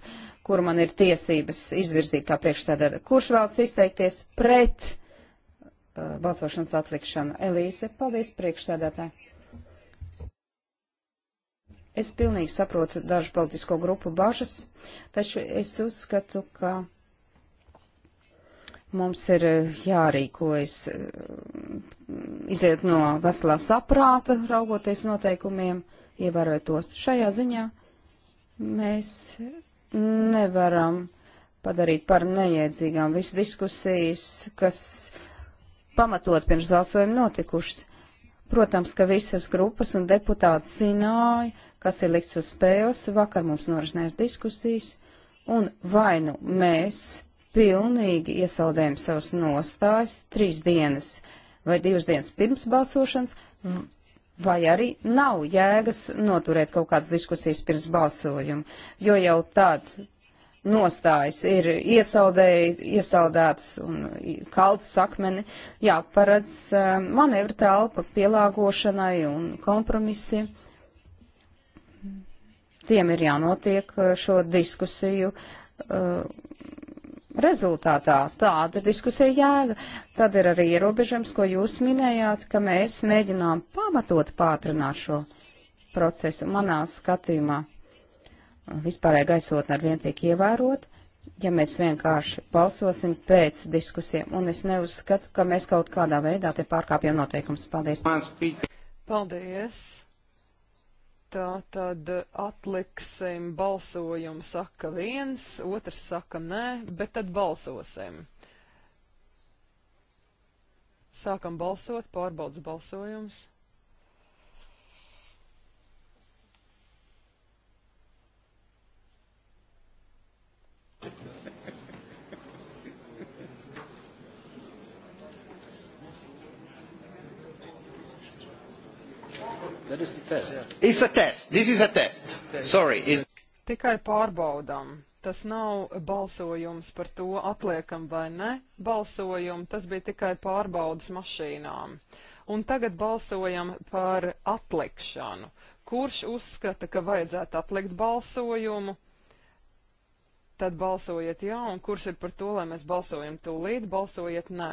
kuru man ir tiesības izvirzīt kā priekšstādātā. Kurš vēlas izteikties pret uh, balsošanas atlikšanu? Elīze, paldies priekšstādātāji. Es pilnīgi saprotu dažu politisko grupu bažas, taču es uzskatu, ka Mums ir eh, jārīkojas, eh, iziet no veselā saprāta, raugoties noteikumiem, ievērot tos. Šajā ziņā mēs nevaram padarīt par neiedzīgām visas diskusijas, kas pamatot pirms balsojuma notikušas. Protams, ka visas grupas un deputāti zināja, kas ir likts uz spēles, vakar mums norisinājās diskusijas, un vai nu mēs pilnīgi iesaldējam savas nostājas trīs dienas vai divas dienas pirms balsošanas, vai arī nav jēgas noturēt kaut kādas diskusijas pirms balsojuma, jo jau tad nostājas ir iesaldētas un kaltas akmeni, jāparedz e, manevra telpa pielāgošanai un kompromisi. Tiem ir jānotiek e, šo diskusiju uh, rezultātā. Tāda diskusija jēga. Tad ir arī ierobežams, ko jūs minējāt, ka mēs mēģinām pamatot pātrināt šo procesu. Manā skatījumā vispārēja gaisotne ar vien tiek ievērot, ja mēs vienkārši balsosim pēc diskusijām. Un es neuzskatu, ka mēs kaut kādā veidā te pārkāpjam noteikums. Paldies. Paldies. Tā tad atliksim balsojumu, saka viens, otrs saka nē, bet tad balsosim. Sākam balsot, pārbaudas balsojums. That is a test. It's a test. This is a test. Sorry. Is... Tikai pārbaudām. Tas nav balsojums par to, atliekam vai ne balsojumu, tas bija tikai pārbaudas mašīnām. Un tagad balsojam par atlikšanu. Kurš uzskata, ka vajadzētu atlikt balsojumu? Tad balsojiet jā, un kurš ir par to, lai mēs balsojam tūlīt, balsojiet nē.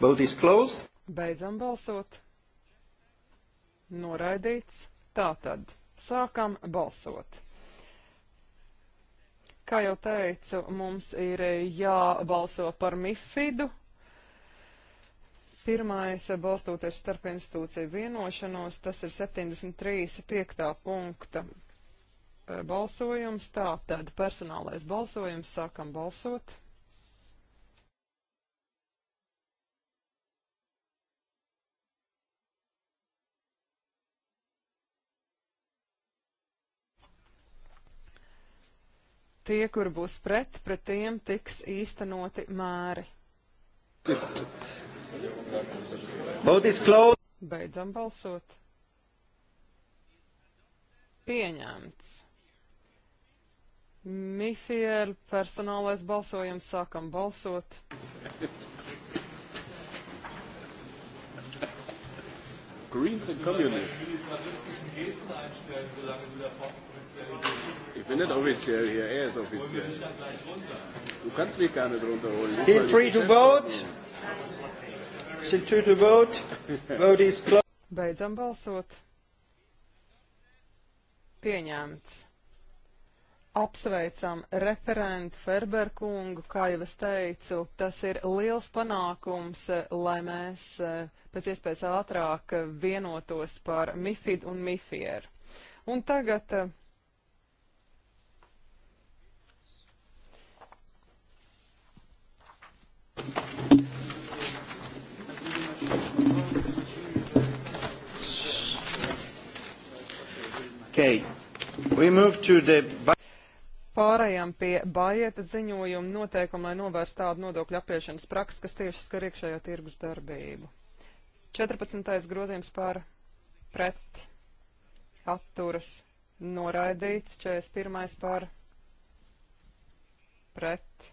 Vote is closed. Beidzam balsot. Noraidīts. Tātad, sākam balsot. Kā jau teicu, mums ir jābalso par MIFIDu. Pirmais, balstoties starp institūciju vienošanos, tas ir 73.5. punkta eh, balsojums. Tātad, personālais balsojums, sākam balsot. tie, kur būs pret, pret tiem tiks īstenoti mēri. Beidzam balsot. Pieņemts. Mifiel personālais balsojums sākam balsot. Greens and communists. Ich bin nicht offiziell hier, er ist offiziell. Du kannst mich gar nicht runterholen. Still free to vote. Still free to vote. Vote is closed. Beidzam balsot. Pieņemts. Apsveicam referentu Ferberkungu, kā jau es teicu, tas ir liels panākums, eh, lai mēs eh, pēc iespējas ātrāk eh, vienotos par MIFID un MIFIER. Un tagad Okay. We move to the Pārējām pie Baieta ziņojuma noteikuma, lai novērstu tādu nodokļu apiešanas praksi, kas tieši skar iekšējo tirgus darbību. 14. grozījums par pret atturas noraidīts, 41. par pret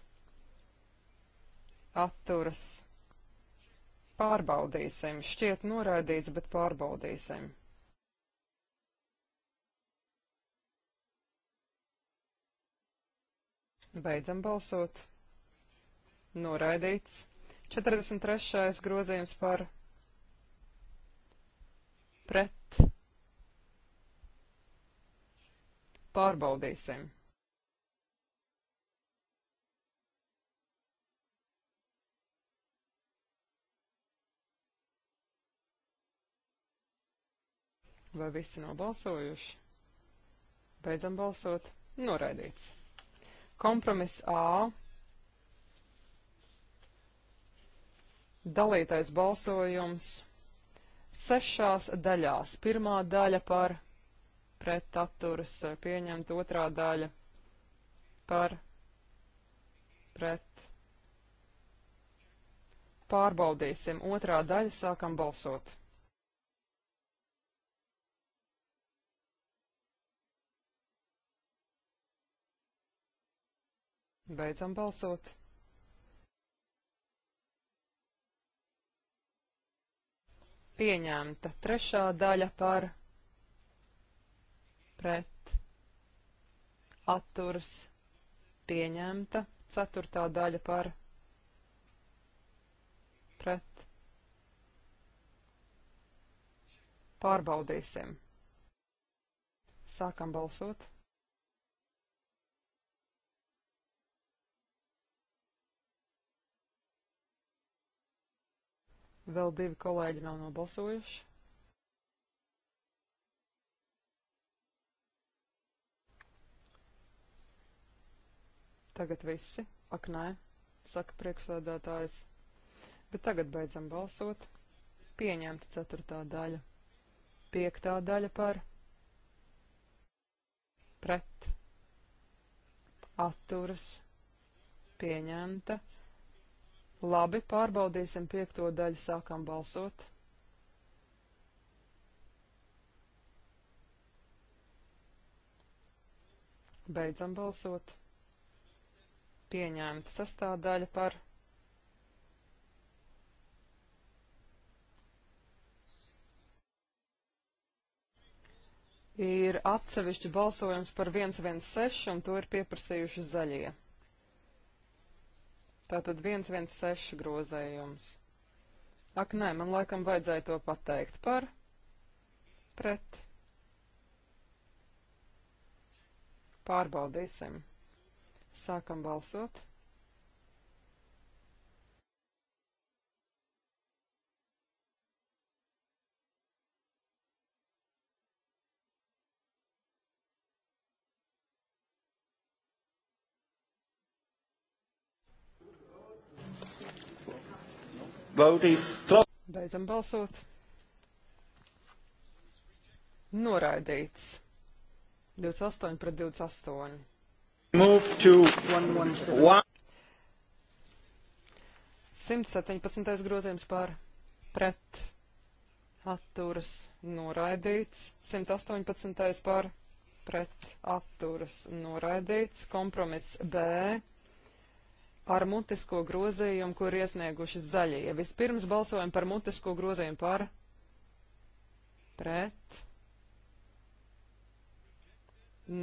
atturas. Pārbaudīsim. Šķiet noraidīts, bet pārbaudīsim. Beidzam balsot. Noraidīts. 43. grozījums par pret. Pārbaudīsim. Vai visi nobalsojuši? Beidzam balsot. Noraidīts. Kompromiss A. Dalītais balsojums sešās daļās. Pirmā daļa par pret atturas eh, pieņemt, otrā daļa par pret. Pārbaudīsim. Otrā daļa sākam balsot. Beidzam balsot. Pieņemta trešā daļa par pret atturas pieņemta ceturtā daļa par pret pārbaudīsim. Sākam balsot. Vēl divi kolēģi nav nobalsojuši. Tagad visi, ak nē, saka priekšsēdētājs. Bet tagad beidzam balsot. Pieņemta ceturtā daļa. Piektā daļa par. Pret. Atturas. Pieņemta. Labi, pārbaudīsim piekto daļu, sākam balsot. Beidzam balsot. Pieņemta sastāvdaļa par ir atsevišķi balsojums par 116, un to ir pieprasījuši zaļie. Tātad 116 grozējums. Ak, nē, man laikam vajadzēja to pateikt par pret. Pārbaudīsim. Sākam balsot. Vote is closed. Beidzam balsot. Noraidīts. 28 pret 28. Move to 117. 117. grozījums pār pret atturas noraidīts. 118. pār pret atturas noraidīts. Kompromiss B par mutisko grozījumu, kur iesnieguši zaļie. Vispirms balsojam par mutisko grozījumu par pret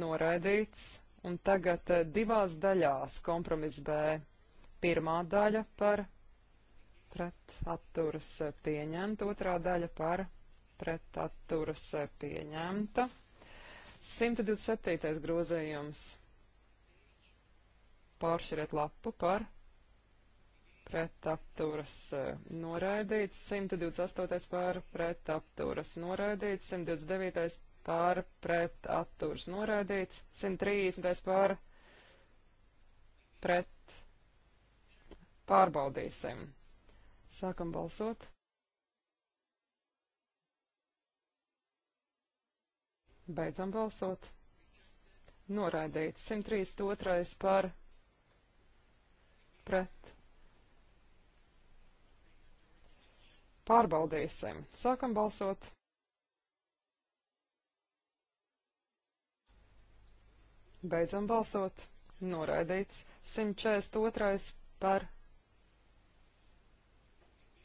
noraidīts un tagad eh, divās daļās kompromis B. Pirmā daļa par pret atturas eh, pieņemta, otrā daļa par pret atturas eh, pieņemta. 127. grozījums pāršķiriet lapu par pretapturas eh, noraidīts, 128. pār pretapturas noraidīts, 129. pār pretapturas noraidīts, 130. pār pret pārbaudīsim. Sākam balsot. Beidzam balsot. Noraidīts 132. par pret. Pārbaudīsim. Sākam balsot. Beidzam balsot. Noraidīts 142 par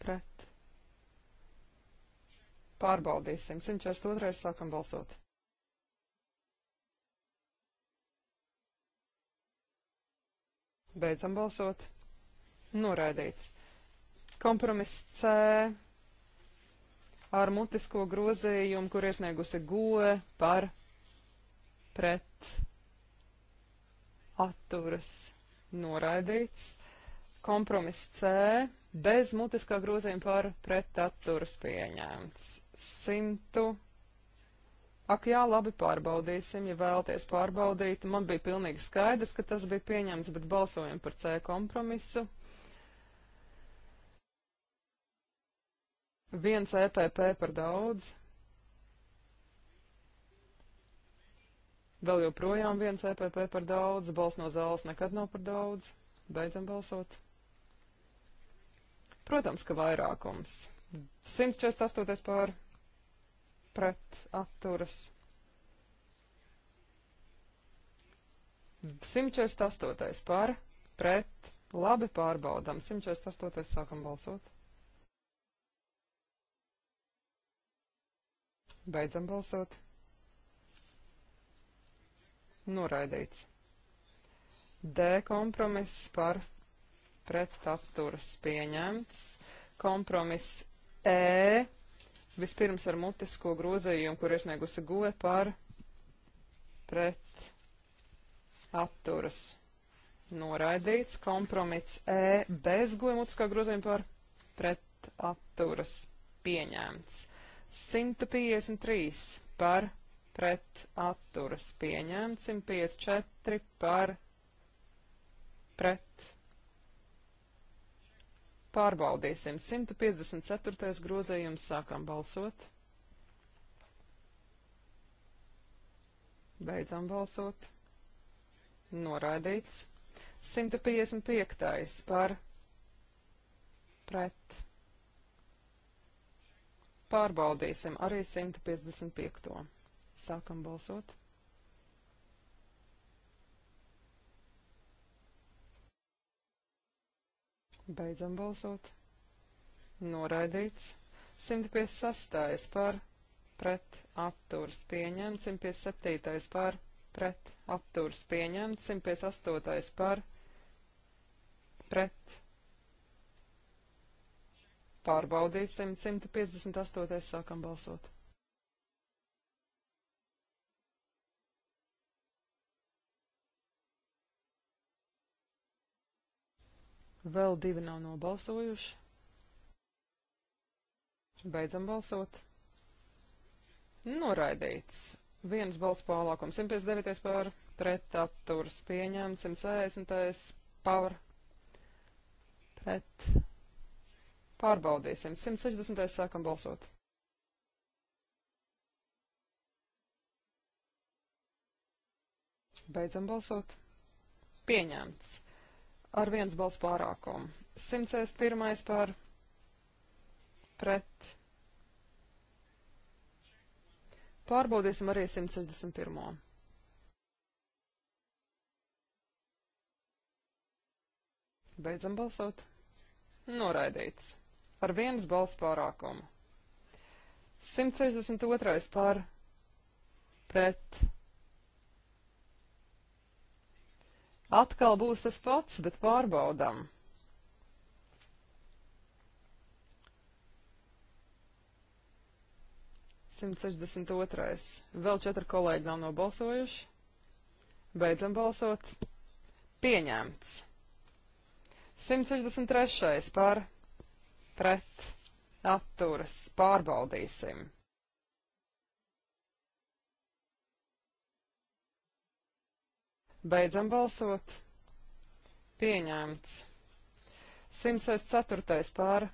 pret. Pārbaudīsim. 142 sākam balsot. Beidzam balsot. Noraidīts. Kompromiss C ar mutisko grozījumu, kur iesniegusi goe par pret atturas noraidīts. Kompromiss C bez mutiskā grozījuma par pret atturas pieņēmts. 100. Ak, jā, labi, pārbaudīsim, ja vēlaties pārbaudīt. Man bija pilnīgi skaidrs, ka tas bija pieņemts, bet balsojam par C kompromisu. Viens EPP par daudz. Vēl joprojām viens EPP par daudz, balss no zāles nekad nav par daudz. Beidzam balsot. Protams, ka vairākums. 148 pār pret atturas. 148. par pret labi pārbaudām. 148. sākam balsot. Beidzam balsot. Noraidīts. D kompromiss par pretatturas pieņemts. Kompromiss E Vispirms ar mutisko grozījumu, kur iesniegusi goe par pret atturas noraidīts. Kompromiss E bez goe mutiskā grozījuma par pret atturas pieņemts. 153 par pret atturas pieņemts, 154 par pret Pārbaudīsim. 154. grozējums sākam balsot. Beidzam balsot. Noraidīts. 155. par pret. Pārbaudīsim arī 155. Sākam balsot. Beidzam balsot. Noraidīts. 156. par pret apturs pieņemts. 157. par pret apturs pieņemts. 158. par pret. Pārbaudīsim. 158. sākam balsot. Vēl divi nav nobalsojuši. Beidzam balsot. Noraidīts. Vienas balss pārlākums. 159. pār pret apturs pieņemts. 160. pār pret. Pārbaudīsim. 160. sākam balsot. Beidzam balsot. Pieņemts ar viens balss pārākumu. 101. par pret. Pārbaudīsim arī 161. Beidzam balsot. Noraidīts. Ar vienas balss pārākumu. 162. par pret. Atkal būs tas pats, bet pārbaudam. Simt sešdesmit otrais. Vēl četri kolēģi nav nobalsojuši. Beidzam balsot. Pieņemts. 163. par pret atturas pārbaudīsim. Beidzam balsot. Pieņemts. 104. pār.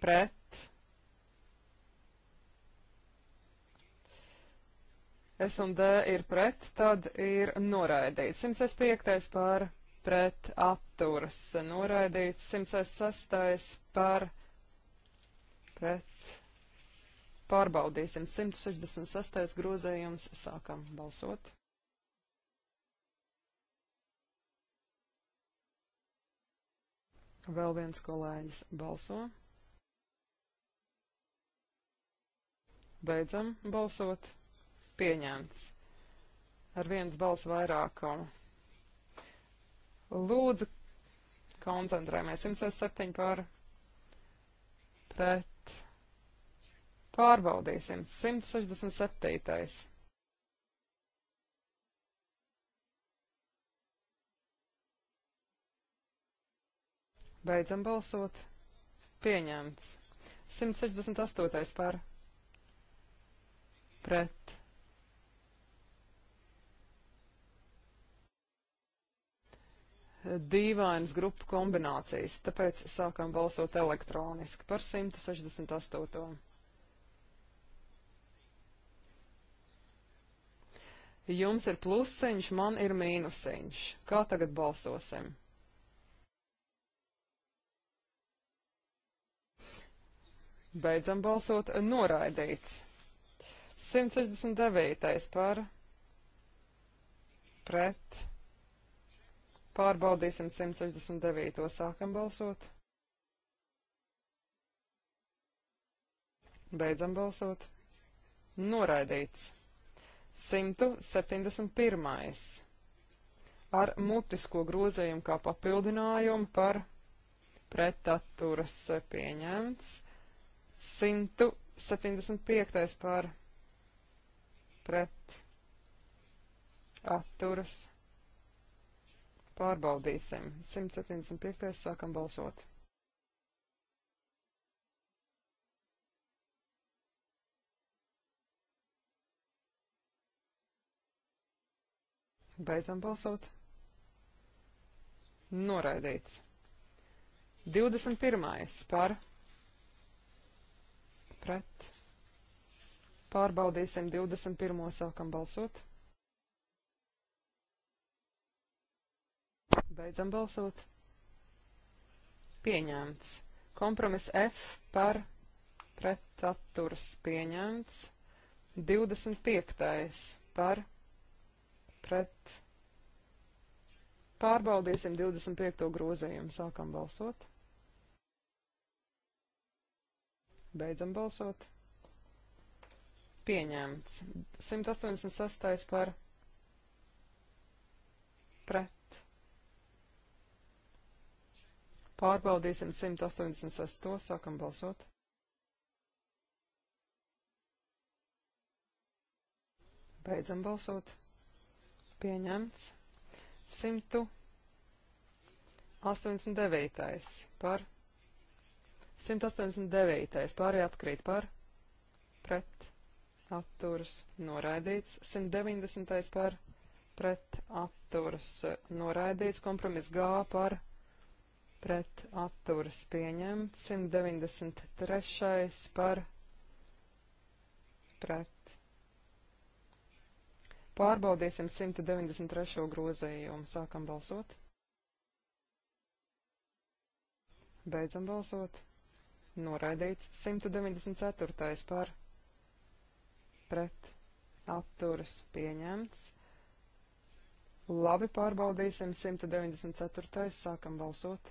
Pret. S un D ir pret, tad ir noraidīts. 105. pār. Pret atturas noraidīts. 106. pār. Pret. Pārbaudīsim. 168. grozējums. Sākam balsot. Vēl viens kolēģis balso. Beidzam balsot. Pieņemts. Ar viens balsu vairākumu. Lūdzu, koncentrējamies. 107 pār pret. Pārbaudīsim. 167. Beidzam balsot. Pieņemts. 168. par. Pret. Dīvainas grupu kombinācijas, tāpēc sākam balsot elektroniski par 168. Jums ir plusiņš, man ir mīnusiņš. Kā tagad balsosim? 168. Beidzam balsot noraidīts. 169. par pret. Pārbaudīsim 169. sākam balsot. Beidzam balsot. Noraidīts. 171. Ar mutisko grozījumu kā papildinājumu par pretatturas pieņemts. 175. par pret atturas. Pārbaudīsim. 175. sākam balsot. Beidzam balsot. Noraidīts. 21. par pret pret. Pārbaudīsim 21. sākam balsot. Beidzam balsot. Pieņemts. Kompromis F par pret atturs pieņemts. 25. par pret. Pārbaudīsim 25. grozījumu. Sākam balsot. Beidzam balsot. Pieņemts. 186. par pret. Pārbaudīsim 186. Sākam balsot. Beidzam balsot. Pieņemts. 189. par pret 189. pārējā atkrīt par pret atturas noraidīts. 190. par pret atturas noraidīts. Kompromiss G par pret atturas pieņemts. 193. par pret. Pārbaudīsim 193. grozējumu. Sākam balsot. Beidzam balsot noraidīts 194. par pret atturas pieņemts. Labi, pārbaudīsim 194. sākam balsot.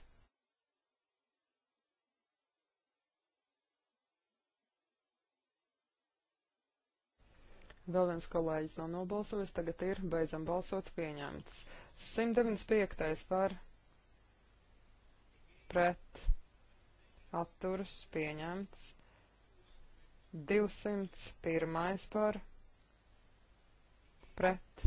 Vēl viens kolēģis nav nobalsojis, tagad ir, beidzam balsot, pieņemts. 195. par pret atturas pieņemts. 201 par pret.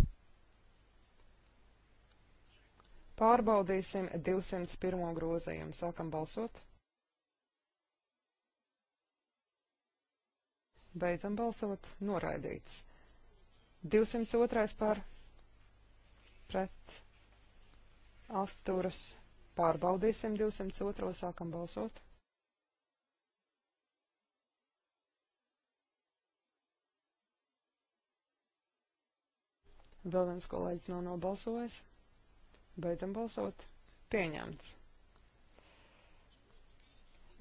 Pārbaudīsim 201 grozījumu. Sākam balsot. Beidzam balsot. Noraidīts. 202 par pret. Atturas. Pārbaudīsim 202. Sākam balsot. Vēl viens kolēģis nav nobalsojis. Beidzam balsot. Pieņemts.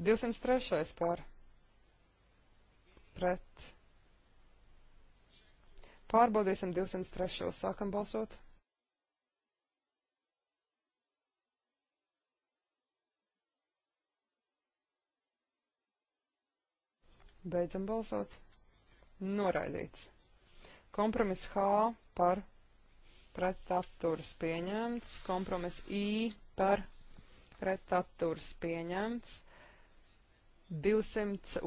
203. par. Pret. Pārbaudīsim 203. Sākam balsot. Beidzam balsot. Noraidīts. Kompromiss H par pretatturas pieņemts. Kompromiss I par pretatturas pieņemts. 202.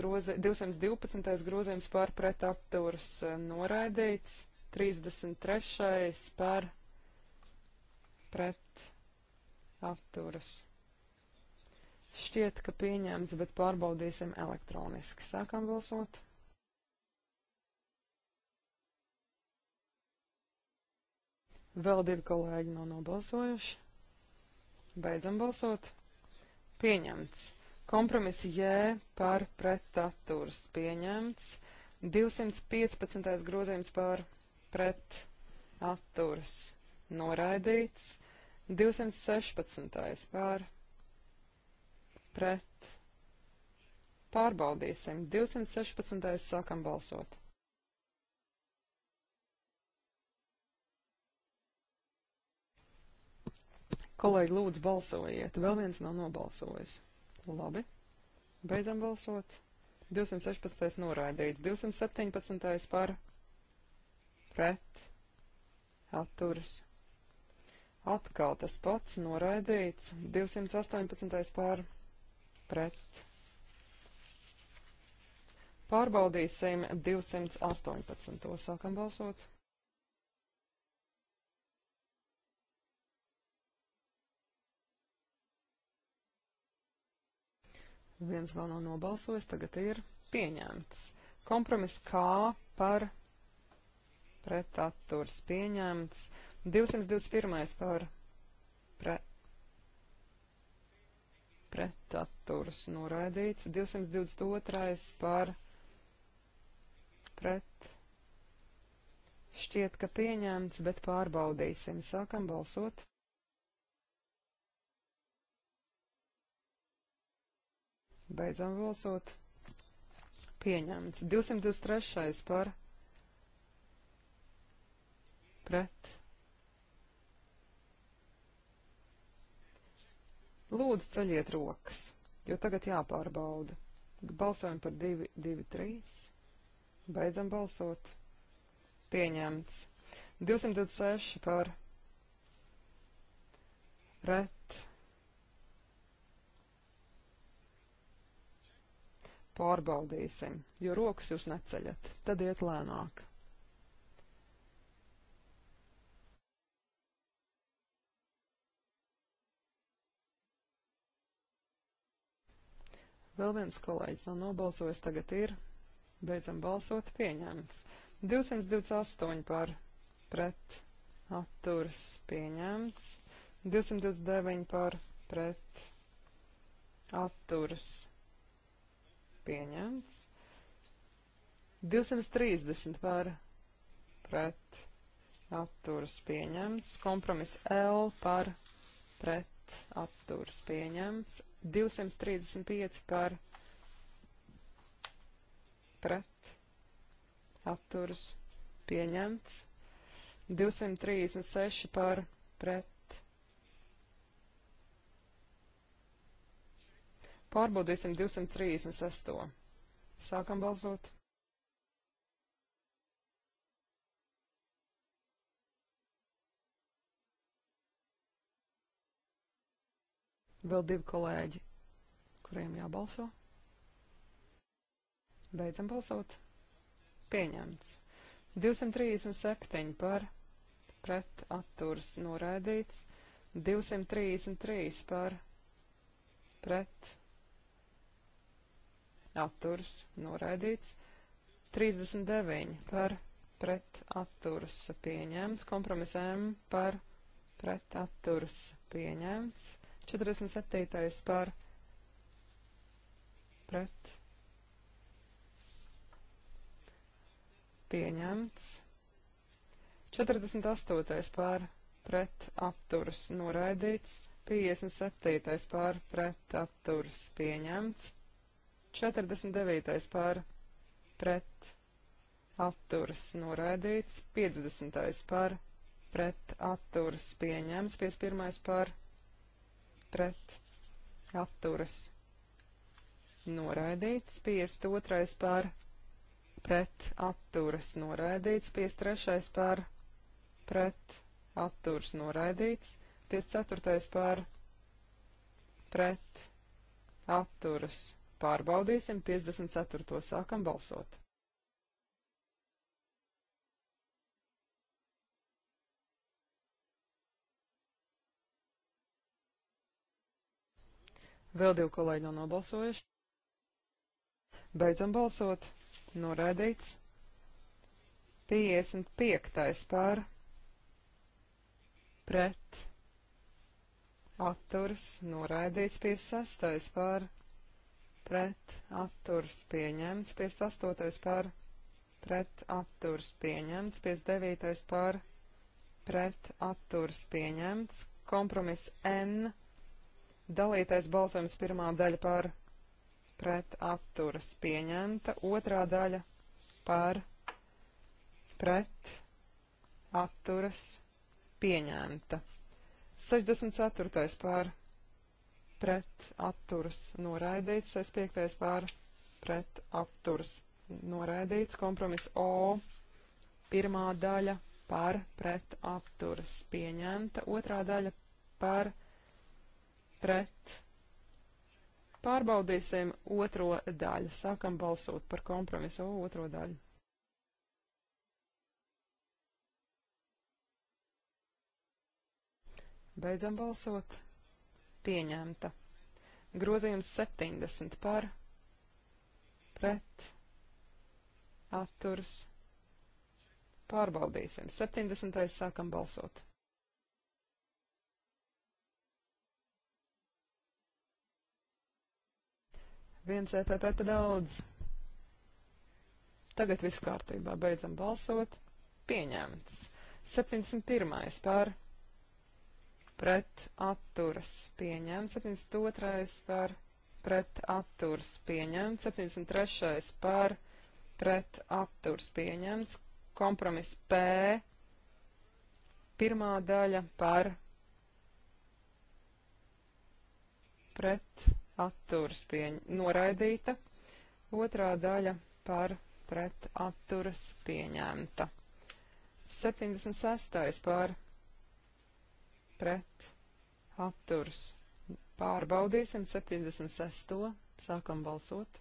Grozi, 212. grozījums par pretatturas e, noraidīts. 33. par pretatturas. Šķiet, ka pieņemts, bet pārbaudīsim elektroniski. Sākam balsot. Vēl divi kolēģi nav nobalsojuši. Beidzam balsot. Pieņemts. Kompromiss J par pretaturs pieņemts. 215. grozījums par pretaturs noraidīts. 216. par pret. Pārbaudīsim. 216. sākam balsot. Kolēģi, lūdzu, balsojiet. Vēl viens nav nobalsojis. Labi. Beidzam balsot. 216. noraidīts. 217. par pret atturas. Atkal tas pats noraidīts. 218. par pret. Pārbaudīsim 218. Sākam balsot. Viens vēl nav nobalsojis, tagad ir pieņemts. Kompromiss kā par pretaturs pieņemts. 221. par pre, pretaturs noraidīts. 222. par pret. Šķiet, ka pieņemts, bet pārbaudīsim. Sākam balsot. Beidzam balsot. Pieņemts. 223. par pret. Lūdzu, ceļiet rokas, jo tagad jāpārbauda. Balsojam par 2, 2, 3. Beidzam balsot. Pieņemts. 226 par pret. Pārbaudīsim, jo rokas jūs neceļat, tad iet lēnāk. Vēl viens kolēģis nav nobalsojis, tagad ir. Beidzam balsot, pieņemts. 228 par pret atturs pieņemts. 229 par pret atturs pieņemts pieņemts. 230 par pret atturas pieņemts. Kompromiss L par pret atturas pieņemts. 235 par pret atturas pieņemts. 236 par pret Pārbaudīsim 236. Sākam balsot. Vēl divi kolēģi, kuriem jābalso. Beidzam balsot. Pieņemts. 237 par pret atturs noraidīts. 233 par pret atturs atturas noraidīts, 39 par pret atturas pieņemts, kompromiss M par pret atturas pieņemts, 47 par pret pieņemts, 48 par pret atturas noraidīts, 57. pār pret atturas pieņemts, 49. pār pret atturas noraidīts, 50. pār pret atturas pieņemts, 51. pār pret atturas noraidīts, 52. pār pret atturas noraidīts, 53. pār pret atturas noraidīts, 54. pār pret atturas noraidīts pārbaudīsim 54. sākam balsot. Vēl divi kolēģi nav nobalsojuši. Beidzam balsot. Noraidīts. 55. pār. Pret. Atturs. Noraidīts 56. pār pret atturs pieņemts, 58. par pret atturs pieņemts, 59. par pret atturs pieņemts, kompromiss N, dalītais balsojums pirmā daļa par pret atturas pieņemta, otrā daļa par pret atturas pieņemta. 64. par pret pret atturas noraidīts, 65. pār pret atturas noraidīts, kompromiss O, pirmā daļa par pret atturas pieņemta, otrā daļa par pret. Pārbaudīsim otro daļu. Sākam balsot par kompromisu o, otro daļu. Beidzam balsot pieņemta. Grozījums 70 par, pret, atturs, pārbaudīsim. 70. sākam balsot. Viens EPP pa daudz. Tagad viss kārtībā, beidzam balsot. Pieņemts. 71. par, pret pret atturas pieņemts, 72. par pret atturas pieņemts, 73. par pret atturas pieņemts, kompromiss P, pirmā daļa par pret atturas pieņemts, noraidīta, otrā daļa par pret atturas pieņemta. 76. par pret atturs. Pārbaudīsim 76. Sākam balsot.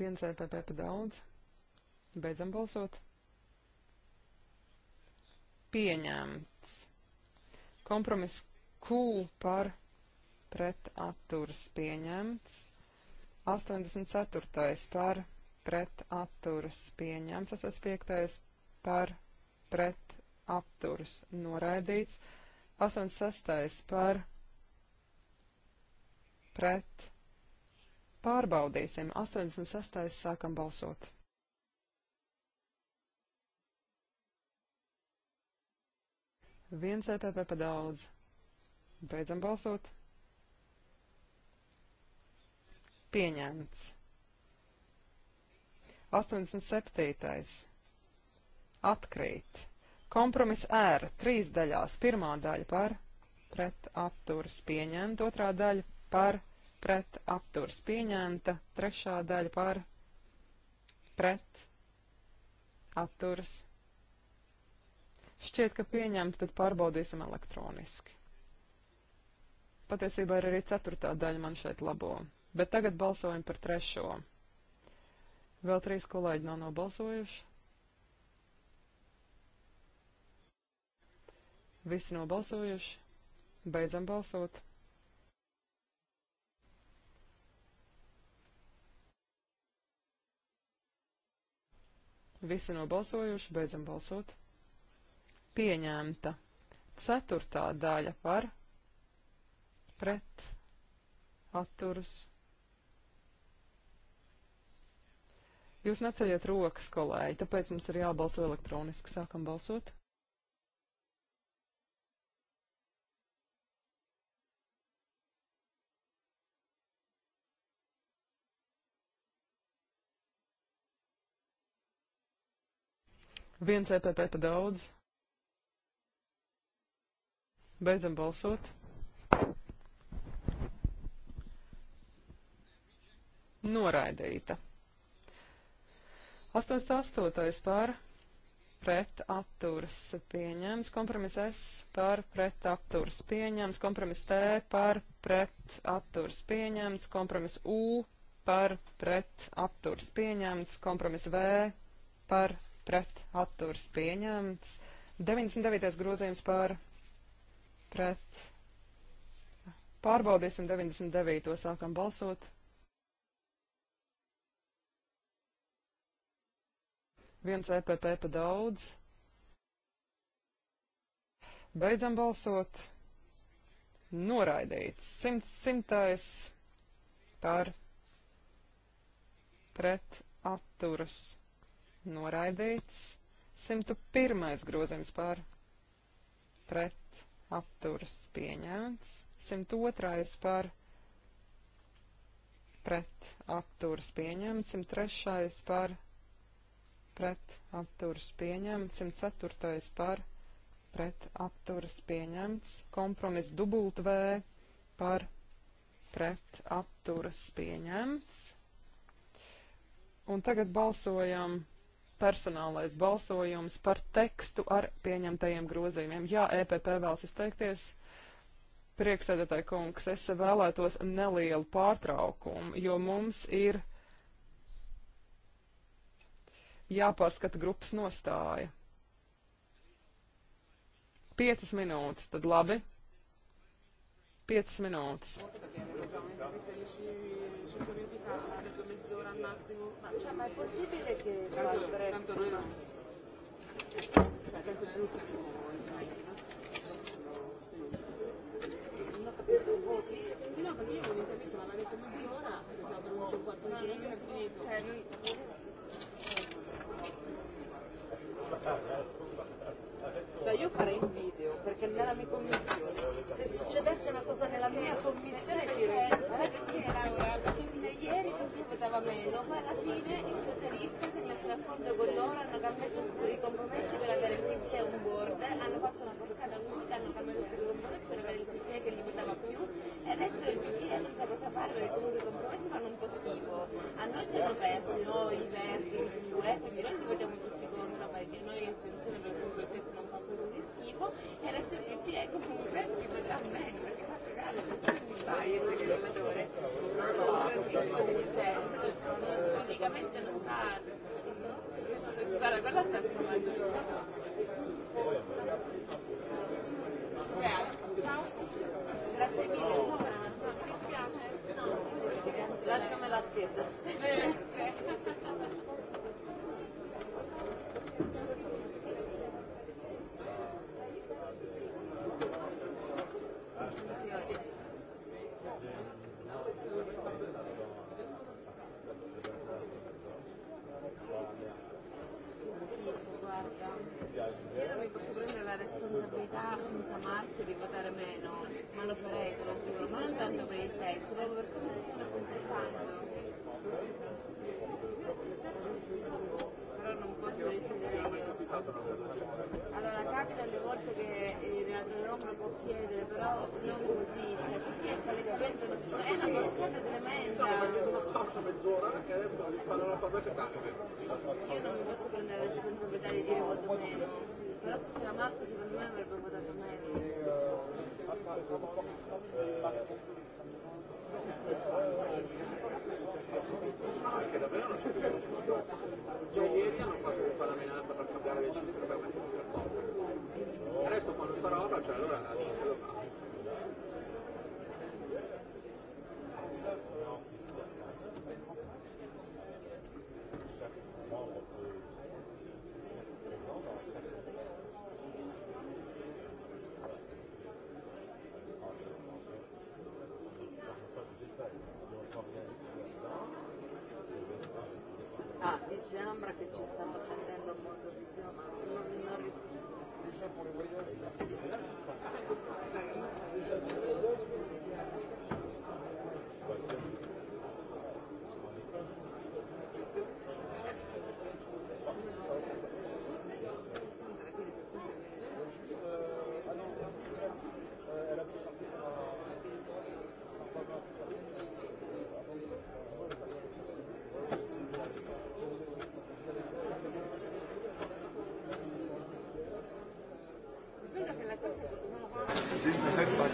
Viens EPP pa daudz. Beidzam balsot. Pieņemts. Kompromiss Q par pret atturs pieņemts. 84. par pret atturas pieņemts. 85 par pret apturas noraidīts, 86. par pret pārbaudīsim, 86. sākam balsot. Viens EPP pa daudz. Beidzam balsot. Pieņemts. 87 atkrīt. Kompromiss R trīs daļās. Pirmā daļa par pret apturs pieņemta, otrā daļa par pret apturs pieņemta, trešā daļa par pret apturs. Šķiet, ka pieņemta, bet pārbaudīsim elektroniski. Patiesībā ir arī ceturtā daļa man šeit labo, bet tagad balsojam par trešo. Vēl trīs kolēģi nav nobalsojuši. Visi nobalsojuši. Beidzam balsot. Visi nobalsojuši, beidzam balsot. Pieņemta. Ceturtā daļa par pret atturus. Jūs neceļiet rokas, kolēģi, tāpēc mums ir jābalso elektroniski. Sākam balsot. Viens EPP pa daudz. Beidzam balsot. Noraidīta. 88. par pret apturs pieņems, kompromiss S par pret apturs pieņems, kompromiss T par pret apturs pieņems, kompromiss U par pret apturs pieņems, kompromiss V par pret atturs pieņemts. 99. grozījums pār pret. Pārbaudīsim 99. sākam balsot. Viens EPP pa daudz. Beidzam balsot. Noraidīts. Simts simtais pār pret atturas noraidīts. 101. grozījums par pret apturas pieņemts. 102. par pret apturas pieņemts. 103. par pret apturas pieņemts. 104. par pret apturas pieņemts. Kompromis dubult V par pret apturas pieņemts. Un tagad balsojam personālais balsojums par tekstu ar pieņemtajiem grozījumiem. Jā, EPP vēlas izteikties. Prieksēdētāji kungs, es vēlētos nelielu pārtraukumu, jo mums ir jāpārskata grupas nostāja. Piecas minūtes, tad labi. Piecas minūtes massimo. Ma, cioè, ma è possibile che tanto, tanto noi no. Tanto non siamo non ho capito i voti. No, perché io con l'intervista mi aveva detto mezz'ora, pensavo per un 50 minuti, era finito. Cioè, non... Allora io farei un video, perché nella mia commissione, se succedesse una cosa nella mia commissione tiro in Perché Laura? Ieri tutti votava meno, ma alla fine i socialisti si è messo d'accordo con loro, hanno cambiato tutti i compromessi per avere il PP e a un board, hanno fatto una porcata unica, hanno cambiato tutti i compromessi per avere il PP e che li votava più e adesso il PP e non sa cosa fare perché comunque i compromessi fanno un po' schifo. A noi ci hanno persi, no? I verdi, il 2, quindi noi ti votiamo tutti contro, perché noi estensione per comunque il testo numerosi schifo e adesso il PP comunque mi voterà meno perché fa cagare questo quindi Bayern che è il relatore è stato grandissimo cioè è stato non, praticamente non sa stato, guarda quella sta fumando il ciao grazie mille no, mi dispiace no, lasciamela scritta grazie Marco di votare meno, ma lo farei, te lo giuro, ma non tanto per il testo, proprio per come si stanno comportando. Però non posso decidere io. Allora capita alle volte che il relatore Roma può chiedere, però non così, cioè così è palesemente uno scudo. È una portata tremenda. Stavo facendo una sorta mezz'ora e adesso fanno una cosa che tanto. Io non mi posso prendere la responsabilità di dire molto meno. Adesso c'era Marco, secondo me avrebbe votato meglio. Perché davvero non c'è più nessuno. Già ieri hanno fatto tutta la menata per cambiare le cifre per me. Adesso fanno sta roba, cioè allora niente lo fa. No.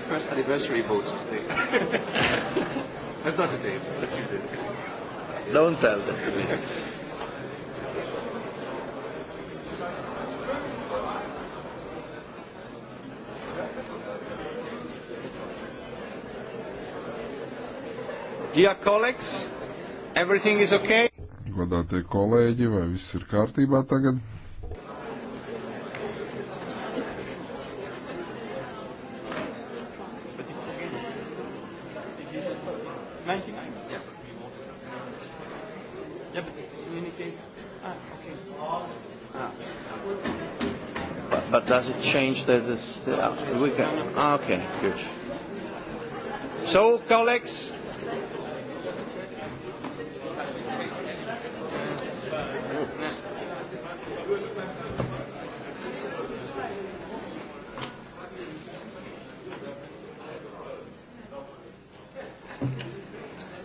first anniversary votes today. *laughs* That's not today, it's a few days. Don't tell them, please. Dear colleagues, everything is okay? Godātie kolēģi, vai viss ir kārtībā tagad? change the, the, the uh, we can. Ah, okay, good. So, colleagues.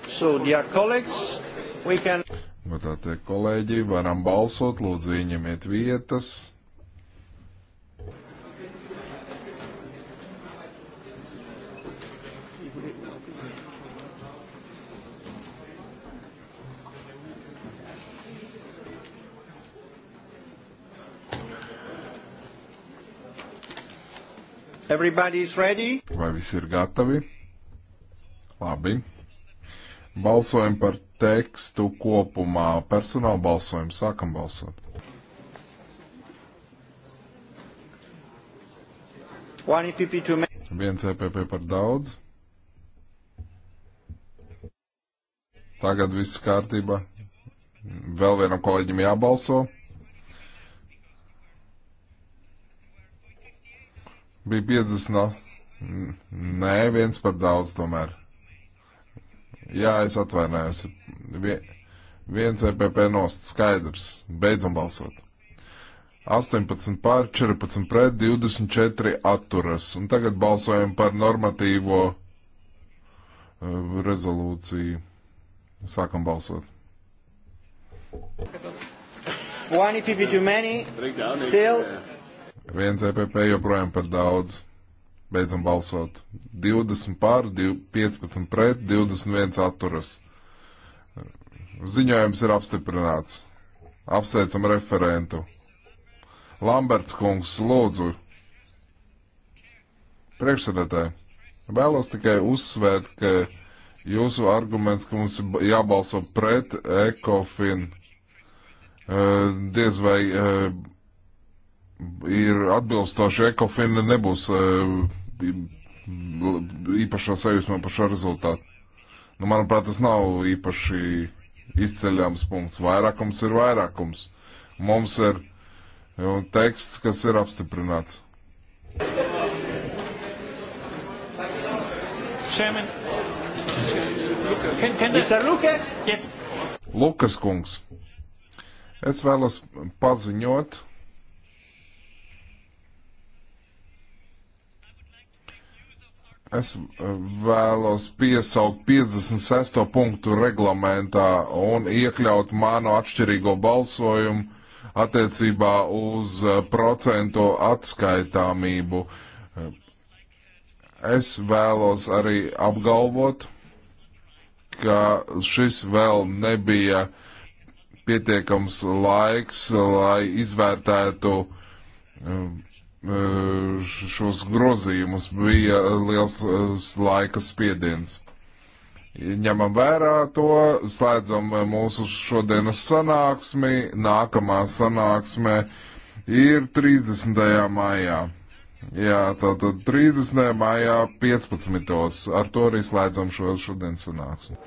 So, dear colleagues, we can. Tātad, kolēģi, varam balsot, lūdzu, ieņemiet vietas. Everybody's ready? Vai visi ir gatavi? Labi. Balsojam par tekstu kopumā. Personāla balsojumu sākam balsot. Viens EPP par daudz. Tagad viss kārtībā. Vēl vienam kolēģim jābalso. Bija 50. Nē, viens par daudz tomēr. Jā, es atvainojos. Viens EPP nost skaidrs. Beidzam balsot. 18 pār, 14 pret, 24 atturas. Un tagad balsojam par normatīvo eh, rezolūciju. Sākam balsot. One EPP too many. Still. Viens EPP joprojām par daudz. Beidzam balsot. 20 pār, 15 pret, 21 atturas. Ziņojums ir apstiprināts. Apsveicam referentu. Lamberts kungs, lūdzu. Priekšsēdētāji, vēlos tikai uzsvērt, ka jūsu arguments, ka mums jābalso pret ECOFIN, eh, diez vai eh, ir atbilstoši ekofina, nebūs e, īpašā sajūsmā par šo rezultātu. Nu, manuprāt, tas nav īpaši izceļams punkts. Vairākums ir vairākums. Mums ir e, teksts, kas ir apstiprināts. Chairman. Can, can the... Luke? Yes. Lukas kungs, es vēlos paziņot, Es eh, vēlos piesaukt 56. punktu reglamentā un iekļaut manu atšķirīgo balsojumu attiecībā uz eh, procentu atskaitāmību. Eh, es vēlos arī apgalvot, ka šis vēl nebija pietiekams laiks, lai izvērtētu um, Eh, šos grozījumus bija liels eh, laika spiediens. Ņemam vērā to, slēdzam mūsu šodienas sanāksmi, nākamā sanāksme ir 30. maijā. Jā, tātad 30. maijā 15. ar to arī slēdzam šo šodienas sanāksmi.